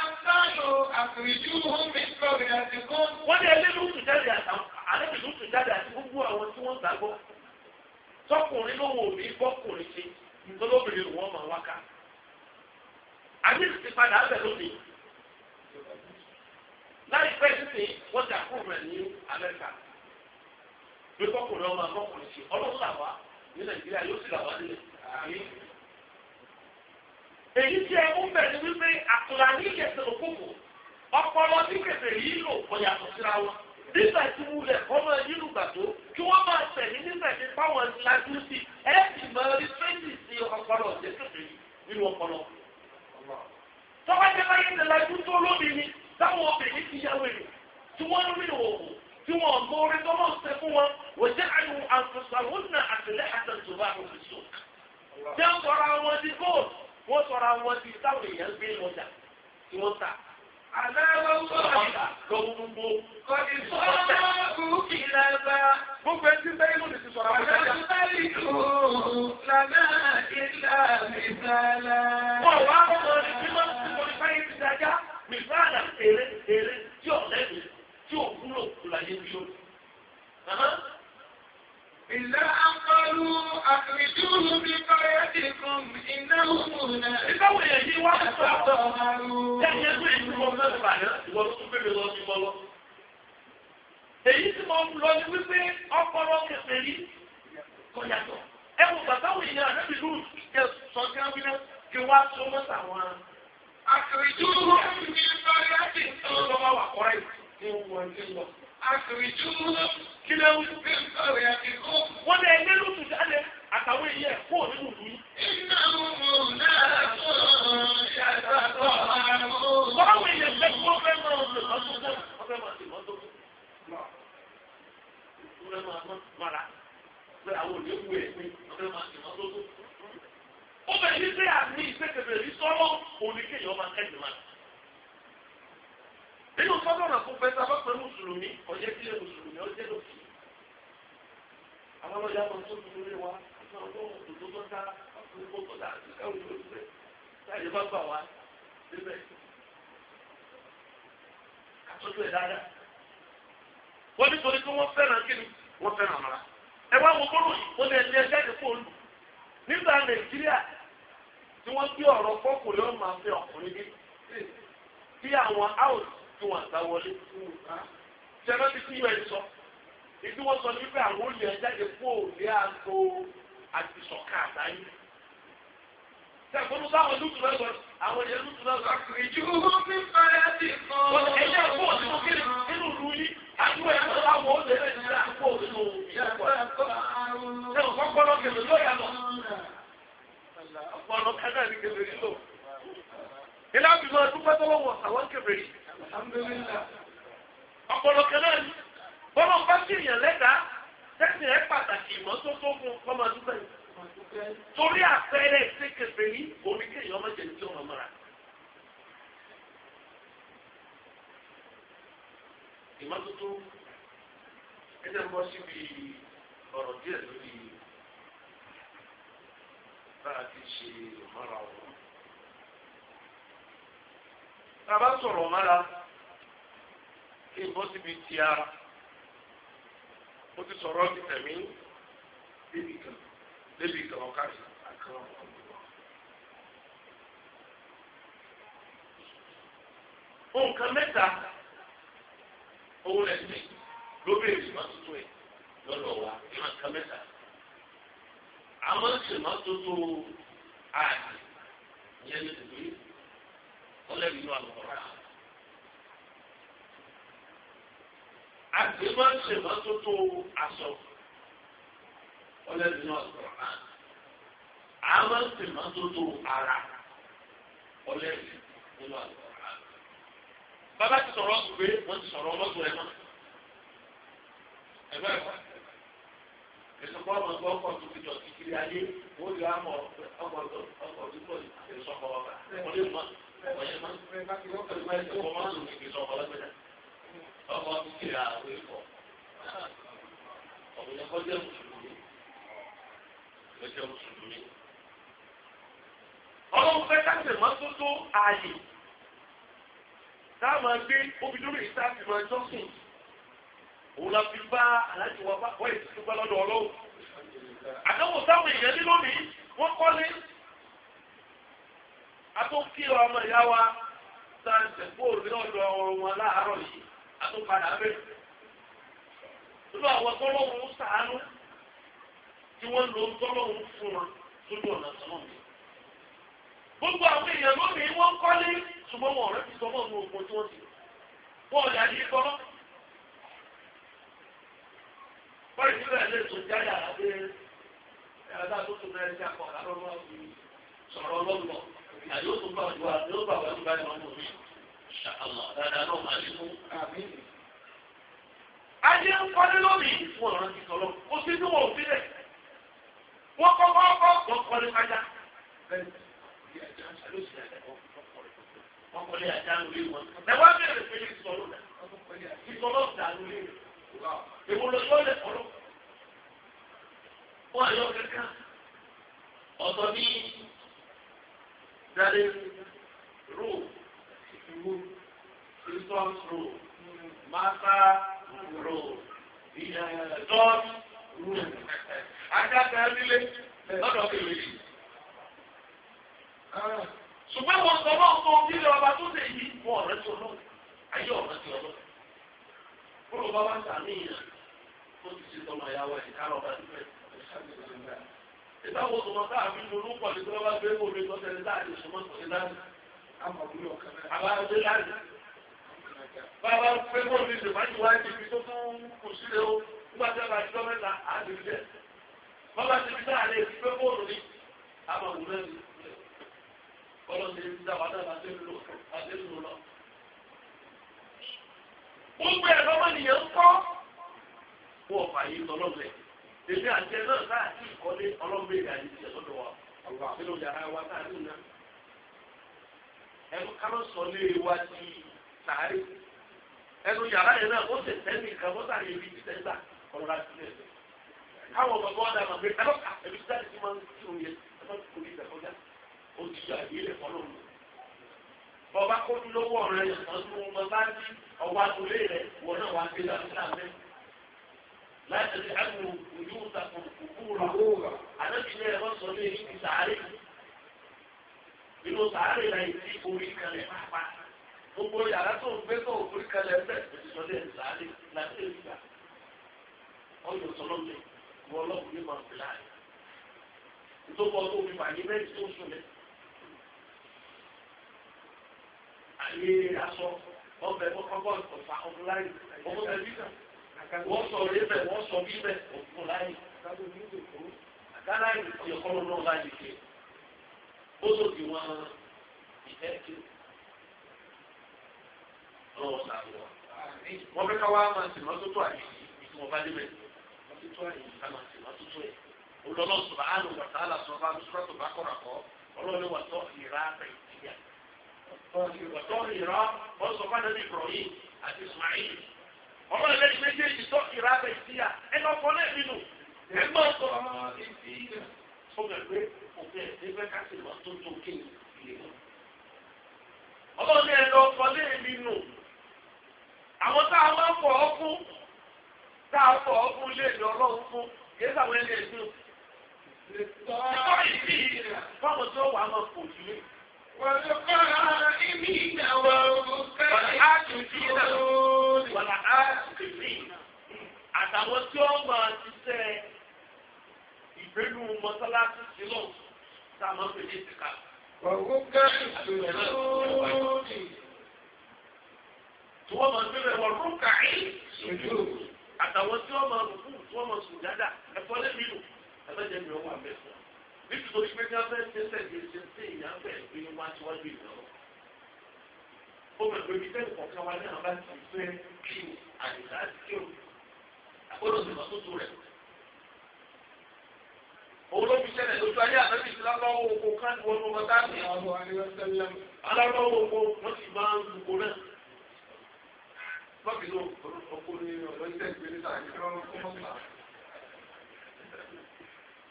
àgbọ̀dọ̀ àfìrìjú omi kọ̀ọ̀rì àti kọ́. Wọ́n ní ẹlẹ́nu tù jáde àtàwọn àlẹ́bìnú tù jáde àti gbogbo àwọn tí wọ́n gbàgbọ́. Tọkùnrin lóhùn òbí bọ́kùnrin ṣe, nítorí obìnrin àbí ti padà abẹ lónìí láìpẹ́ sísè wọ́n ti àkóhùn rẹ̀ ní Amẹ́ríkà bí kọ́kùnrin ọmọ akọ́kùnrin ṣe ọlọ́run là wá ní Nàìjíríà yóò sì là wá nílẹ̀ àmì. èyí tí ẹ ń bẹ̀ ni wípé àtúrà ní kẹsẹ̀ òkúkù ọpọlọ ní kẹsẹ̀ yìí lò ọ̀yàtọ̀ síra wọn nígbà tí mo lẹ̀ kọ́ máa yínú gbà tó kí wọ́n máa tẹ̀lé nígbà tí báwọn lajú sí ẹ̀ sì máa rí fẹ́ǹsì sí ọpọlọ ọ̀jẹ̀ kẹsẹ̀ yìí nínú ọpọlọ tọ́bajẹ́ láyé ti lajú tó lóbìnrin táwọn obìnrin ti yàwó èrè tí wọ́n rí òwò tí wọ́n mọ orí tọ́lọ́ ṣe fún wọn wò jẹ́ àyù àǹfọ̀sàwọ́n náà àtẹ̀lẹ́ àtẹ̀tùbá òṣìṣọ́. jẹ́ ń sọ̀rọ̀ àwọn ti gold wọ́n sọ̀rọ̀ àwọn ti táwọn èèyàn gbé lọ́jà tí wọ́n ta. Gbogbo ẹtí bẹ́ẹ̀ ló lè ti sọ̀rọ̀ àwọn ìjọba. Wọ́n wá ọmọ ìdílé bìbá àlà èrè èrè tí ò lẹ́nu tí ò kúrò kúrò ayé bí ó. Ìlà àpárú àfìdúró bí báyọ̀ ti kún iná òun náà. Ìbáwo yẹn yí wá sọ àpò ọ̀hún. Ẹ̀yẹ́ tó yẹ kí wọ́n mẹ́rin bàyá ìwọ ló tún bèbè lọ sí bọ́lọ́. Èyí tí mo lọ ni wípé ọpọlọ kẹfẹ́ rí kọjá tọ̀. Ẹ wo bàbá wo yẹn àdábìlú kẹ sọ kí wọ́n kí wọ́n á tó mọ́ta wọn. أخرجوهم من قريتهم الله وقريب Àṣìrìjúwọ́ kí ló ń gbé ọ̀rẹ́ àtìkọ́. Wọ́n lè lé lóṣù jáde àtàwọn èyí ẹ̀ kó nínú ìlú yìí. àwọn òní wù ẹ̀ pé wọ́n máa ń lò lọ́dún ó bẹ̀ ní pé àmì ìsèkèbè rí sọ́mọ́ oníkéyìí ọmọ akẹ́kẹ̀ẹ́ máa. nínú sọ́dọ̀nà kó fẹ́ sábà pé mùsùlùmí ọ̀jẹ́ sílé mùsùlùmí ọ̀jẹ́ lòsì. àwọn ọlọ́jà máa ń tó tuntun lé wa àwọn ọlọ́run tó tó tọ́ta ọkùnrin kó tọ́ta ẹ̀rù ló ti bẹ̀ táyé bá gbà wá síbẹ̀. kàtọ́jú ẹ̀ dáadáa. wọ́n nítorí pé wọ́n fẹ́ràn kí ni wọ́n fẹ́ràn àmàlà. ẹ wá wo bọ́ọ̀lù yìí ó lè ẹ̀jẹ̀ jáde fóònù nígbà nàìjíríà tí wọ́n gbé ọ̀rọ̀ fọ́kùnrin ọmọ afẹ́ ọkùnrin bí kí àwọn house tí wọ́n àgbà wọlé ṣẹlẹ̀ ti kí un sọ ìdí wọ́n sọ ní pé àwọn olè jáde fún òní àtò àti sọ̀ká àtàyè sẹ́kùnrin báwọn lùtù náà sọ àwọn èèyàn lùtù náà sọ. ìjú mi fara ti kàn. wọ́n ti ẹ̀yẹ́ ẹ̀kọ́ ọ̀sẹ̀ tó kéré nínú ìlú yìí àdúgbò ẹ̀kọ́ àwọn olè náà ti rà àdúgbò òṣèlú ìyá ẹ̀kọ́. sẹ́kùn kọ́kọ́ lọ́kẹ̀lẹ̀ lọ́yà lọ ọ̀pọ̀ ọ̀nà kan náà ní kèfèrí lò. ilé àbímọ dúpẹ́ tó lọ́wọ́ àwọn kèfèrí. ọ̀pọ̀lọ kan náà ní bọ́lá ń bá sí èèyàn lẹ́dàá tẹ́sí ẹ̀ pàtàkì ìmọ́tótó fún ọmọ dúpẹ́ yìí. torí àpẹẹrẹ ṣe kèfèrí omi kéèyàn ọmọ jẹ̀ ní ọmọ mọ́ra. ìmọ́tótó ẹ̀jẹ̀ ń bọ́ síbi ọ̀rọ̀ díẹ̀ lórí tá ti ṣe ìmọ̀ra wọn. tá a bá sọ̀rọ̀ mọ́ra kí n bọ́ síbi ti ara mo ti sọ̀rọ̀ ti tẹ̀mí débi kan débi kan ọ̀ka àkàn ọ̀gbọ̀n. nǹkan mẹ́ta owó rẹ̀ lóbìnrin ìgbà ẹ̀ lọ́dọ̀ wa nǹkan mẹ́ta àwọn ìṣèmọ́ tuntun àti yẹn ní ìdúró ọlẹ́bí inú àlùkọ́rọ́ àti máa ń ṣèmọ́ tuntun aṣọ ọlẹ́bí inú àlùkọ́rọ́ àwọn ìṣèmọ́ tuntun ara ọlẹ́bí inú àlùkọ́rọ́ bàbá ti sọ̀rọ̀ ọ̀sùn wọ́n ti sọ̀rọ̀ ọlọ́sùn ẹ̀ mọ́ ẹ̀gbẹ́ ẹ̀fọ́ ètò kọ́ ọmọ tó ọkọ̀ tó fi jọ kíkiri ayé ó lè àmọ̀ ọkọ̀ tó ọkọ̀ tó pọ̀ ìṣọ̀kọ̀ ọba wọ́n lè mọ̀ wọ́n lè mọ̀ ọkọ̀ mọ́tò kíkiri sọ̀kọ̀ lọ́gbẹ̀dá ọkọ̀ kíkiri àwọn ikọ̀ ọ̀gbìn ẹ̀kọ́ jẹ́ mùsùlùmí ẹ̀jẹ̀ mùsùlùmí. ọlọ́run fẹ́ káṣẹ̀ máa tó tó ààyè táwọn máa gbé obìnrin lórí ìta àti máa jọ́sìn òun la fi bá aláàjì wa bá wọ́n èsì tó bá lọ́dọ̀ ọlọ́wọ́. àdánwò táwọn èèyàn ní lónìí wọ́n kọ́lé. atọ́kí ọmọ ìyá wa ta ìsẹ̀kú òní ọ̀dọ̀ wọn láàárọ̀ yìí atọ́padà bẹ́. nínú àwọn tọ́lọ́hún sàánú tí wọ́n lo tọ́lọ́hún fún wọn sójú ọ̀nà sọ́nà mi. gbogbo àwọn èèyàn lónìí wọ́n kọ́lé ṣùgbọ́n wọn ọ̀rẹ́ ti sọ wọ́n ti bẹ́ẹ̀ lé sojádà àti ẹ̀dá tó tún náà ṣe àkọ́kọ́ lọ́wọ́ sọ̀rọ̀ lọ́wọ́ àti ó tún bá wà wá yóò bá wà ní báyìí wọn lòdì ṣàkàlọ̀ dáadáa náà máa nínú. Ajé ń kọ́lé lónìí fún ọ̀rọ̀ ti sọ̀rọ̀ kó sí ní wọn ò sílẹ̀. Wọ́n kọ́ kọ́ kọ́ wọ́n kọ́lé kájá. Wọ́n kọ́lé ajá lórí wọn. Ẹ wá bẹ̀rẹ̀ pé ìsọ̀rọ̀ ìsọ̀rọ̀ ìdàlórí rẹ̀ èwo ló sọ lẹ ọ̀rọ̀ wọn àyọ kankan ọ̀tọ̀ ní dare ro ìwú christian ro mata ro dot ro ajáde ẹlílé lọ́dọ̀ kele yìí ah, ṣùgbọ́n wọn sọ wọn kọ bí ọba tó lè yí wọn ọ̀rẹ́ tó lọ ayé ọ̀rẹ́ tó lọ kúrò bá wá ń tà ní ìyàn tó ti ṣe tọmọ ìyàwó ẹ̀ ká lọ́ba níbẹ̀. ìbáwo tọmọ tá a fi lu orúkọ ní tọ́lá bá gbé wò mí tọ́tẹ́ ní láàrin ìṣòmọ́ tọ́tẹ́ láàrin. àbájáde láàrin. bàbá pé wò mí ìṣèwádìí wá ní ibi tó fún kò sílẹ̀ o nígbà tí a bá jọ mẹ́ta á lè jẹ́. bàbá ti fi sáà lè fi pé bóòlù ni àmọ̀ wù náà gbogbo ẹ̀ lọ́mọnìyàn ń kọ́ fún ọ̀fà yìí tọ́lọ́gbẹ̀ èmi àti ẹ̀ náà sáà tí ìkọ́lé ọlọ́gbẹ̀ ìyá yìí tiẹ̀ lọ́dọ̀ wa ọ̀rọ̀ àfẹ́lẹ́ òjà ara wa náà ní ìná ẹnu kálọ̀ sọ lé wa ti sàárè ẹnu yàrá yẹn náà ó sì tẹ́lẹ̀ nǹkan mọ́tà yẹn bí títẹ́ gbà ọ̀rọ̀ la ti lẹ̀ káwọn bàbá wa dà ẹbí sáà ti máa ń tún yẹ ẹlọ́ka kò ní ìdàkọ́jà ó ti yà bọba kójú lówó ọ̀rẹ́ yẹn kan tó wọn bá ní ọwọ́ àtúlé rẹ̀ wọn náà wá gbé lọ́dún náà mẹ́. láti ṣe àgbo ojú ìtàkùn òkú rà àdébìnrin ẹ̀rọ sọ ní èyí ti sàárè inú sàárè náà yìí ti orí kalẹ̀ pàápàá gbogbo yàrá tó ń gbé tó orí kalẹ̀ ń bẹ̀ òṣìṣọ́ lé sàárè láti èyí gbà ọyọ sọlọ́ọ̀lẹ̀ wọ́n lọ́kùnrin máa ń fi láàyè nítorí ọdún òfin fàyè mẹ́rin tó ń sùn mẹ́rin. àyè aṣọ ọbẹ̀ ọkọ̀ ọ̀fà ọ̀fun láyé ọmọ bẹ̀ bíbẹ̀ wọ́n sọ orí bẹ̀ wọ́n sọ bíbẹ̀ ọ̀fun láyé àgárá ìtì ọkọ̀rọ̀ náà láyé ké ó tó di wọn ìfẹ́ ké lọ́wọ́ sàlùwọ̀ wọ́n fẹ́ ká wá máa sì máa tó tó àyè yìí tí wọ́n bá débẹ̀ wọ́n ti tó àyè yìí ká máa sì máa tó tó ẹ̀ olùdọ́lọ́sọ̀rọ̀ àlùbọ̀tà àlàsọ̀rọ̀ àlùsọ̀rọ̀ tó bá kọ̀ọ̀rọ̀ kọ́ ọlọ́run wà tó ìrà àtẹ̀yìn ọ̀tọ́ ìrá wọ́n sọ fún àdébí Ibrahim àti Ismail ọmọ ẹlẹ́yìn méjèèjì tọ́ ìrá bẹ̀ síyà ẹni ọkọ náà nínú ẹgbẹ́ ọkọ ọmọ ẹgbẹ́ òfin ẹgbẹ́ káṣí lọ tó tó kí ọmọ ní ẹni ọkọ náà nínú àwọn tá a máa ń fọ ọkùn tá a fọ ọkùn lè lọ ọlọ́run fún kí ẹ sàwọn ẹni ẹ̀sìn. Ìtọ́ ìdí fáwọn tó wà á máa pò sílé. والقائمين والركعين والعاكفين àtàwọn tí wọ́n máa ṣiṣẹ́ ìgbélú mọ́sálásí sílọ̀ tá a máa ń pè ní ìsìnká. Ọ̀gá ìṣòlóòdì. Tí wọ́n máa ń bẹ̀rẹ̀ wọ rúkà yìí. Àtàwọn tí wọ́n máa rùkú tí wọ́n máa sùn dáadáa ẹ̀fọ́ lẹ́mìí nù ẹ̀fọ́ jẹ́ mi ò wà nítorí pé ní abẹ́ ṣe sẹ́yìn ṣe ṣe ìyàn bẹ́ẹ̀ gbé wájúwájú ìnáwó. ó mọ̀ pé bíi tẹ́lifọ̀ kan wá ní àwọn ti fẹ́ kí àyíká kí o àkọ́dọ̀ sì lọ tuntun rẹ̀. òun ló fi ṣẹlẹ̀ lójú ayé àtẹ́bí ìṣúná lọ́wọ́ oko kan wọnú ọmọdé àti àwọn alárọ́wọ́ oko wọ́n sì máa ń dùkọ náà lọ́kìlọ́ ọkùnrin ọ̀rọ̀ ìṣẹ́ ìgbéléta àti ọ̀rọ̀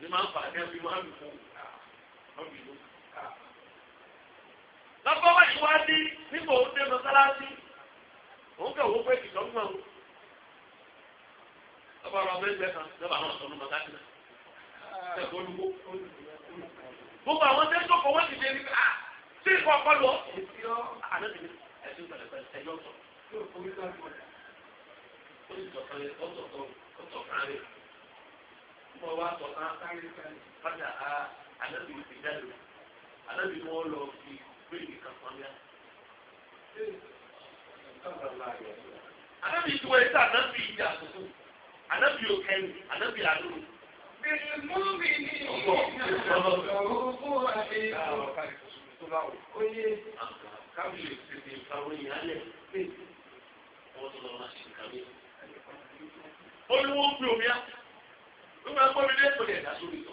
ní máa ń fà ní ẹbí máa ń lù fún un. lọ́kọ́ wá ìwádìí nígbà òun dé mọ́sálásí òun kẹ́ òun pé ìdọ́gbọ̀n o. ọba ọ̀rọ̀ mẹ́gbẹ́ kan lọ́ba àwọn ọ̀sán ló máa dájú náà. gbogbo àwọn tẹ́ tó kọ́ wọ́n ti ní ká sí ìkọ́ ọkọ lọ. ẹ̀sìn pẹ̀lẹ́pẹ̀lẹ́ ẹ̀yọ́ sọ mo wá sọ fún akáyọ̀ padà á alábì ti jáde alábì wọn lọ fi bíríkì kan kan yá. alábì tí wọ́n ṣe ànábì ìdí àkókò ànábì òkèlè ànábì àdúró. Bẹ̀rẹ̀mọ́bì ni ọ̀rọ̀ àbẹ̀wò. Oyè kábíyèsí ti ìfàwọ̀ ìyálẹ̀ pé ọ̀sán máa ṣe kàwé. Olúwo ń pè omi á. ó máa gbọ́ mi lé kó dá sórí lọ.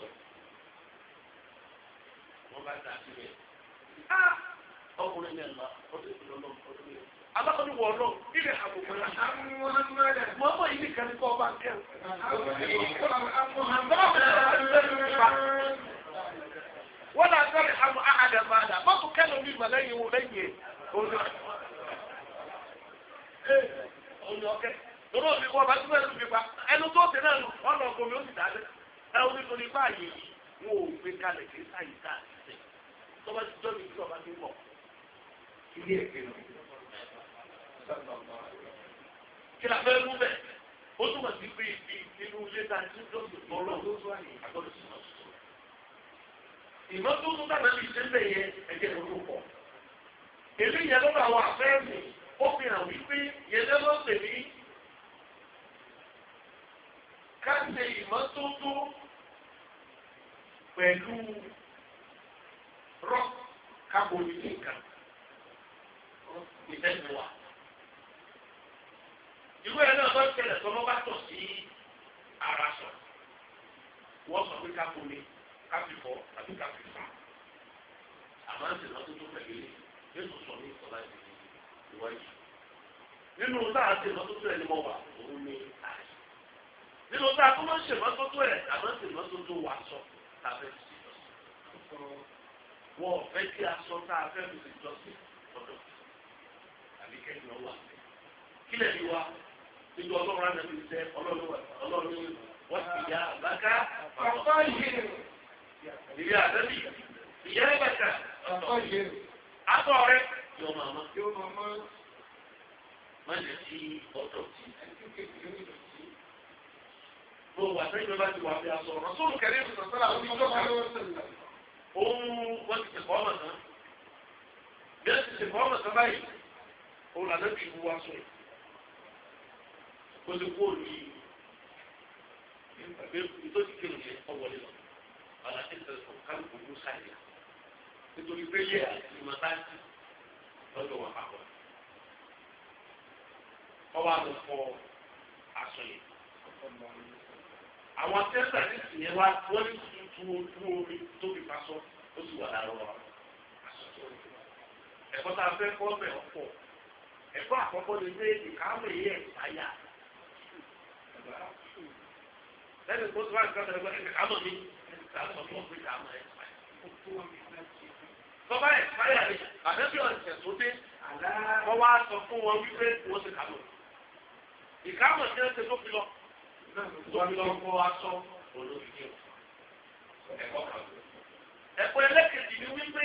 wọ́n bá dà sí rẹ̀ ọkùnrin náà lọ ọdún ọdún torí omi kọ́ bá túbọ̀ ẹnu fi pa ẹnu tó tẹ̀ náà ọ̀nà ọ̀gbọ̀nmi ó sì dáadé ẹ omi tó ní báyìí wọn ò gbé kalẹ̀ kí sáyìí ká àtẹ̀ tọ́ba ti jọ́ mi tọ́ba ti wọ̀ ilé ẹ̀kẹ́ lọ. kí la fẹ́ mú bẹ́ẹ̀ ó túmọ̀ sí pé ibi inú ilé ta ti ń dọ̀tí ọlọ́ ìmọ̀tótó tàbí ìṣẹ́lẹ̀ yẹn ẹ̀jẹ̀ ló pọ̀ eléyìí ẹ̀ lọ́dọ̀ àwọn àfẹ́ẹ̀mù ó fi hàn wípé yẹn lọ́dọ̀ tèmi ká ṣe ìmọ́tótó pẹ̀lú rọ́ọ̀kì kábòmí nìkan ìfẹ́nu wa. Irú ẹ̀ náà lọ́ọ́ tẹ̀lẹ̀ tó wọ́n bá tọ̀ sí ara sọ. Wọ́n sọ pé kábòmí káfífọ́ àbí káfífà. Àmọ́ ń tẹ̀lé ọdún tó pẹ̀lú ilé. Yéésù sọ ní ìsọ̀lá ìdílé ìwáyé. Nínú táà ń tẹ̀lé ọdún tó ẹni mọ́ wà, òun ni àìsàn nínú tá a tó máa ń ṣèmọ́tótó ẹ̀ àmọ́ ṣèmọ́tótó wà sọ tá a fẹ́ fi ṣèjọ́sìn wọ́n fẹ́ kí a sọ tá a fẹ́ fi ṣèjọ́sìn lọ́dọ̀ àbí kẹ́kẹ́ lọ́wọ́ àbẹ́ kílẹ̀ ni wa nígbà ọlọ́run àná fi ṣe ọlọ́run wọ́n ti yá àbáká ọ̀pọ̀ yìí ìrìn àbẹ́bí ìyá ìbàkà ọ̀pọ̀ yìí àtọ̀ rẹ̀ yọ màmá má jẹ́ sí mo wà sẹ́yìn bá ti wà bí aṣọ ọ̀rọ̀ sóòlù kẹrin ìlú sọ̀tọ́lá ó ti jọ́ ká òun wọ́n ti tẹ̀kọ́ ọmọ tán bí wọ́n ti tẹ̀kọ́ ọmọ tán báyìí òun làná ti wú aṣọ yìí kó ti kú òní ìgbàgbé ìtòsí kìlọ̀ yẹn ọ̀wọ́lé lọ àlà ẹ̀sẹ̀ fún àwọn tẹ́sà ní tìyẹn wá wọ́n ní tuntun ojú omi tó fi fa sọ ó sì wà láàárọ̀ wa. ẹ̀kọ́ tá a fẹ́ kọ́ bẹ̀ ọ̀pọ̀ ẹ̀kọ́ àkọ́kọ́ ni pé ìkáwé yẹ ẹ̀sáyà. lẹ́nu tó tó wá ìgbà tó ẹgbẹ́ ìkáwé mi ìkáwé mi ò fi kàwé ẹ̀sáyà. tọ́ba ẹ̀sáyà ni àbẹ́bí ọ̀sẹ̀ tó dé wọ́n wá sọ fún wọn wípé wọ́n ti kàwé. ìkáwé ti ń ṣe tó fi lọ wọ́n lọ kó aṣọ olóyè ẹ̀kọ́ kan. ẹ̀kọ́ ẹlẹ́kẹ̀jì ni wípé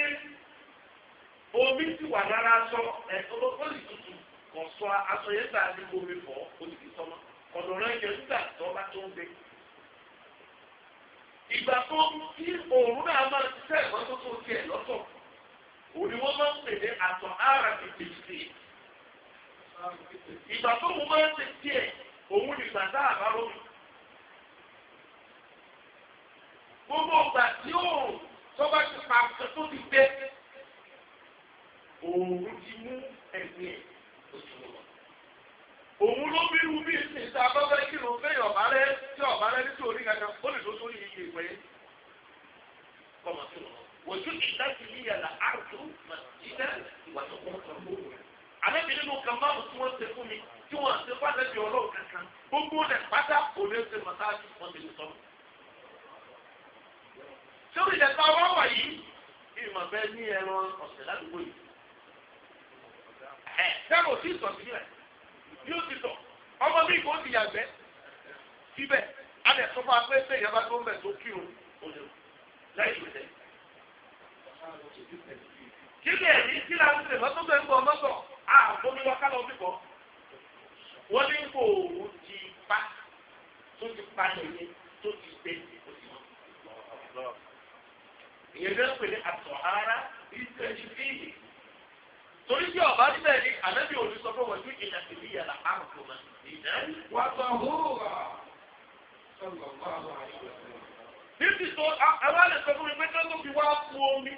omi ti wà lára aṣọ ẹ̀kọ́ lórí tuntun kò sọ aṣọ yẹn gbà ní omi fọ́ olùdí sọmọ ọ̀dọ̀ rẹ̀ yẹn nígbà tó bá tó ń gbé. ìgbà tó kí òórùn náà máa ṣiṣẹ́ ìmọ́tótó tiẹ̀ lọ́tọ̀ òní wọ́n máa ń pè ní àtọ̀ ara kìkìkì. ìgbà tó mo máa ń ṣe tiẹ̀ òun ni gbàtà àbárò gbogbo ọgbà tí òòrùn tọ́ba ti pa tó ti gbé òòrùn ti mú ẹ̀gbìn ẹ̀ oṣù lọ. òun ló bí irú bí ìsìn tá a bá fẹ́ kí ló fẹ́ ọ̀bá rẹ tí ọ̀bá rẹ ní sórí kankan ó lè tó sórí iye ìwé kọ́mọ sí lọ. wòjú ìdájú yíyà là á tó màtíjà ìwà tó kọ́ ọ̀rọ̀ lóhùn. àlẹ́ mi nínú kan báwo tí wọ́n ṣe fún mi tí wọ́n àti fàdé bí ọlọ́run kankan gbogbo rẹ̀ pátá kò ní ṣe mọ̀sáàtì wọ́n ti lè sọ́nù. sórí ìdẹ́ta wá wà yìí ìmọ̀ bẹ́ẹ̀ ní ẹran ọ̀sẹ̀ ládùúgbò yìí. dáàbò tí ìtọ̀ sílẹ̀ yóò ti tọ̀ ọmọ mi kò ti yàgbẹ́ síbẹ̀ alẹ́ sọ fún apẹ́sẹ̀ ìyàbá tó ń bẹ̀ tó kírun òde láì lòdẹ. kí ni ẹ̀rí kí làwọn ti lè mọ́tò bẹ́ẹ̀ ń bọ̀ mọ́tò àbómi lọ kálọ̀ bí kọ́ wọ́n ní kò òun ti pa tó ti pa lóye tó ti gbé kò sí wọn. ìyẹn bẹ́ẹ̀ pè ní àtọ̀hárá ìtẹ̀jú fíìlì. torí tí ọba níbẹ̀ ni ànábì òní sọ fún wọn ju ìyá sí ìyá la àrùn tó máa ti dẹ́. wà á sọ hóòrà níbi tó àwọn àlẹ sọ fún mi pé tó tó fi wá fún omi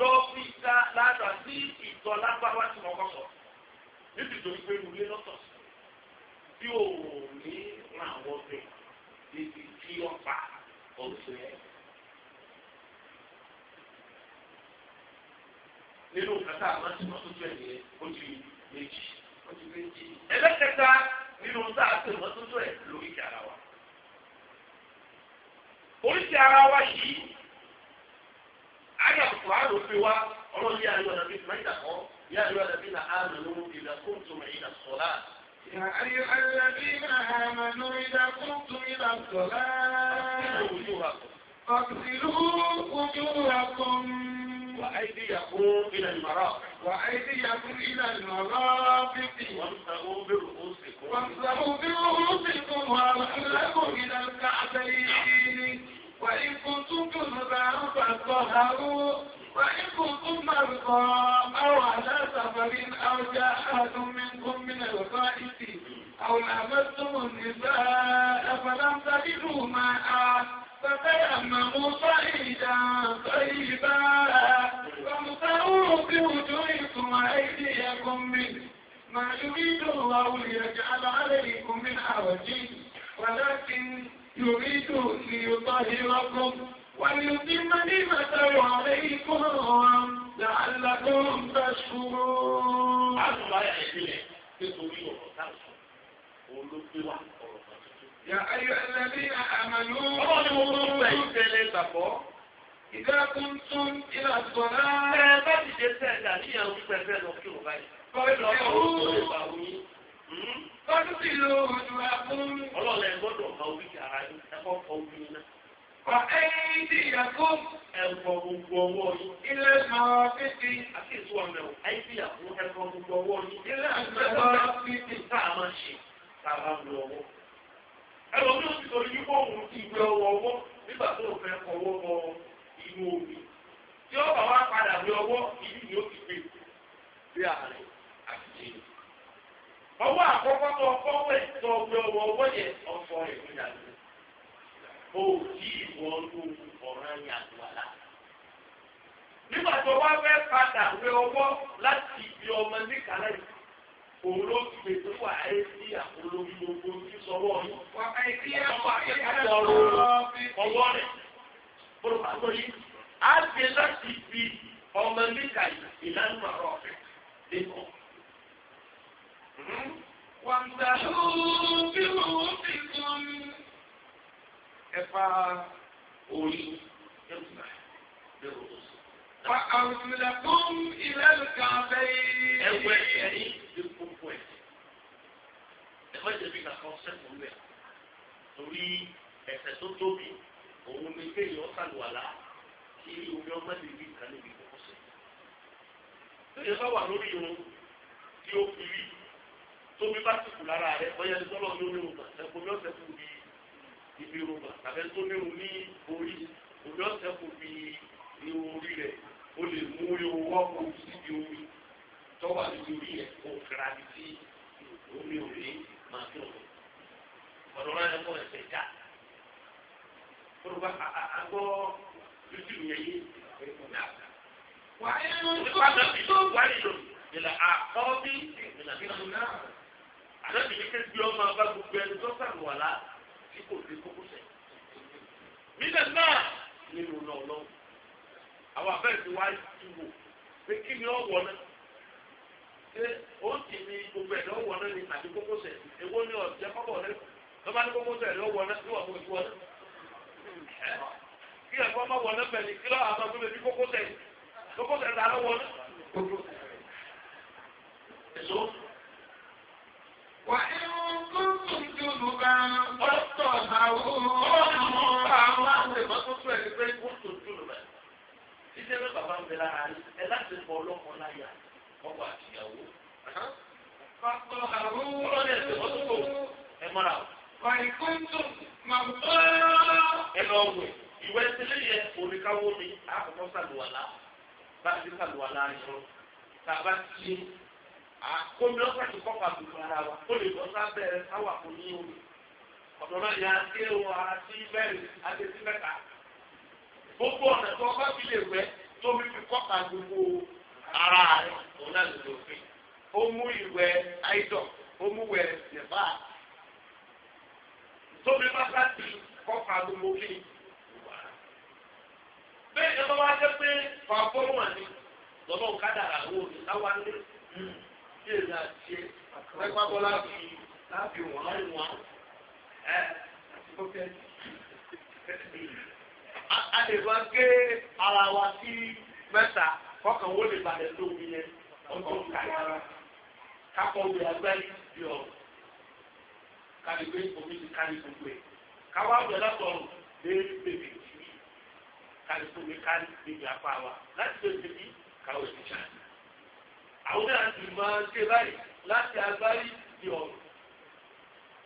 lọ fi ta ládàá sí ìtọ̀ lágbára tí mo kọ́ sọ níbi tó ń gbé nulé lọ́tọ̀ tí ò ní ràn wọ́n bẹ̀ níbi tí wọ́n pa ọ̀sẹ̀ ẹ̀. nínú kàtà àmọ́ tí wọ́n tó tó ẹ̀ yẹn ó ti méjì ó ti méjì. ẹlẹ́kẹta nínú tá a tó wọ́n tó tó ẹ̀ lórí ti ara wa. oríṣi ara wa yìí ayé àkùkù àròpé wa ọlọ́ọ̀lẹ́ ayé ọ̀nà bíi máa ń dà kọ́. يا أيها الذين آمنوا إذا قمتم إلى الصلاة يا أيها الذين آمنوا إذا قمتم إلى الصلاة فاغسلوا وجوهكم وأيديكم إلى المرافق وأيديكم إلى المرافق وامسحوا برؤوسكم وامسحوا برؤوسكم وأرجلكم إلى الكعبين وإن كنتم جنبا فطهروا وإنكم ثم مرضى أو على سفر أو جاء أحد منكم من الغائط أو لمستم النساء فلم تجدوا ماء فتيمموا صعيدا طيبا فامسحوا بوجوهكم وأيديكم منه ما يريد الله ليجعل عليكم من حرج ولكن يريد ليطهركم ويتم نعمته عليكم لعلكم تشكرون. الله يحييك nítorí ọ̀rọ̀ táwọn olóògbé wà ọ̀rọ̀ kan tuntun. Yà ayọ̀ ẹlẹ́bí àmàlú. Ọlọ́run ni mo tún fẹ́ ìtẹ̀lé gbàgbọ́. Ìdá tún tún ilà sọ̀rọ̀. Ẹ bá ti ṣe sẹ́ẹ̀dà níyàwó pẹ̀lú lọ kí o báyìí. Bọ́lá ọ̀hún. Bọ́lá ti lo òdùwà fún. Ọlọ́run ẹ̀ gbọ́dọ̀ ọ̀ka orí ara yín, ẹ̀kọ́ kọ orí náà. Wà ẹ́yìn tí ìyàgò ẹ̀wọ̀ gbogbo ọwọ́ yìí. Ilé máa fífi àti ìtú ọmọ ẹ̀wọ̀. Ẹ́yìn tí ìyàgò ẹ̀wọ̀ gbogbo ọwọ́ yìí. Ilé máa fífi tá a máa ṣe tá a máa lo ọwọ́. Ẹ̀rọ ní oṣù tó yí fóònù ti gbẹ ọwọ́ ọwọ́ nígbà tó fẹ́ ọwọ́ bọ inú omi. Tí ó bá wá padà ní ọwọ́ ìlú ni ó ti gbé bí ààrẹ àti àkọ́kọ́ tó ọkọ́ wẹ̀ tó ọgbẹ́ ọwọ́ ọwọ́ yẹn ọ̀fọ̀ ìpínlẹ̀ o tí ìwọ́nú ọ̀ràn yà wàlá. nígbà tó wá fẹ́ padà wé ọwọ́ láti ibi ọmọ níkàlẹ́ yìí òun ló ti lè tó wà ayé sí àpolówó gbogbo tí sọ̀rọ̀ ọ̀yọ́. wà á ti ẹ̀ wà á kẹ́kẹ́ lọ́rọ̀ ọwọ́ rẹ̀ bọ́lá bá gbọ́ yìí. a gbé láti ibi ọmọ níkàlẹ́ ìlànà ọ̀rọ̀ rẹ̀ lẹ́kọ̀ọ́. wàǹdà ó bí wọ́n fi kún un ẹ̀fà orí ẹ̀kúnà lẹ́rù oṣù. Fa àwùjọ fún ilé ìka bẹ́ẹ̀. Ẹ̀wẹ̀ ẹ̀yìn ti gbogbo ẹ̀. Ẹ̀fọ́ ìjẹ̀bi kàkọ́ sẹ́kùn rẹ̀ torí ẹ̀ṣẹ̀ tó tóbi òun ni kéèyàn ọ̀sàlùwàlá kí omi ọmọ lè rí ìka níbi kókó sẹ̀. Ẹ̀yẹ bá wà lórí irun tí ó fi rí tómi bá ti kù lára rẹ̀ bọ́yá ní sọ́lọ́ ní omi ògbà ẹ̀kọ́ mi ọ̀sẹ̀ fún mi ibi rògbà tàbí tó nírun ní orí òbí ọ̀sẹ̀ kò fi ní orí rẹ̀ o lè mú ewu wọ́pọ̀ síbi omi tó wà ní orí ẹ̀ kó kra ní sí omi òní máa tó lọ. ọ̀dọ̀ máa ń kọ́ ẹ̀sẹ̀ já. olùkọ́ àgbọ̀ lójú yẹn yé wà á yẹn lórí wà á lórí tó wà nínú ìlà àkọ́bí ìlà nínú náà. àdébìyí kékeré ọmọ abá gbogbo ẹni tó sàlùwàlá tí kò dé kókósẹ̀. mílẹ̀ náà nínú náà lọ́wọ́ àwọn abẹ́ẹ̀sì wá ti wò pé kí ni ọ̀wọ́ náà ṣé ó sì ní gbogbo ẹ̀dá ọ̀wọ́ náà ní àti kókósẹ̀ èwo ni ọ̀jẹ́ kọ́kọ́ rẹ̀ lọ́ba ní kókósẹ̀ rẹ̀ ọ̀wọ́ náà níwọ̀n fún ìwọ náà kí ẹ̀fọ́ má wọ̀ náà bẹ̀rẹ̀ kí lọ́wọ́ àmọ́ gbé kókósẹ̀ kókósẹ̀ ta lọ́wọ́ náà. wà á Títí ẹgbẹ́ bàbá ń bẹ lára rí ẹ láti fọ ọlọ́mọ láyà ọkọ àtìyàwó. Pàtó àwòrán ẹ̀ tẹ̀wọ́ tó kò ẹ mọ́ra o. Bàyì kóńtò máa ń bọ́. Ẹ lọ wẹ̀ ìwé ìdílé yẹ oníkáwó mi àkọ́kọ́ sàlùwàlá bá ti sàlùwàlá yọ tá a bá ti ṣe àkómi lọ́sàkì kọ́kọ́ àbùkù ara wa ó lè bọ́ sábẹ́ sáwà kò ní omi ọ̀dọ̀dọ̀ yà á sí ewu ara sí mẹ́rin àti sí mẹ́ta. Gbogbo ọ̀nà tó ọba fi lè wẹ̀ tó fi fi kọ́ka gbogbo ara rẹ̀ òun náà lè lòfin. Ó mú ìwẹ̀ àìdọ̀, ó mú wẹ̀ nìfà. Tóbi bá bá ti kọ́ka gbogbo kí. Bẹ́ẹ̀ ni wọ́n wá jẹ́ pé fàfọ́mù àní lọ́dọ̀ kádàrà wo ni táwa ní. Bí èèyàn àti ẹ̀ pẹ́pàbọ́lá fi láàbì wọ́n wọ́n a lè wá gé ara wa sí mẹ́ta kọ́kàn wo lè balẹ̀ tó omi yẹn ọjọ́ kàyàrá kakọ omi agbáyé bí ọ kálíwé omi ti kárí gbogbo ẹ̀ káwá ọ̀gbẹ́ látọ̀ lé bèbè tìbí kálíwé omi kárí bèbè apá wa láti lè bèbè káwé ti sàn. àwọn náà ti máa ń ṣe báyìí láti agbáyé bí ọ̀rùn.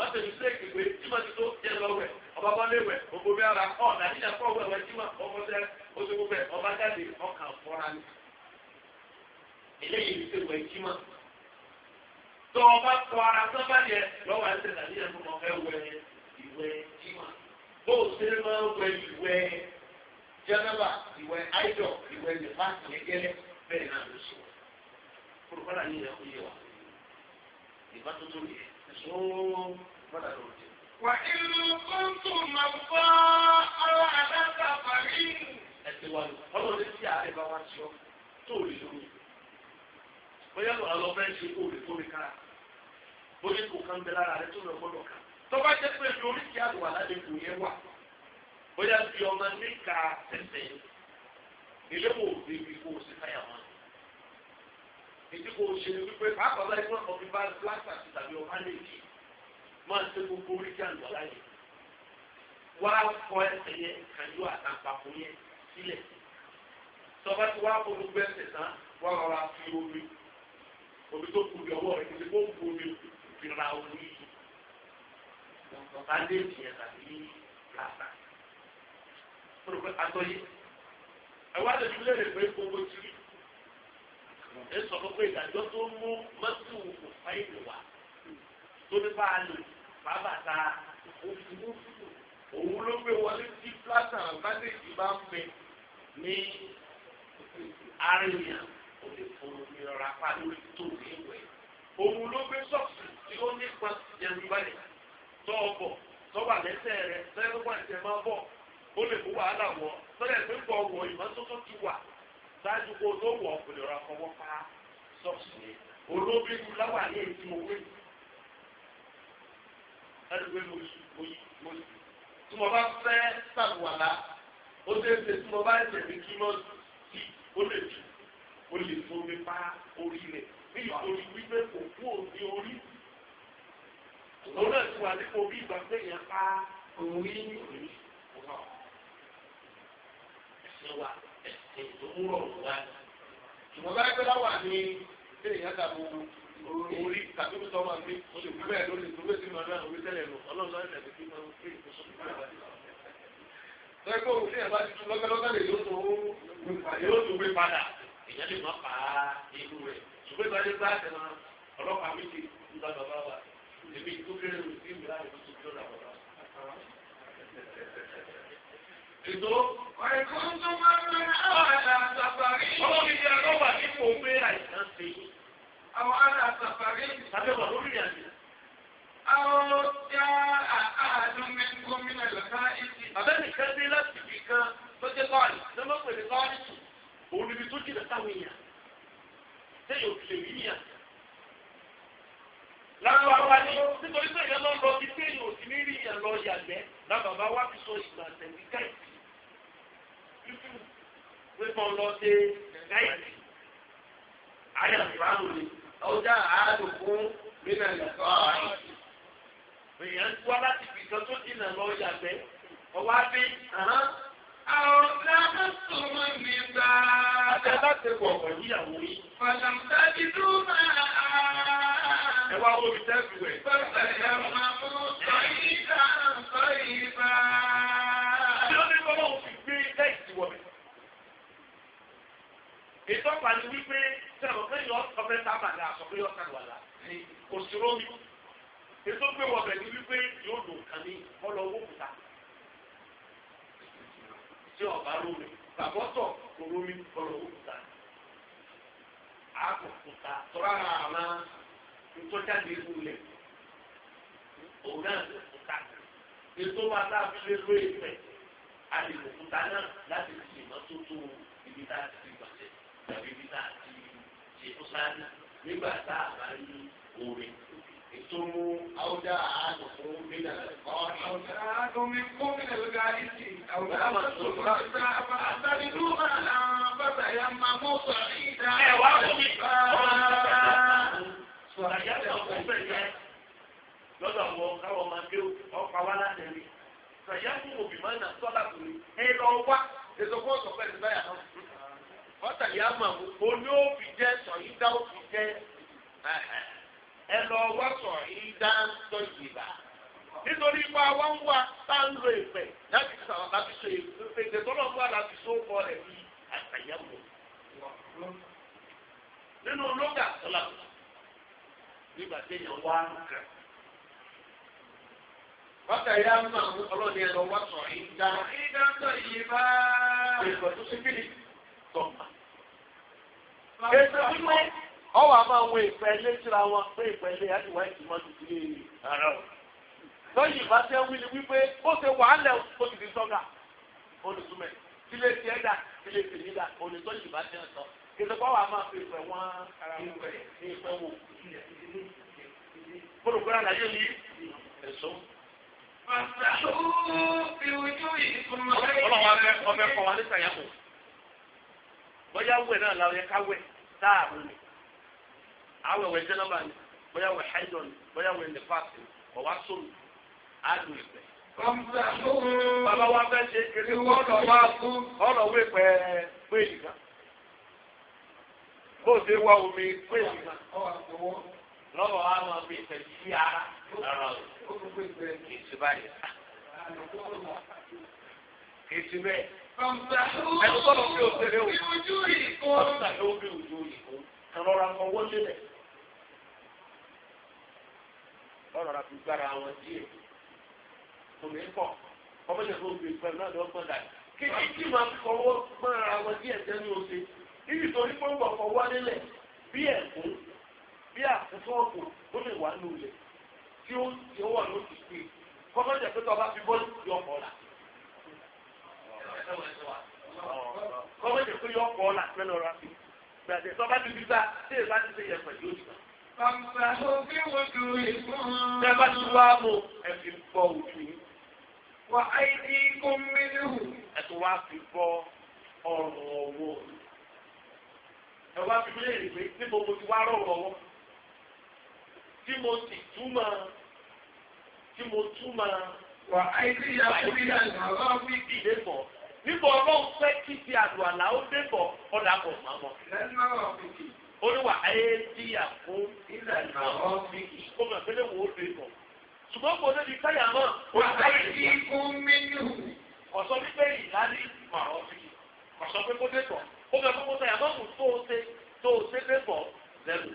mọ́tò ní bírèkì pé jimá ti tó jẹ lọ wẹ̀ ọba bá lé gbogbo bí ara ọ̀ nàìjíríà kọ́ wẹ̀ wẹ̀ jimá ọmọ tẹ oṣù gbogbo ẹ̀ ọba jáde ọkàn fọ́ra ni. eléyìí ti wẹ̀ jimá. tó o bá kọ ara sábà yẹ lọ́wọ́ àti nàìjíríà tó mọ ẹ wẹ̀ ìwẹ̀ jimá. bó o ṣe máa ń ìwẹ̀ jẹ́nẹ́bà ìwẹ̀ àìdọ̀ ìwẹ̀ nípa ìyẹ́gẹ́lẹ́ وإن كنتم مرضى أو على سفر ẹ̀sìn bóyá bí ọmọ níka tẹ̀sẹ̀ ilé wo òbí bí kò sí káyà wọn èyí kò ṣe ni wípé pàápàá báyìí fún ọmọ bíbá plásà ti tàbí ọmọ àlejò máa ṣe gbogbo orí kí àlọ́ láyè wá fọ ẹsẹ̀ yẹn kàjú àtàpàpọ̀ yẹn sílẹ̀ sọba tí wàá fọ gbogbo ẹsẹ̀ tán wàá rọra fi omi omi tó kù bí ọwọ́ rẹ̀ kò sí kó kù omi fi ra omi bandage yẹn tàbí plásà pẹ̀lú pé atọ́ yìí ẹ̀wá lè fi lè rè pé gbogbo tìrì ẹ sọ fún pé ìdájọ́ tó mú mọ́tò òfà ìlú wa tó ní bá a lò bàbà ta òfurufú òun ló gbé wọlé tí plásán àbádéjì bá ń pè ní arìnrìn ó lè fún mi rọra pa lórí tó ní ìwẹ̀ òun ló gbé sọ́ọ̀sì tí ó nípa jẹun báyìí tọ́ ọ bọ̀ tọ́wà lẹ́sẹ̀ rẹ̀ sẹ́yìn tó bá ìṣẹ̀ máa bọ̀ ó lè kó wàhálà wọ̀ sọ́yà tó ń bọ̀ wọ̀ ìmọ́tótó ti wà ṣáájú kó olówó ọ̀gbìn ọ̀rọ̀ àfọwọ́ pa sọ́ọ̀sì yẹn olóbi lu láwà ní èyí tí mo wé ẹlùwẹ́ ló yí mo yí mo yí tí mo bá fẹ́ sàlùwàlà ó lè ṣe tí mo bá ẹsẹ̀ mi kí mọ́ sí ó lè jù ó lè fún mi pa orí rẹ̀ ní ìtòrí wípé kò kú òní orí òun náà ti wà nípò bí ìgbà pé yẹn pa orí orí. Thank you ètò ń rọ̀ wá. ṣùgbọ́n bá ẹgbẹ́ láwà ní ilé ìyá tàbí orí tàbí orí tọ́wọ́ àgbẹ̀ ó lè gbé bẹ́ẹ̀ sí ìmọ̀ náà orí tẹ́lẹ̀ lọ ọlọ́run lọ́rẹ̀ tẹ̀lé sí ìmọ̀ orí tọ́gbọ́n òfin ẹ̀ ti tún lọ́gbẹ́lọ́gbẹ́ lè yóò tún gbé padà ìyá lè má pa irú rẹ̀ ṣùgbọ́n ìbáraẹni bá tẹ̀lé ọlọ́pàá méjì ń bá bàbá wa èmi tó kéré sí ìmúlá Ètò ọ̀ẹ̀kún tó máa ń rẹ̀ àwọn àtàfàrí. Ọlọ́run ìyá lọ́wà nípò pé àìsàn ṣe. Àwọn àtàfàrí. Tàbí wà lórí ìrìnàjò. Àwọn ọjà àádọ́mẹ́ gómìnà lọ́ta ìsì. Àbẹ́nìkan dé láti ibì kan tó jẹ́ kọ́ọ̀lì. Lọ́mọ́ pèlè kọ́ọ̀lì tù. Òun níbi tó jìnà táwọn èèyàn. Sẹ́yìn òkèlè ni nítorí pé ìyẹn lọ lọ sí pé yóò sí ní rí ìyẹn lọ yàgbẹ́ lábàbá wa fi sọ ìgbà tẹ̀lé káyìí pípọ̀ lọ sí gáìsì àyà ìbámu ni ọjà àádùn fún nínú ẹ̀yọ́ àyè. èèyàn tó wá láti fi kan tó dìnnà lọ yàgbẹ́ ọwọ́ abẹ́ àwọn ọ̀gá sọ̀rọ̀ mi bá àti láti wọ̀ pẹ̀lú ìyàwó yìí. fàlàǹtà ti dùn máa. ẹ wá wo mi tẹ́sí rẹ̀. bàbá ẹ̀ máa mú sọ yìí ká sọ yìí bá ìtọ́pàá ni wípé sẹ́wọ̀n pé yọ ọbẹ̀ tá a bà dà sọ pé yọ ọ̀sán wà lá kò sí rómi ètò pé wọ̀bẹ̀ ni wípé yóò lò kàn ní ọlọ owó kùtà tí ọba rómi bàbọ́tọ̀ kò rómi ọlọ owó kùtà àpò kùtà tọ́ra àmà ntọ́jáde ìwúlẹ̀ òun náà lò kùtà ètò wa tá a fi lé lóye pẹ̀ a lè lò kùtà náà láti fi ìmọ́tótó ibi tá tàbí bí tá a ti ṣe tó sáré nígbà tá a bá ní omi ètò mú àwùjá àádọ́ fún mílíọ̀nù ọ̀rọ̀. àádọ́ mi fún mílíọ̀nù gáàrí sí àwùjá àbàtúntò àtàlídú àlà bàtà ya máa mú sọ̀rọ̀ ìdá. ẹ wá fún mi sọ̀rọ̀ ìyá rẹ̀ ọ̀gbọ̀n bẹ́ẹ̀ yẹn lọ́dọ̀ àwọn káwọn máa gbé ọ̀pá wá látẹ̀lé sọ̀rọ̀ òbí máa nà sọ́lá tó ní ẹ wá ètò fún ọ̀sọ̀ pẹ̀lú náà ọ̀tàlì àmàmù oní òfì jẹ́ sọ̀yídá òfì jẹ́ ẹ lọ wá sọ̀yídá sọ̀yìnbá nítorí ipa wa ń wá tá ń lo ìpè láti sọ̀rọ̀ láti so ìpèsè tó lọ́ọ́ wá láti so kọ rẹ̀ bí àtàyẹ̀wò nínú lóga sọlá nígbà téèyàn wá ń kà bàtà yà máa ń ọlọ́ọ̀ni ẹ̀ lọ wá sọ̀yìndá. ìdáńtọ̀ yìí bá. ìgbà tó ṣe sọ̀mà. Ètò wípé ọwọ́ a máa wọ ìpẹ́lẹ́ síra wọn pé ìpẹ́lẹ́ àdìwá ìtìmọ́ ti di ara e. o. Lọ́yìn ìbá tẹ́ wí ni wípé ó ṣe wàhálẹ̀ ó ti di sọ́gà olùsúmẹ̀. Ilé ti ẹ̀ dà ilé ti yí dà olùsọ́yìn ìbá tẹ́ sọ. Ètò pọ́wọ́ a máa fi ìpẹ́ wọn ìpẹ́ ìpẹ́ wò. Kólókòrò àlàyé mi ẹ̀sọ́. Ọlọ́run ọbẹ̀ ọbẹ̀ kọ́ wa ní sàyẹ̀wò. bóyá wẹ̀ náà la yẹ ká wẹ̀ táàbù ni àwọn ẹ̀wẹ̀ jẹ́nàmà ni bóyá wẹ̀ haidọ̀ ni bóyá wẹ̀ nífàsì ni ọ̀wá sómi àádùn ìpẹ́. bàbá wa fẹ́ ṣe kiri fún ọ̀rọ̀ wẹ̀ pé ṣe wá omi pé lọ́wọ́ máa fi ìfẹ́ sí ara lọ́rọ̀ kì í báyìí kì í bẹ́ẹ̀. ẹ̀sọ́ lọ fi òṣèré o ọ̀sà ló fi òjò òyìnbó ẹ̀rọra fọwọ́ lélẹ̀ ọ̀rọ̀ra fi gbára wọn díẹ̀ tòmí pọ̀ ọmọdé tó ń gbé pẹ̀lú náà ló ń gbọ́dà kékeré tí màá fọwọ́ gbára wọn díẹ̀ sẹ́ni oṣù níbi tó ní pọ́ńpọ̀ fọwọ́ lélẹ̀ bí ẹ̀kún bí àkútọ́ ọ̀pọ̀ ó lè wà ní ulẹ̀ tí ó wà lóṣù pé kọ́mọ́dé pé tó ọba fi bọ́ọ̀lù yọ̀ ọ̀la kọ́mọ̀ jẹ́ pé yọ ọkọ̀ ọ̀la mẹ́lẹ̀ ọ̀la fi gbàdé tọ́ba ti fi gbà tí èèyàn bá ti ṣe yẹn pẹ̀lú òjò. Bàbá òbí wo dùn ìfún. Bẹ́ẹ̀ bá ti wá mú ẹ fi bọ́ òjò yìí. Wà á di kún mi níhù. Ẹ tó wá fi bọ́ ọrùn ọwọ́. Ẹ wá fi léèrè pé níbo mo ti wá rọrùn ọwọ́. Tí mo sì túmọ̀ tí mo túmọ̀. Wà á di yàtúndínlá ìgbà wá wí kì í lé bọ̀ nígbà ọlọ́run fẹ́ kí ti àlùwàlà ó débọ̀ ọ̀dà bọ̀ máa mọ̀. olúwa ayé di àpò ìlànà ọ̀fíìkì kó mọ̀ pé léwu ó débọ̀. ṣùgbọ́n kò débi káyà mọ́. wà á di fún mínú. ọ̀sọ́ wípé ìlànà ìmọ̀ ọ̀fíìkì ọ̀sọ́ pé kó débọ̀ ó bẹ fún kótó yàtọ̀ kù tó o ṣe tó o ṣe débọ̀ lẹ́nu.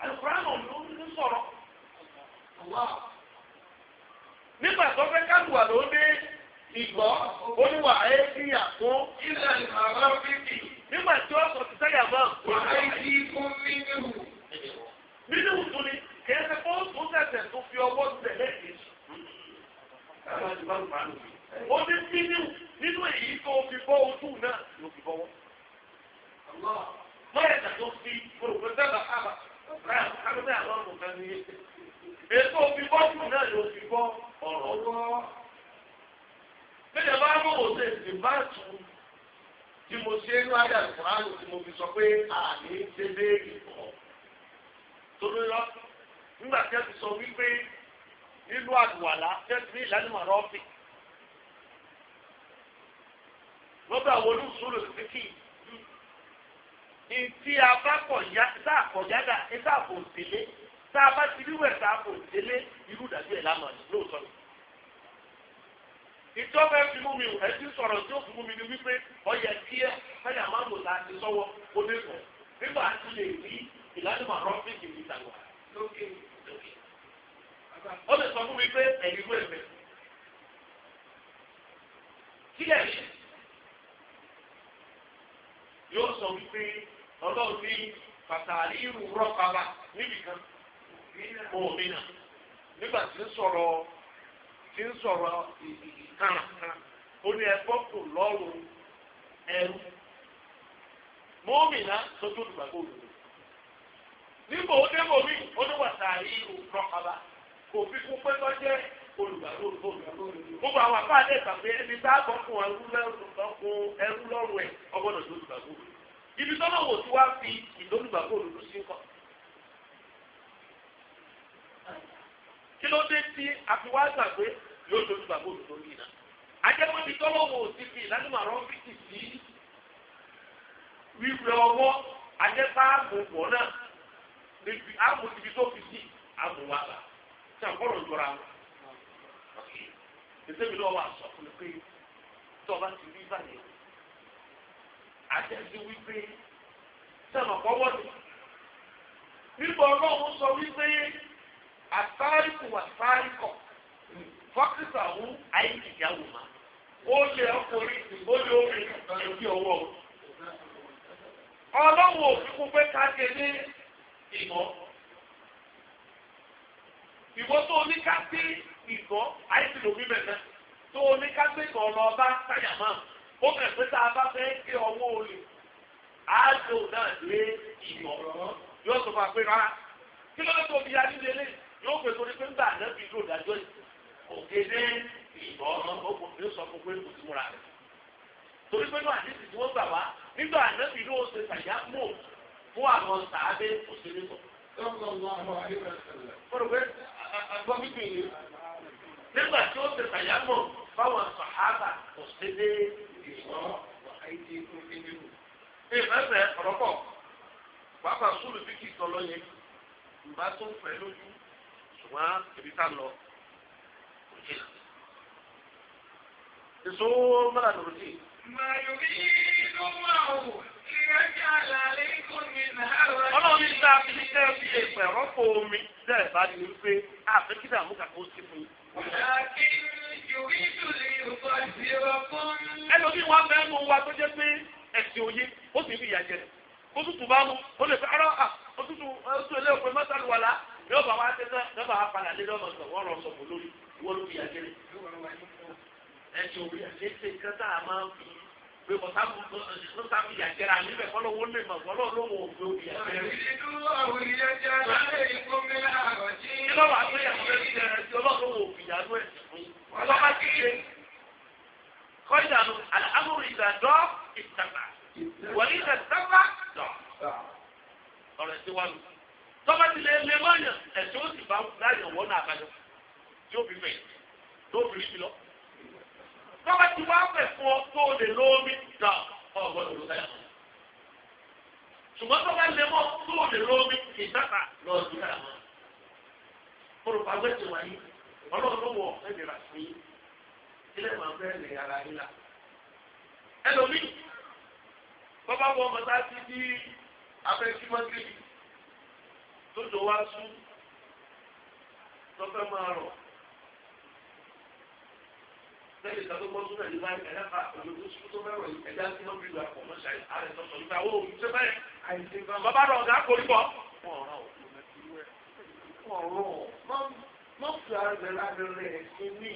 alukura náà ló ń sọ̀rọ̀ nígbà tó fẹ́ kálùwà ló dé ìgbọ́ oníwà ẹ́ẹ́dìyà fún. ilẹ̀ ìmọ̀ràn fífi. nígbà tí wọ́n sọ ti sẹ́yà mọ́. wà á yí fún mímú. mímú tún ni kìí ṣe fún tún tẹ̀sẹ̀ tó fi ọwọ́ tẹ̀lé kejì. ó ní mímú nínú èyí tó fi bọ́ ojú náà ló fi bọ́wọ́. lọ́yẹ̀ tà tó fi pòròpótà bàbá àbá. Ètò òfin bọ́ọ̀lù náà ló fi bọ́. ọ̀rọ̀ wọ́. Bẹ́ẹ̀ni bá mọ̀ wò ṣe ti bá tí mo ṣe ní àyà ìfúráàlù tí mo fi sọ pé àní ṣe béèrè Torí lọ, nígbà tí ẹ ti sọ wípé nínú àdùwàlá tẹ́sí ní ìlànà rọ́ọ̀fì. Lọ́dọ̀ àwọn olùsúlù ti kì í. tá a bá ti rí wẹ̀ tá a kò délé irú dàbí ẹ̀ lánàá ni lóòótọ́ ni. ìjọba ẹbí mú mi ò ẹbí sọ̀rọ̀ tí ó fún mi ni wípé ọyẹ kí ẹ fẹ́yà máa lò a ti sọ́wọ́ ó dé bọ̀ nígbà tí lè rí ìlànà àrọ́ méjì ní ìtàgbà lókè lókè. ó lè sọ fún mi pé ẹ̀rí wẹ̀ mẹ́. kílẹ̀ mi yóò sọ wípé ọlọ́run ní pàtàkì irú rọ́pàá níbìkan. mọ̀mìnà nígbà tí ń sọ̀rọ̀ tí ń sọ̀rọ̀ ìkànnà ó ní ẹgbọ́ kò lọ́rùn ẹrú mọ̀mìnà tó tó òdòdó nígbà ó dé mọ̀mí ó ní wàtàrí òkúrọ̀kọ̀ba kò fi pé tó jẹ́ olùgbàgbọ́ òdòdó gbogbo àwọn àbá àdé ẹni bá gbọ́kùn ẹrú ibi tí wá fi ìdólùgbàgbọ́ òdòdó sí kí ló dé tí àfiwájà pé yóò dojú gbàgbọ́ òdòdó yìí náà. ajẹ́pẹ́bí tọ́lọ́wọ́ òsì fi ìdánimọ̀ àrọ́ fìtì sí wíwẹ ọwọ́ ajẹ́pẹ́ àmùwọ̀ náà níbi àmùtìbí tó fi sí àmùwàgbà tí àkọ́rọ̀ ń jọra wọn. ìsèmi náà wà sọ fún mi pé tí ọba ti rí báyìí àjẹsí wípé sẹ́nu ọ̀pọ̀ wọ́n nígbà ọlọ́run sọ wípé. àsáríkù àsáríkọ̀ fọ́kítà wù àìsíyàwó ma ó lé ọkùnrin ó lé obìnrin lórí ọwọ́ ọlọ́wọ́ òfìkú pé káṣe ní ìmọ̀ ìwọ́ tó ní ká sí ìgbọ́ àìsí lómi mẹ́fẹ́ tó ní ká sí ìgbọ́ ọlọ́ọ̀bá sáyàmá ó bẹ̀rẹ̀ pé tá a bá fẹ́ gé ọwọ́ olè ájò náà lé ìmọ̀ yóò sọ fún apẹ́ rárá kí ló dé tó fi yá nílé lẹ́yìn yóò pè torí pé ńgbà ànábì ló dájọ́ òkèdè ìbọ̀ràn ọkùnrin sọ fún pé kò sí múra rẹ̀ torí pé náà àdéhùn tí wọ́n gbà wá nígbà ànábì ló ṣe tàyà mò fún àwọn sàábé òṣèré sọ. nígbà tí ó ṣe tàyà mò fáwọn sàhábà òṣèré ìbọ̀ràn àìdí ìkúnlẹ̀ nínú. ìfẹsẹ̀ ọ̀rọ̀ pọ̀ pàápàá sùúrù bí kìí sọ lọ́yẹ̀ ìbátan pẹ̀lú ojú ṣùgbọ́n ibi tá lọ kò jìnnà. Èso mọ́lá lòdì sí. Ọlọ́run ní sáà fi ṣiṣẹ́ fi èpè rọ́pò omi bẹ́ẹ̀ bá di wípé àfẹ́ kí dààmú kàkó sí fún un. Ẹlòmíì wá bẹ́ẹ̀ mú wa tó jẹ́ pé ẹ̀sìn òye ó sì ń fi ìyà jẹ. Ó tútù bá mu, ó lè fẹ́ ara, ó tútù ẹlẹ́ọ̀pẹ̀ mọ́tàlúwàlá yóò bá wa tẹ́tẹ́ yóò bá wa padà lé lọ́mọ sọ wọ́n lọ sọ fún lórí wọ́n ló fi àjẹrè. ẹ̀sìn òwe àjẹsẹ̀ kẹta máa ń fi pé bọ̀tà ló ta fi àjẹrè àmì bẹ̀ kọ́ lọ́wọ́ lè mọ̀ kọ́ lọ́wọ́ lọ́wọ́ òwe òwe àjẹrè. ìdúró àwọn ìyẹn jẹ́ alẹ́ ìkómìnà àròjì. kí ló wàá pé àwọn ẹgbẹ́ rẹ̀ ti ọlọ́run òfin ìyàlú ẹ̀ kọ́ńdà ló alámúrú ìdàdọ́ ìtàgbà wọ̀nyí ìdàdọ́ ọ̀rọ̀ ẹ̀ ti wá lù tọ́ba ti lè lè mọ́yàn ẹ̀sìn ó sì bá láyàn wọ́n náà kájọ tí ó fi fẹ̀ tó fi fi lọ. tọ́ba ti wá fẹ̀ fún ọ tó lè lómi dà ọ̀gbọ́n ló sáyà. ṣùgbọ́n tọ́ba lè mọ́ tó lè lómi ìdáta lọ sí ká. olùpàgọ́ ti wáyé ọlọ́run ló wọ̀ ẹ̀mí rà sí ilé màá fẹ́ lè ara yín la. ẹlòmíì bọ́bá wọ ọmọ sáà ti di abẹ́símọ́kì tó lò wá sú tọ́fẹ́ máa rọ̀ lẹ́yìn ìgbà tó gbọ́ sún ẹ̀dí báyìí ẹ̀dá pa òyìnbó sún tó fẹ́ rọ̀ yìí ẹ̀dá tí wọ́n bí lu àpò mọ́ ṣáì àrẹ tó sọ nípa owó òun ṣe bẹ́ẹ̀ àìsè kan bàbá rọ̀ ọ̀gá kò rí bọ̀. ọ̀rọ̀ mọ́ fi ara rẹ̀ lábẹ́ rẹ̀ ẹ̀sìn mí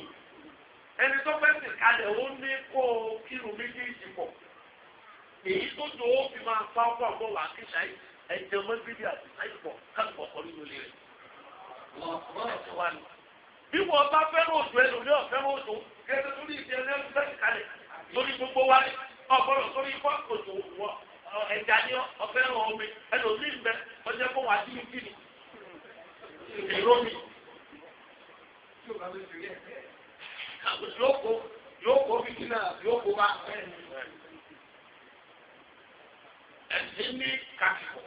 ẹni tó fẹ́ sìn kalẹ̀ ó ní kó kírun méjèèjì pọ̀ èyí tó jọ ó fi máa pa ọgbọ́n wà kí ṣáì ẹjẹ mọ́sídìí àti àyùbọ̀ kálùbọ̀ kọ́ nínú ilé rẹ̀. bí wọ́n bá fẹ́ràn òjò ẹ̀ lórí ọ̀fẹ́ràn òjò gẹ́gẹ́ lórí ìdí ẹni ẹni fẹ́ẹ̀ kalẹ̀ lórí gbogbo wa ni ọ̀gbọ́dọ̀ sórí ikọ́ òjò wọ ẹja ní ọ̀fẹ́ràn omi ẹni òní ìgbẹ́ ọjọ́ fún wa sínú kí ni èrò mi. yóò kó yóò kó bí kí náà yóò kó bá ẹni ní kàkìkọ̀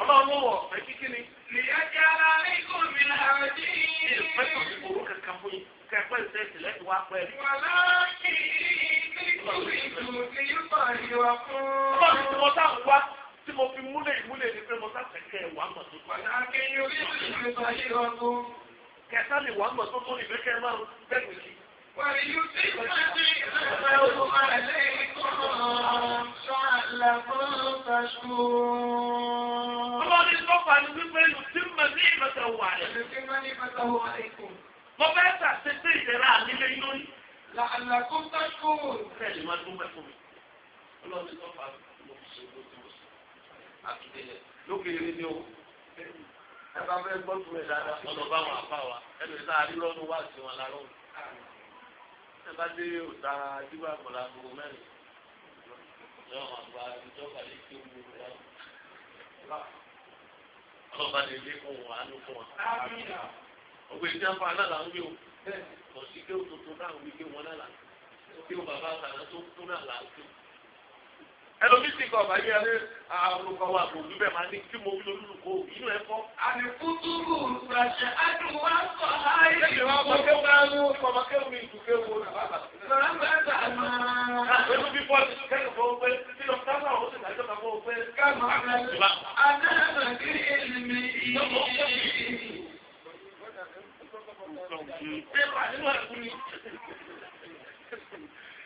ọlọ́run wọ̀ ẹ kíkí ni. ìyájá aláàrẹ kò mí lára dé. ìpẹ́ tó ti gbòòrò kankan fún yín kẹfẹ́ ìṣe ìṣẹ̀lẹ̀ ti wá pẹ́. wàlá kì í ní kúrì tù ní yúbà ìwà fún. ọlọ́run tí mo sáà ń wá tí fi múlẹ̀ ìmúlẹ̀ ni pé mo sáà kẹ̀kẹ́ wà mọ̀ tó. wàlá kì í ní orí ìṣẹ̀lẹ̀ ìwà fún. kẹta ni wà mọ̀ tó tó ìgbẹ́kẹ̀ máa ń bẹ̀rù sí Ọlọ́run sọ fà ní wípé ìlú tí mo ní ìbẹ̀tẹ̀ wà rẹ̀. Mo fẹ́ ṣàṣetí ìdẹ̀ra nílé lórí. Làlàkó tọ́jú. Bẹ́ẹ̀ni máa dúpẹ́ fún mi. Ọlọ́run sọ fà mo fi ṣe ojú tí mo sọ. Àkìdélẹ̀ lókèrè ni o. Ẹ bá fẹ́ gbọ́ tún ẹ̀ dáadáa. Ọlọ́ bá wọn àbá wa. Ẹnu ìta àríwọ́nù wà sí wọn lárọ́ ẹ bá dé òta dúpọ̀ àgbọ̀lá gbogbo mẹ́rin yọ ọmọ àgbà ìjọba lè ké wúwo rẹ ọlọ́ba lè lé fún wọn àánú fún wọn. ọgbẹ́ ìjà ń fa alára ń wí o kò sí kéwù tuntun náà wí kéwù wọn náà là kéwù bàbá àgbà náà tó náà là ń kéwù ẹlòmí sì kọ bàbá yẹn lé àrùkọ wa kò dúbẹ̀ máa ní kí mo fi olùkọ inú ẹ kọ́. àlùkùtùkù ràṣẹ àdùnwá sọ láyé. ṣé ìwà ọmọ kéwù náà ń kọ́ ọmọ kéwù mi ìdùn kéwù náà bàbà. sọ̀rọ̀ ń bá gbà máa. pẹ̀lú bí bọ́ọ̀lù kẹ́kọ̀ọ́ fọwọ́ pé tí lọ sí àwọn òṣèlú àjọ kan fọwọ́ pé. káàmù àgbà àdáàbà kí èlùmí ìyí.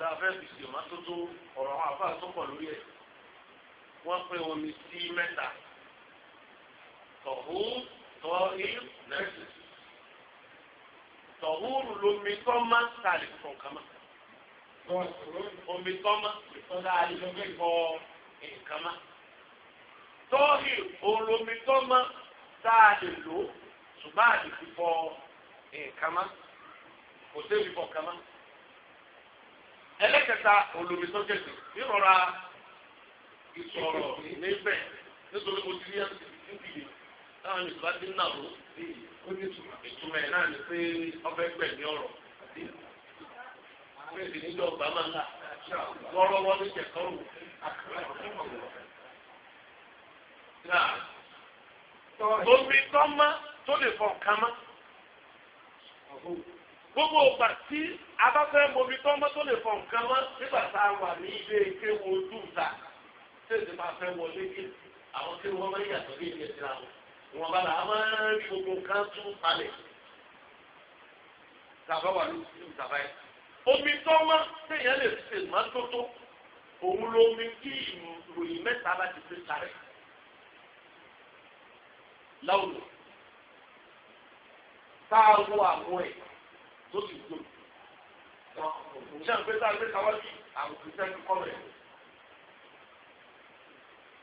tá a fẹ́ fi ṣe ìmọ́tótó ọ̀rọ̀ àwọn àbá tó pọ̀ lórí ẹ̀ wọ́n pín omi sí mẹ́ta tọ̀hú tọ́ ìlú nẹ́ẹ̀sì tọ̀húrù lomi tọ́mà tàlẹ̀ fún kama omi tọ́mà tàlẹ̀ fún kama tọ́hì olomi tọ́mà tàlẹ̀ lò ṣùgbọ́n àdìsí fún kama kò sí ìfọ̀ kama ẹlẹ́kẹta olùmísọ́jẹ́ tó nírọ̀ra ìsọ̀rọ̀ níbẹ̀ nítorí mo ti ní ẹ̀sìn níbi táwọn yorùbá ti ń nà ó ìtumọ̀ ẹ̀ náà ni pé ọbẹ̀ gbẹ̀mí ọ̀rọ̀ pé ìdíjọ́ ọgbà máa ń lọ́rọ́wọ́ ní ìjẹ̀kọ́rù. Omi tọ́ mọ́ tó lè fọ̀ kàn gbogbo ìgbà tí abáfẹ́ momi tó mọ́ tó lè fọ nǹkan mọ́ nígbà tá a wà ní ilé kéwu ojú ìta tètè máa fẹ́ wọlé kí àwọn kéwu wọn máa ń yàtọ̀ ní ilé ìtura wọn ìwọ̀n bá la a máa ń rí gbogbo nǹkan tún palẹ̀ tàbá wà ní ojú ìta báyìí. omi tó mọ́ téèyàn lè fi tèmọ́tótó òun lomi kí ìròyìn mẹ́ta bá ti fi sáré láwùjọ tá a wo àwọn ẹ̀ tó sì gbó. Ṣé ìgbésẹ̀ àgbésẹ̀ wá sí àwọn kìrìsìtẹ́nì kọ́ rẹ̀?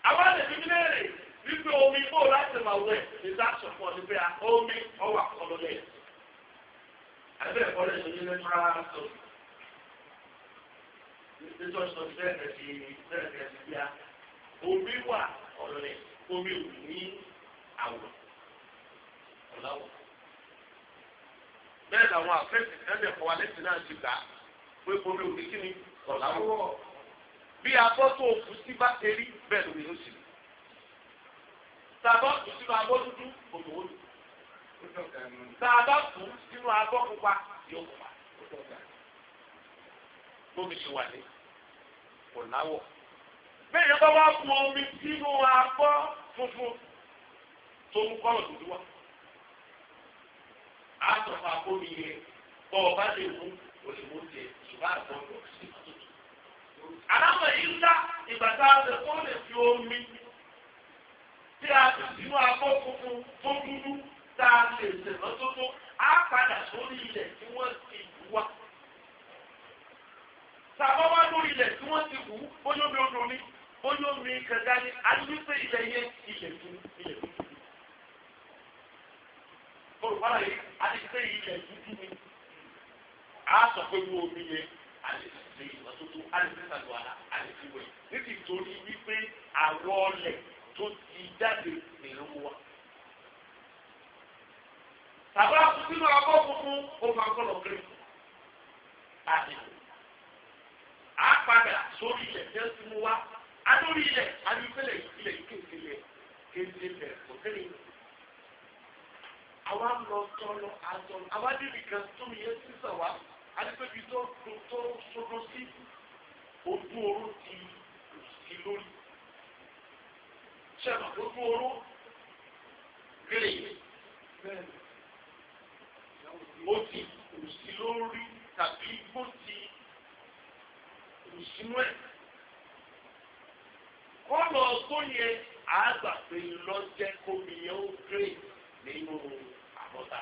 Àwọn àlejò mi léèrè wípé omi bò láti máa wẹ̀ nígbà sọ̀pọ̀ ní pé omi ọwà kọlọ́lẹ̀. Àbẹ̀ ẹ̀kọ́ lẹ̀ ṣe ní lẹ́tọ́rà sọ. Nítorí sọ sí bẹ́ẹ̀ kẹ̀sì bẹ́ẹ̀ kẹ̀sì bíá. Omi wà ọ̀lẹ̀, omi ò ní àwọ̀ ọ̀làwọ̀ bẹ́ẹ̀ làwọn àfẹ́sì tẹ́lẹ̀ kọ́ wa lẹ́sìn náà ti gbà pé omi òkè kí ni ọ̀la wọ̀. bí abọ́ tó òkú sí bá ṣe rí bẹ́ẹ̀ lómi ló sì rí. tàbá kù sínú abọ́ dúdú òmò ó lù. tàbá kù sínú abọ́ pupa yóò pupa. bómi ṣe wà ní ọ̀la wọ̀. bẹ́ẹ̀ ni bá wá ku omi sínú abọ́ funfun tó ń kọ́ ọ̀dùnú wa àtọ̀fà bómi yẹ bọ́ ọba lè mú olùmọ̀ tẹ̀ ṣùgbọ́n àgbọ̀dọ̀ sí. Àlámọ̀ yìí ńlá ìgbà tá a lè kó lè fi omi tí a sì sínú abọ́ funfun tó dúdú tá a lè sè lọ́tótó á padà sórí ilẹ̀ tí wọ́n ti wù wá. Tàbá wá lórí ilẹ̀ tí wọ́n ti wù ú bóyá omi odò ni bóyá omi kẹta ní pé ilẹ̀ yẹn ilẹ̀ fún ilẹ̀ fún olùkọ́nà yìí adéṣe ilẹ̀ dúdú ni a sọ pé wo omi yẹn adéṣe ìwàsótó adéṣàlù àlà adéṣiwẹ̀ níbi torí wípé àwọ̀ ọlẹ̀ tó ti jáde nìyẹn wá. tàbá sínú abọ́ funfun ó máa gbọ́dọ̀ kiri àdìgbò a padà sórí ilẹ̀ tí wọ́n ti mú wá adórí ilẹ̀ adúgbò ilẹ̀ ilẹ̀ kéde ilẹ̀ kéde ilẹ̀ kò tẹ́lẹ̀ yìí àwa lọ tọrọ àjọ àwa níbi kan tó yẹ sísàn wá adépébi tó tó sọdọ sí ojú oró ti sí lórí sẹ́nà ojú oró rèé ó ti kò sí lórí tàbí igbó ti kò sínú ẹ̀ kọ́lọ̀ ọgbọ́n yẹn àgbà pé lọ́jẹ́ kómi yẹn ó grè nínú àbọ̀tà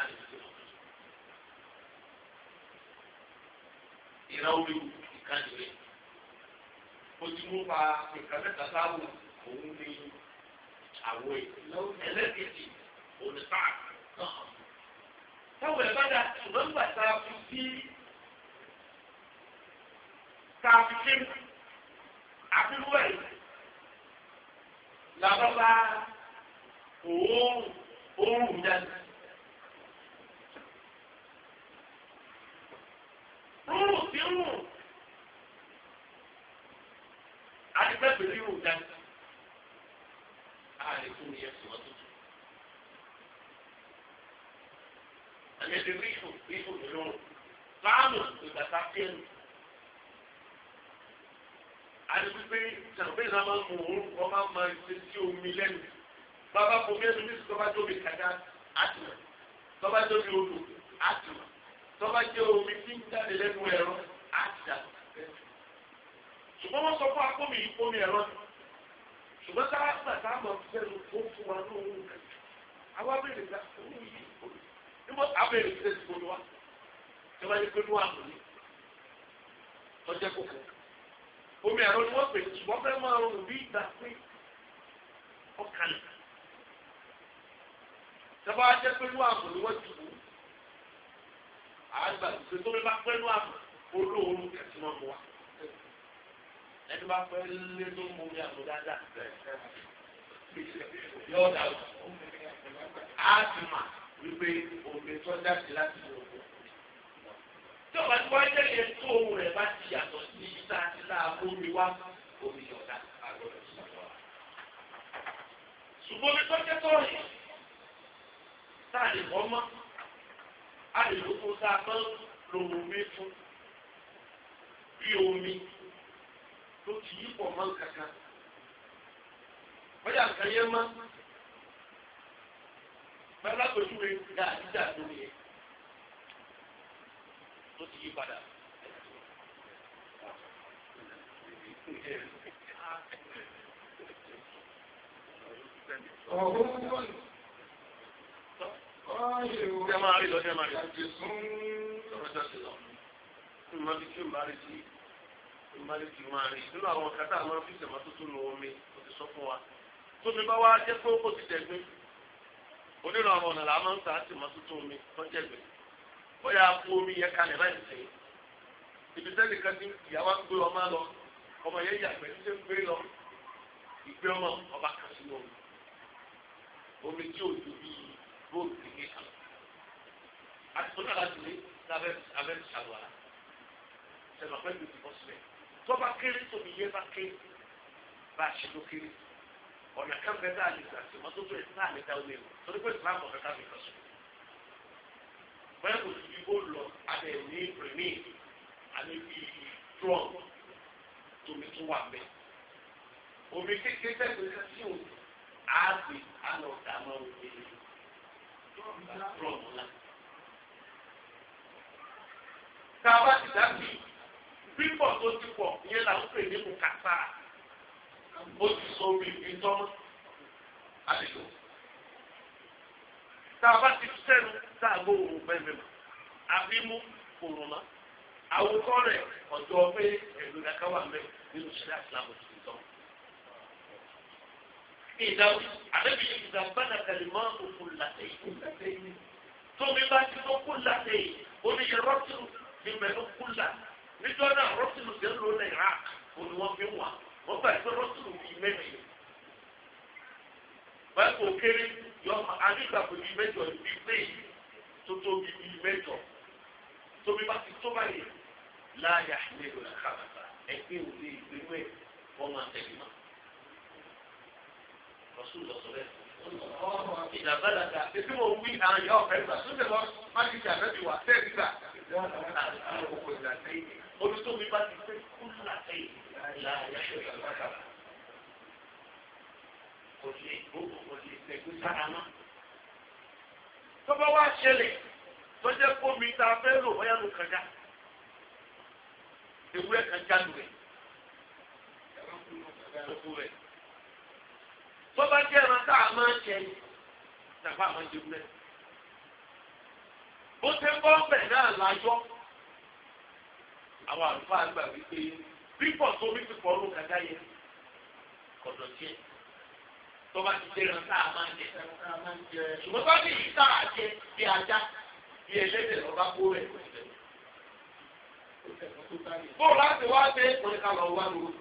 àdìsí lọ. ìnáwó ìkànnì ojúmọ́ pa nǹkan mẹ́ta sáwù òun ni àwọ̀ ìnáwó ẹlẹ́kẹ̀ẹ́jì onípa náà. táwọn ẹ̀ bá dà ṣùgbọ́n gbà tá a fi sí tá a fi ṣe àfiwẹ̀ làbàbà òórùn ó ń wù jáde. rúrù sí rúrù àdìgbẹ́pẹ̀ ní rúrù jáde. ààrẹ tó ní ẹsẹ̀ wọ́n tuntun. àmì ẹ̀dẹ̀ ríṣù ríṣù ìlú fáàmù ìgbàta kéwù. àdìgbẹ́pẹ̀ sàrùbẹ́sà máa ń mú òórùn kọ́ máa ń máa ṣe sí omi lẹ́nu bàbá bomi ẹnu bí sọ́ba jẹ́ omi kàdá àtìmọ̀ sọ́ba jẹ́ omi odò àtìmọ̀ sọ́ba jẹ́ omi tí ń jáde lẹ́nu ẹ̀rọ àtìmọ̀ ṣùgbọ́n wọ́n sọ fún akómi yìí fún mi ẹ̀rọ ṣùgbọ́n tá a gbà tá a mọ̀ sẹ́nu tó fún wa ní òun kan àwa béèrè ká òun yìí níbo abéèrè ti tẹ̀sí gbogbo wa sọ́ba jẹ́ pé ní wàá mọ̀ ní ọjọ́ kòkó omi ẹ̀rọ ni wọ́n pè ṣùgbọ́n fẹ́ máa rọrùn bí ìgbà pé ọkàlẹ̀ sábà jẹ́ pẹ̀lú àmọ̀ ni wọ́n ti wù ú àgbà tó tó bá pẹ̀lú àmọ̀ olóòórùn kẹsì máa mú wa ẹni bá pẹ́ lé tó mú mi àmọ̀ dáadáa yóò dà o á ti mà wípé òkè tó dási láti lò ó tí ọba tí wọ́n jẹ́ yẹn tó ohun rẹ̀ bá ti yàtọ̀ sí ìta àti láàbù mi wá omi yọ̀ọ̀dà àgbọ̀dọ̀ sọ̀rọ̀ ṣùgbọ́n mi tó jẹ́ tó yẹ sáàlì ọmọ àlùkò tá a máa ń lo fún bí omi tó ti yí pọ̀ mọ́ kankan bóyá nǹkan yẹn mọ́ bàbá pẹ̀lúwe gba àdídà lórí ẹ̀ tó ti yí padà. Oh, ṣe máa rí lọ ṣe máa rí lọ. sọ̀rọ̀ jọ sí lọ. ìmọ̀ bí kí n bá rí sí ìmọ̀ bí kí n máa rí. nínú àwọn kátà máa fi ṣèmọ́ tuntun lu omi kò ti sọ fún wa. tómi bá wá jẹ́ pé ó ti dẹ̀gbẹ́. onírò àwọn ọ̀nà làá máa ń ta ṣèmọ́ tuntun omi tó jẹ̀gbẹ́. bóyá kú omi yẹ kalẹ̀ láì sẹ́yìn. ibi sẹ́ni kan ti ìyàwó gbé ọmọ lọ ọmọ yẹn yàgbẹ́ tí ó ń gbé lọ ìgbé ọmọ ọba kan sínú omi. omi tí ò ju bíi bóòlù ní kí àlọ́ àtìkò náà láti rí lábẹ́ abẹ́ àlọ́ra ṣẹlẹ̀ ọ̀pẹ́ mi ti bọ́ sílẹ̀ tó bá kéré tóbi yé bá kéré bá a ṣe ló kéré ọ̀nà kan fẹ́ dáa lè gbà sí mọ́tótó ẹ̀ náà lè dá omi lò torí pé ìsìlá mọ̀ fẹ́ ká fi lọ́sùn. bẹ́ẹ̀ kò sí ibo lọ abẹ́ ní pèmí àmì tómi tó wà bẹ́ẹ̀. omi kékeré tẹ̀sán sí òun àgbè àlọ́ ọ̀dà máa ń wọlé rọ̀ ńlá. tá a bá ti dábì pípọ̀ tó ti pọ̀ ìyẹn là ń pè nínú kàtàrà ó ti sọ orí ìtọ́mọ́ àlejò. tá a bá ti sẹ́nu tá a gbọ́ òun bẹ́ẹ̀ mẹ́ma àbí mú òun mọ́ àwòkọ́ rẹ̀ ọ̀dọ́ pé ẹ̀lú ìdákáwà mẹ́ nínú sílẹ̀ àti lábọ̀tì ìdáwó àbẹ́bí ìdàgbàdà kàlímọ́ òfò làtẹ̀ yìí. tóbi bá ti tó kú làtẹ̀ yìí ó ní yẹ rọ́tìlù ní mẹ́lú kú là níjọ́ náà rọ́tìlù tẹ̀ ń lò ní iraq kò ní wọ́n fi wà wọ́n gbà pé rọ́tìlù yìí mẹ́rin. báyìí kò kéré yọ àdìgbàgbọ́ yìí mẹ́jọ ìbí pé tó tóbi yìí mẹ́jọ tóbi bá ti tó báyìí láàyè àlejò ọ̀sùn lọ́sọ̀ bẹ́ẹ̀. ìjà bẹ́ẹ̀ la ètò mo wí àwọn ìyá ọ̀fẹ́ gbà tó tẹ̀ lọ má ti jà bẹ́ẹ̀ bí wà tẹ́ ẹ̀ gbà. olùtọ́mi bá ti fẹ́ kú làtẹ̀yìn láàyè ìṣẹ̀lẹ̀ àgbàkà. kò lè gbogbo kò lè tẹ̀gbẹ́ sára náà. tọ́ba wá ṣẹlẹ̀ tó jẹ́ kómi tá a fẹ́ lò wáyà ló kànjá ewúrẹ́ kànjá lù rẹ̀ tó bá jẹ́ ẹran tá a máa ń jẹ ni tàbá máa ń jẹ wúlẹ̀. bó ṣe ń bọ́ bẹ̀ náà láyọ́ àwọn àlùfáà gbà wípé pípọ̀ tó bí pípọ̀ ló kàdá yẹ kọ̀dọ̀ jẹ́ tó bá ti jẹ́ ẹran tá a máa ń jẹ ṣùgbọ́n bá bí yìí tá a jẹ bí ajá bí ẹlẹ́dẹ̀ lọ́ba kó rẹ̀ bó láti wá dé oníkàlọ́ wá lóru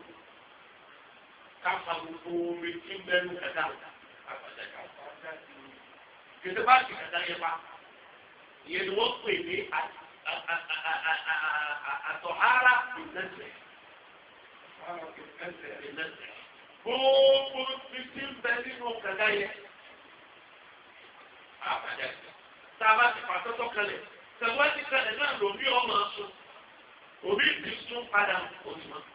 káfa gbogbo omi tí ń bẹnu kàtà àgbàdo kàtà kìtì bá ti kàtà yẹn pa ìyẹn ni wọ́n pè ní àtọ̀hárà ìnẹ́sẹ̀ ìnẹ́sẹ̀ gbogbo omi tí ń bẹ nínú kàtà yẹn àgbàdo tá a bá ti pàtọ́tọ́ kalẹ̀ tẹ̀wé ti kalẹ̀ náà lòmí ọmọ sùn òbí ti sún padà òtún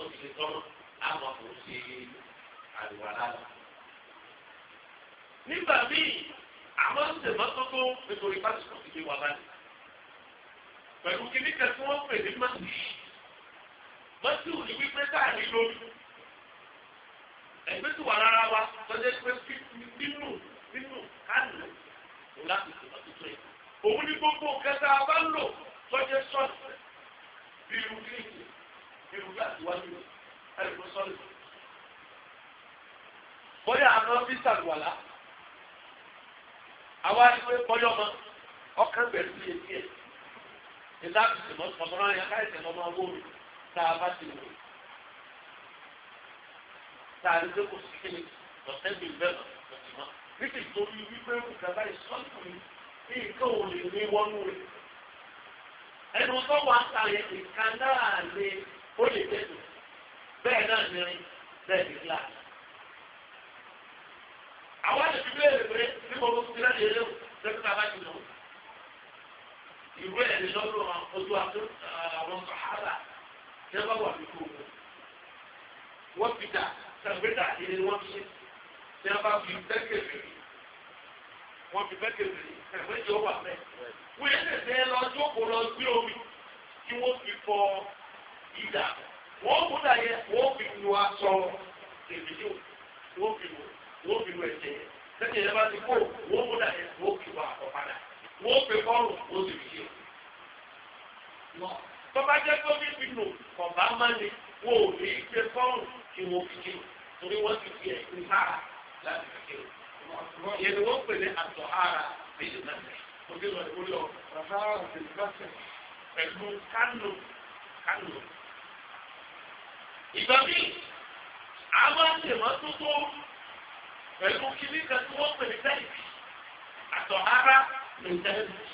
ó ti fi tọ́lọ̀ àmọ́ kò ṣe àlùwàlá lọ. nígbà míì àmọ́ ń tẹ̀mọ́ tótó nítorí pásítọ̀ ti gbé wa báyìí. pẹ̀lú kíní kan tí wọ́n pè ní mọ́tì mọ́tì ò ní wípé káàní lórí. ẹgbẹ́ tí wà rárá wa tọ́jú pé nínú nínú kánú òun láti tẹ̀mọ́ tótó yẹn. òun ní gbogbo kẹta bá ń lò tọ́jú sọ́ọ̀tì bí irú kíní kìí irun bí àtiwájú ẹni tó sọ́ọ̀lù. bóyá àná bí sàlùwàlá àwa ìwé bọ́yọ́mọ ọkàn bẹ̀rù yé díẹ̀ ìlà ìsìnmọ́ ọmọràn yẹn káyọ̀tẹ̀ ọmọ wóoru tá a bá ti wò tá a lè dé kó sí kíni lọ́sẹ̀ bíi bẹ́ẹ̀ lọ lọ́sẹ̀ mọ́ nítorí torí wípé nǹkan báyìí sọ́ọ̀tù ni bí nǹkan ò lè ní wọ́nú rẹ̀ ẹnu tó wà sàlẹ̀ nǹkan náà ó lè tẹ̀sù bẹ́ẹ̀ náà nírin bẹ́ẹ̀ ní kíláàsì. àwọn àdìsí bẹ́ẹ̀ rẹ̀ bí mo mú sí láti ẹlẹ́wù lẹ́kùn náà bá ti lọ. ìlú ẹ̀ lè lọ́dún ojú eh, àwọn sàhálà tẹ́ bá wà lóko wọn. wọ́n fi dà sàgbéga ìdí ni wọ́n fi ṣe tí wọ́n bá fi bẹ́ẹ̀kẹ̀ rẹ̀ wọ́n fi bẹ́ẹ̀kẹ̀ rẹ̀ ẹ̀fẹ́ jọ wà bẹ́ẹ̀. wọ́n yẹ kẹ̀kẹ́ lọ jókòó lọ gbé omi kí wọ́n fi fọ́ ọ ìdá wọ́n mú dà yẹ wọ́n fi nu aṣọ èbìdì wọ́n fi nu wọ́n fi nu ẹ̀jẹ̀ yẹ lẹ́yìn ìyẹn bá ti kó wọ́n mú dà yẹ wọ́n fi wà ọ̀padà wọ́n fi kọ́rùn wọ́n sì fi yẹ. tọ́ba jẹ́ pé wọ́n fi nu ọ̀bá máa ní wọ́n ò ní í gbé kọ́rùn kí wọ́n fi kí torí wọ́n ti fi ẹ̀ ń sára láti fi kí ìyẹn ni wọ́n pè ní àtọ̀ ara bíi ìdánilẹ̀ òbí lọ ìwúlọ̀ rẹ̀ ìgbà míì a máa ń tèmọ́ tó tó pẹ̀lú kíní kan tí wọ́n pè ní tẹ́lifì àtọ̀hárá ní tẹ́lifì.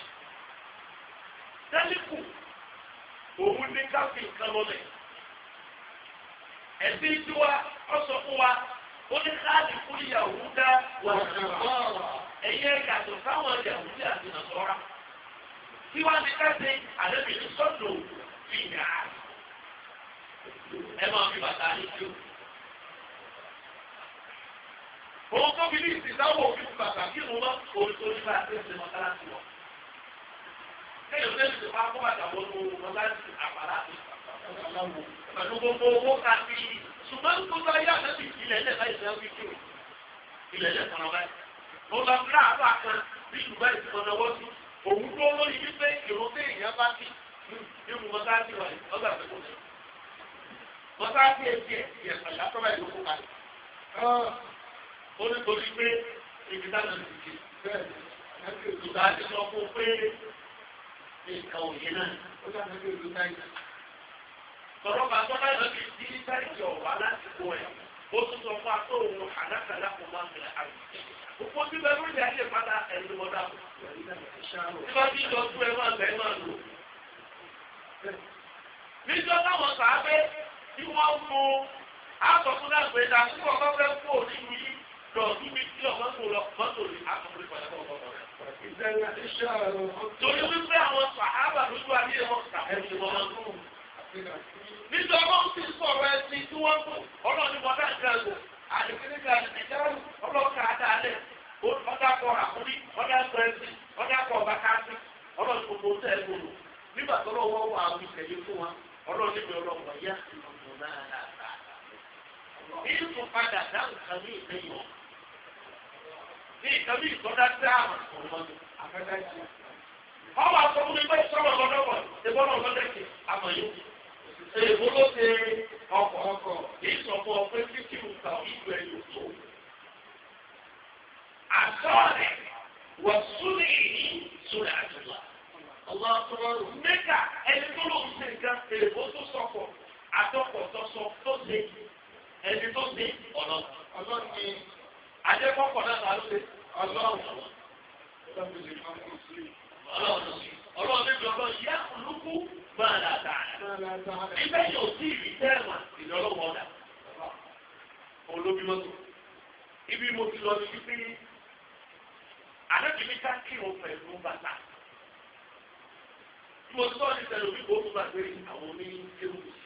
tẹ́lifù òun ní káfí nǹkan lọ́lẹ̀. ẹ̀sìn tiwa ọ sọ fún wa ó ní káàdì fún ìyàwó dá wà lọ́rọ̀ ẹ̀yẹ yàtọ̀ sáwọn ìyàwó dá àti nàṣọ́ra. tiwa ní ká àdébìnrin sọ́dọ̀ fi yàrá ẹ máa fi bàtà yín tó. Òun tó fi ní ìsìnkáwó òfin bàtà kí mo má òun tó ní bàtà tó ṣe mọ́tàlásì wọ̀. Kéèyàn tó ti pa kó bàtà wọ ló mọ́tàlásì àpàlà pẹ̀lú gbogbo owó ká fi ṣùgbọ́n tó bá yá àtẹ́bí ilẹ̀ ilẹ̀ báyìí sẹ́wọ́n fi kírun. Ilẹ̀ ilẹ̀ kan báyìí. Mo lọ sí àbá kan bí Dubai ti mọ náwó sí. Òun tó lórí wípé ìrọ̀tẹ́ ìyá bá kí nínú mọ́tàlásì wà ní ọgbà pẹ̀lú bọ́sá bí etí ẹ̀ yẹ pẹ̀lú àtọ́wà ìlú kó kalẹ̀. ó ní torí pé ibi táwọn ti di bẹ́ẹ̀ ìgbà tí sọ fún pé nǹkan òye náà ó dà níbi ìlú náírà. sọ̀rọ̀ bá tọ́lá yọ ti di sáìtì ọ̀wá láti kó ẹ̀ ó tún sọ fún ató òun àdákàlà kò máa ń bẹ̀rẹ̀ àrùn. Òpó tí bẹ́ẹ̀ lórí ayé padà ẹ̀rù mọ́dà. Nígbà tí ìjọ tún ẹ máa bẹ̀ẹ́ máa lò. Níjọ́ táwọn sàábẹ́ tí wọ́n mú àtọ̀tún náà pé ta tí wọ́n bá fẹ́ kó nínú yìí lọ síbi tí ọ̀gbọ́n tó lọ mọ́tò rẹ̀ àtọ̀kùnrin padà bọ̀ bọ̀ bọ̀. torí wípé àwọn sàhábà lójú ayé wọn sàhẹ́bí wọn nítorí wọn ti sọ̀rọ̀ ẹsìn tí wọ́n kú ọlọ́run ní mọ́tà ìgbàgbọ́ àdìgbélé kan ẹ̀já ọlọ́ọ̀ka àdáálẹ̀ ọ̀dà kọ àkúrí ọ̀dà kọ ẹsìn ọ̀dà kọ bàkàtì ọlọ́run gbogbo tẹ̀ ẹ́ gbòòrò nígbà tó lọ́wọ́ wọ àwọn ìtẹ̀lé fún wa ọlọ́run níbi ọlọ́run ọ̀yá ìmọ̀ náà dàgbà. Èyí tó padà dáhùn kan ní ìlú yìí. Ní ìtọ́jú ìtọ́já dáhùn ọ̀rọ̀ afẹ́fẹ́ sí. Ọmọ àtọ́ fún mi pé sọ́mọ̀ lọ́dọ̀wọ̀ ṣèbọ́ náà lọ́dẹ̀ kì àmọ̀ yóò. Èèbó ló ṣe ọkọ̀ ọkọ̀ èyí sọ fún ọ pé títí mo ta ìlú ẹ̀ yóò tó. Àtọ́rẹ̀ wọ̀ súnlẹ̀ yìí súnlẹ̀ àjùlá. Ọlọ́run mẹ́ta ẹni tó lóun ṣe nǹkan èèbó tó sọ̀kọ̀ atọ́kọ̀ tó sọ tó ṣe ẹni tó ṣe ọ̀nà ọlọ́run ni adékọ́kọ̀ náà ta ló ṣe ọlọ́run ọlọ́run ọlọ́run ní gbọ́dọ̀ yẹ olúkú máa là dáadáa ibẹ̀ yóò sí ìrì tẹ́ẹ̀mà ìlọ́lọ́wọ́ ọ̀dà olóbi mọ́tò ibi mo ti lọ sí wípé anábìíní ká kírun pẹ̀lú bàtà mo sọ ní sẹ́lẹ̀ òbí kò ó fún bàtà àwọn oní kéwù sí.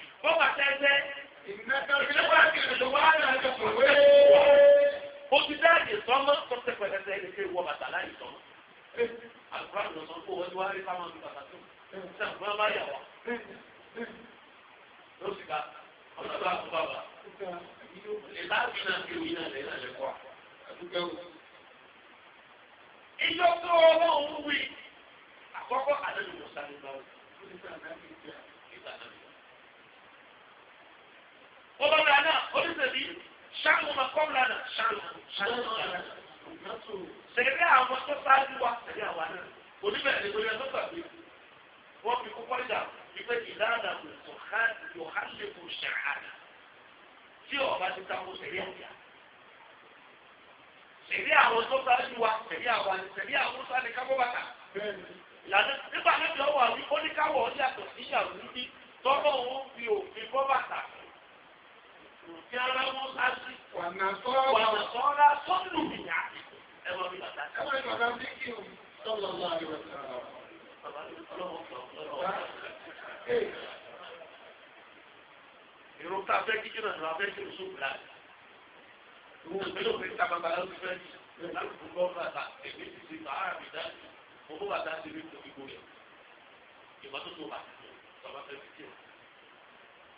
bọ́wà tẹ́tẹ́ ìnáwó akéwìlú wà láti pèwé. ó ti dáàbì sọmọ tọ́tẹ́ pẹ̀lẹ́tẹ́ ilé ṣe wọ bàtà láì sọmọ. àlùfáà lọ sọ pé wọ́n wá rí káwọn ní bàtà tó ṣàgbọ́n bá yà wá. ló sì ká ọlọ́dọ̀ àkùbá wa. ìlà àbínà kéwì náà lè nà lè kọ́ àdúgbò. ìjọ tó ọlọ́run wí àkọ́kọ́ àdéhùn mọ̀sálẹ́ báwo. ìgbà náà ọba dàda oníṣẹ́bí ṣáàmù ma kọ́ bìlà náà ṣáàmù ṣáàmù sẹ̀gẹ̀dẹ̀ àwọn tó sáájú wa sẹ̀gẹ̀ àwa náà oníbẹ̀rẹ̀ lórí ẹ̀ lọ́gbà pé wọ́n fi kókó ìjà wípé ìdáàdà kò yọ̀hálẹ̀ kò ṣàhàdà tí ọba ti àwọn sáájú wa sẹ̀rí àwa ni sẹ̀rí àwọn sáájú kábọ́ bàtà ìlànà nígbà náà ti síyàwó níbi tọ́lọ́ òun fi òfin bọ́ bàtà tí ara wọn bá sí. wàhánà sọ́ra sọ́nù ìyá ẹ̀rọ mi bàtà. ẹ̀rọ mi bàtà bí o sọ̀rọ̀ lọ́wọ́ àríwá sọ̀rọ̀. bàbá mi lọ́wọ́ sọ̀rọ̀ ti ti Ìgbà tó tó bàtà tó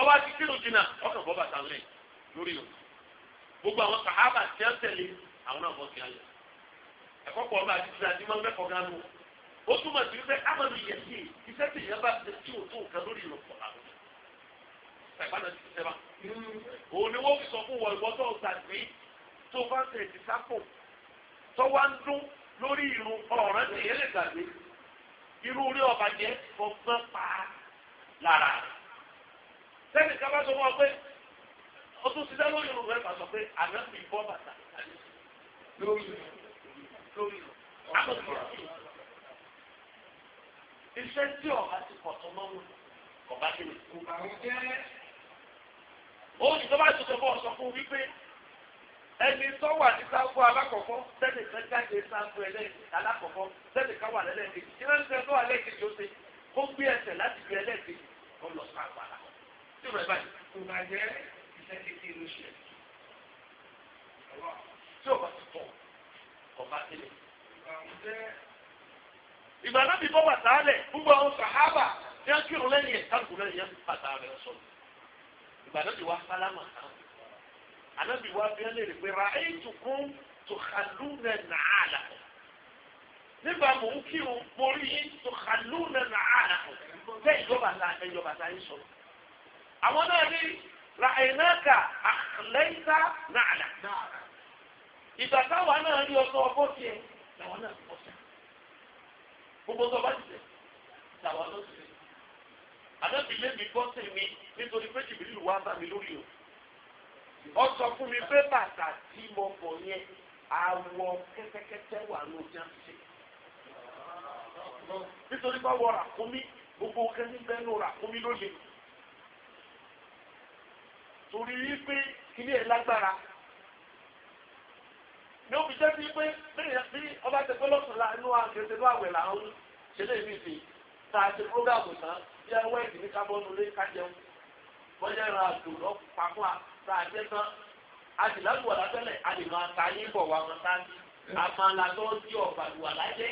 ọba ti kírun jìnnà ọkàn bọ́ bàtà lẹ̀ lórí o gbogbo àwọn sàhábà tí wọ́n tẹ̀lé àwọn náà bọ́ sí ayọ̀ ẹ̀kọ́ pọ̀ ọba àti tìlà tí wọ́n mẹ́kọ̀ọ́ gánú ó túmọ̀ sí pé amadu yẹ sí iṣẹ́ tí ìyá bá ti tí o tó nǹkan lórí ìrọ̀pọ̀ làwọn ẹ̀gbọ́n náà ti ti sẹ́wà òun ni wọ́n sọ fún wọ̀lúwọ́ tó gbàgbé tó bá tẹ̀ ti sápò lára rẹ̀ sẹ́ni ká bá sọ fún ọ pé o tún ṣiṣẹ́ lórí ìrùn rẹ̀ pàṣọ pé àná fi bọ́ bàtà lórí lórí àkọsílẹ̀. Iṣẹ́ tí ọ̀gá ti pọ̀ tó mọ́wọ́ ọ̀gá ti kú. Ó ní tó bá ṣe sọ fún ọ sọ fún wípé ẹni tó wà ní sáfù alákọ̀ọ́kọ́ sẹ́ni kan jáde sáfù ẹlẹ́ẹ̀kejì alákọ̀ọ́kọ́ sẹ́ni kan wà lẹ́lẹ́ẹ̀kejì. Ìrẹsì tó wà lẹ́ẹ̀kejì ó ṣe kó gbé ẹsẹ̀ láti gbé ẹlẹ́ẹ̀kejì ó lọ sáfù alá tí ìwé báyìí kò bá jẹ́ iṣẹ́ kékeré ló ṣe tí o bá ti tọ̀ kọ̀ bá délé. ìgbà náà bí bọ́bà sálẹ̀ gbogbo àwọn sàhábà ní wọ́n kírun lẹ́yìn ẹ̀ káàkiri lẹ́yìn ẹ̀ bàtà rẹ̀ sọ̀rọ̀ ìgbà náà bí wàá sálámà kan ànábì wàá bí ẹlẹ́rì pé ra ètò kún tó xalú nà nàálà nígbà mò ń kírun mo rí tó xalú nà nàálà bẹ́ẹ̀ ìjọba ta ẹ̀yọba ta ń sọ̀rọ̀. àwọn náà ní ràìnáàkà àlẹ́yìnká nàlà. ìgbà táwọn náà rí ọsọ ọkọ tiẹ̀ làwọn náà kọ sí. gbogbo tó bá ti làwọn náà sì. àdébìlẹ́ mi gbọ́ sí mi nítorí pé jìbìlì wà bá mi o sọ fún mi pé bàtà tí mo bọ̀ yẹn kẹ́tẹ́kẹ́tẹ́ wà ló já nítorí gbogbo kẹ́ni bẹ́ẹ̀ ló lóye torí wípé kíní ẹ̀ lágbára ní òbí jẹ́ sí pé bí ọba ti pé lọ́sùn la inú àgbèsè ló àwẹ̀ là ń ṣe lè mí sí tá a ṣe prógáàmù tán bí ẹ wẹ́ ìdí ní kábọ́ọ̀nù lé kájẹun bọ́jà ìran àjò lọ papọ̀ tá a jẹ́ tán a sì lágbo àlàtẹ́lẹ̀ a lè máa ta yín bọ̀ wá wọn sáájú àmàlà lọ sí ọ̀gbà lùwà lájẹ́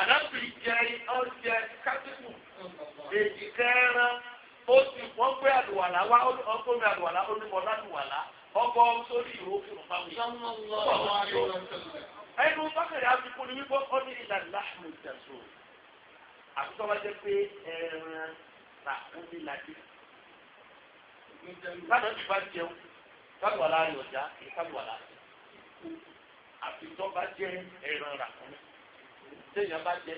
àdábì jẹ ọ̀jẹ̀ kásìkù èjì kẹrin ó ti wọ́n gbé àlùwàlà wá ọkọ mi àlùwàlà ó ní mọ lálùwàlà ọkọ sórí ìró fún un fáwọn yìí. ẹnu bákàrẹ̀ àfikún ni wípé ó ní ìlànà láàmú ìdàtò àti tọ́wọ́ jẹ́ pé ẹran làkúndé lajẹ́. báyọ̀ ti bá jẹun kálùwàlà rẹ̀ ọ̀já kì í kálùwàlà rẹ̀ àfi tọ́ba jẹ́ ẹran làkúndé téèyàn bá jẹ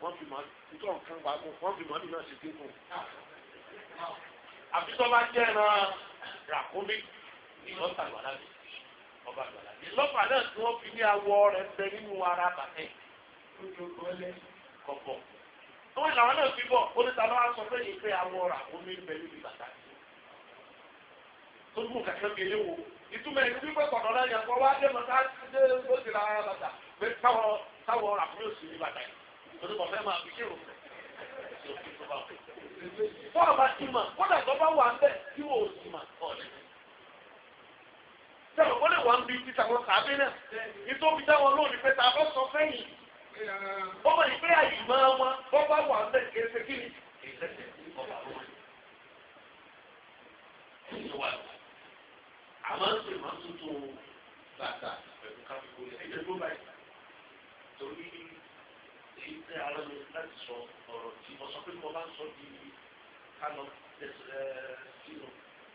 wọ́n fi mọ́ nítorí nǹkan pa mọ́ wọ́n fi mọ́ nínú ọ̀sẹ̀ tó kù àfi tó bá jẹ́ ẹran ràkúnmí ìlọ́ tàlùwàlá mi ọba àlùwàlá mi. ìlọ́pàá náà tí wọ́n fi ní awọ rẹ̀ bẹ nínú ara bàtẹ́ kọ̀pọ̀. wọ́n làwọn náà fi bọ̀ oníta lọ́wọ́ sọ pé ìpè awọ ràkúnmí bẹ nínú bàtà tó dùn kàkẹ́ mi léwo ìtumọ̀ ìlú wípé kọ̀dọ̀ náà yẹn kọ́ wá dé mọ̀ ká dé lóṣèlú ara bàtà pé táwọn táwọn ràkúnmí ò sí ní bàtà yìí torí kọ̀ fẹ́ máa fi kírun fún àbá ti mà kódà tó bá wà bẹ́ẹ̀ tí wò ó ti mà ọ̀lẹ́. sẹ́wọ̀n wọ́n lè wà ń bi títa wọn kàbí náà nítorí táwọn lónìí pé ta bọ́ sọ fẹ́yìn. ó mọ̀ ní pé àyè máa wọn bọ́ bá wà bẹ́ẹ̀ kì í ṣe kí ni. àmọ́ ṣe máa tuntun bàtà pẹ̀lú káfíńkò ẹ̀jẹ̀ ló báyìí torí pé ara mi láti sọ ọ̀rọ̀ tí mo sọ pé mo bá ń sọ di kánọ sínú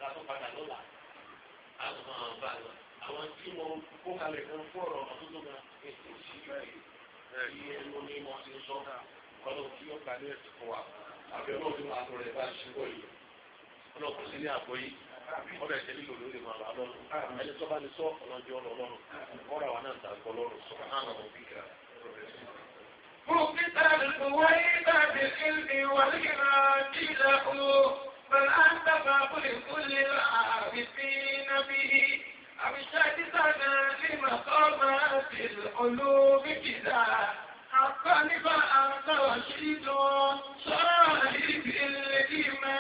látọ̀ padà lọ́la àwọn àbá lọ àwọn tí mo kó kalẹ̀ kan fún ọ̀rọ̀ ọdún tó máa ń tó sí ìrìn ẹni mo ní mo ti sọ ọ̀rọ̀ tí ó gbà ní ẹ̀sìn fún wa àbí ọlọ́run máa tọrọ ẹ̀ bá ṣubọ̀ yìí ọlọ́run sí ní àgọ́ yìí ọbẹ̀ ṣe lílo lórí màá bá lọ́rùn ẹni tó bá ní sọ ọ̀nà jẹ́ ọ̀rọ̀ lọ́rùn kọ́ra wa náà ta gbọ́ sọ̀rọ̀ náà lọ́rùn kíkà. مبت الكويت بالعلم والإيمان له بل أنت باب لكل العارفين به أبشرت سنة لمقامات القلوب كذا حقا فأنت رشيد صاحب الإيمان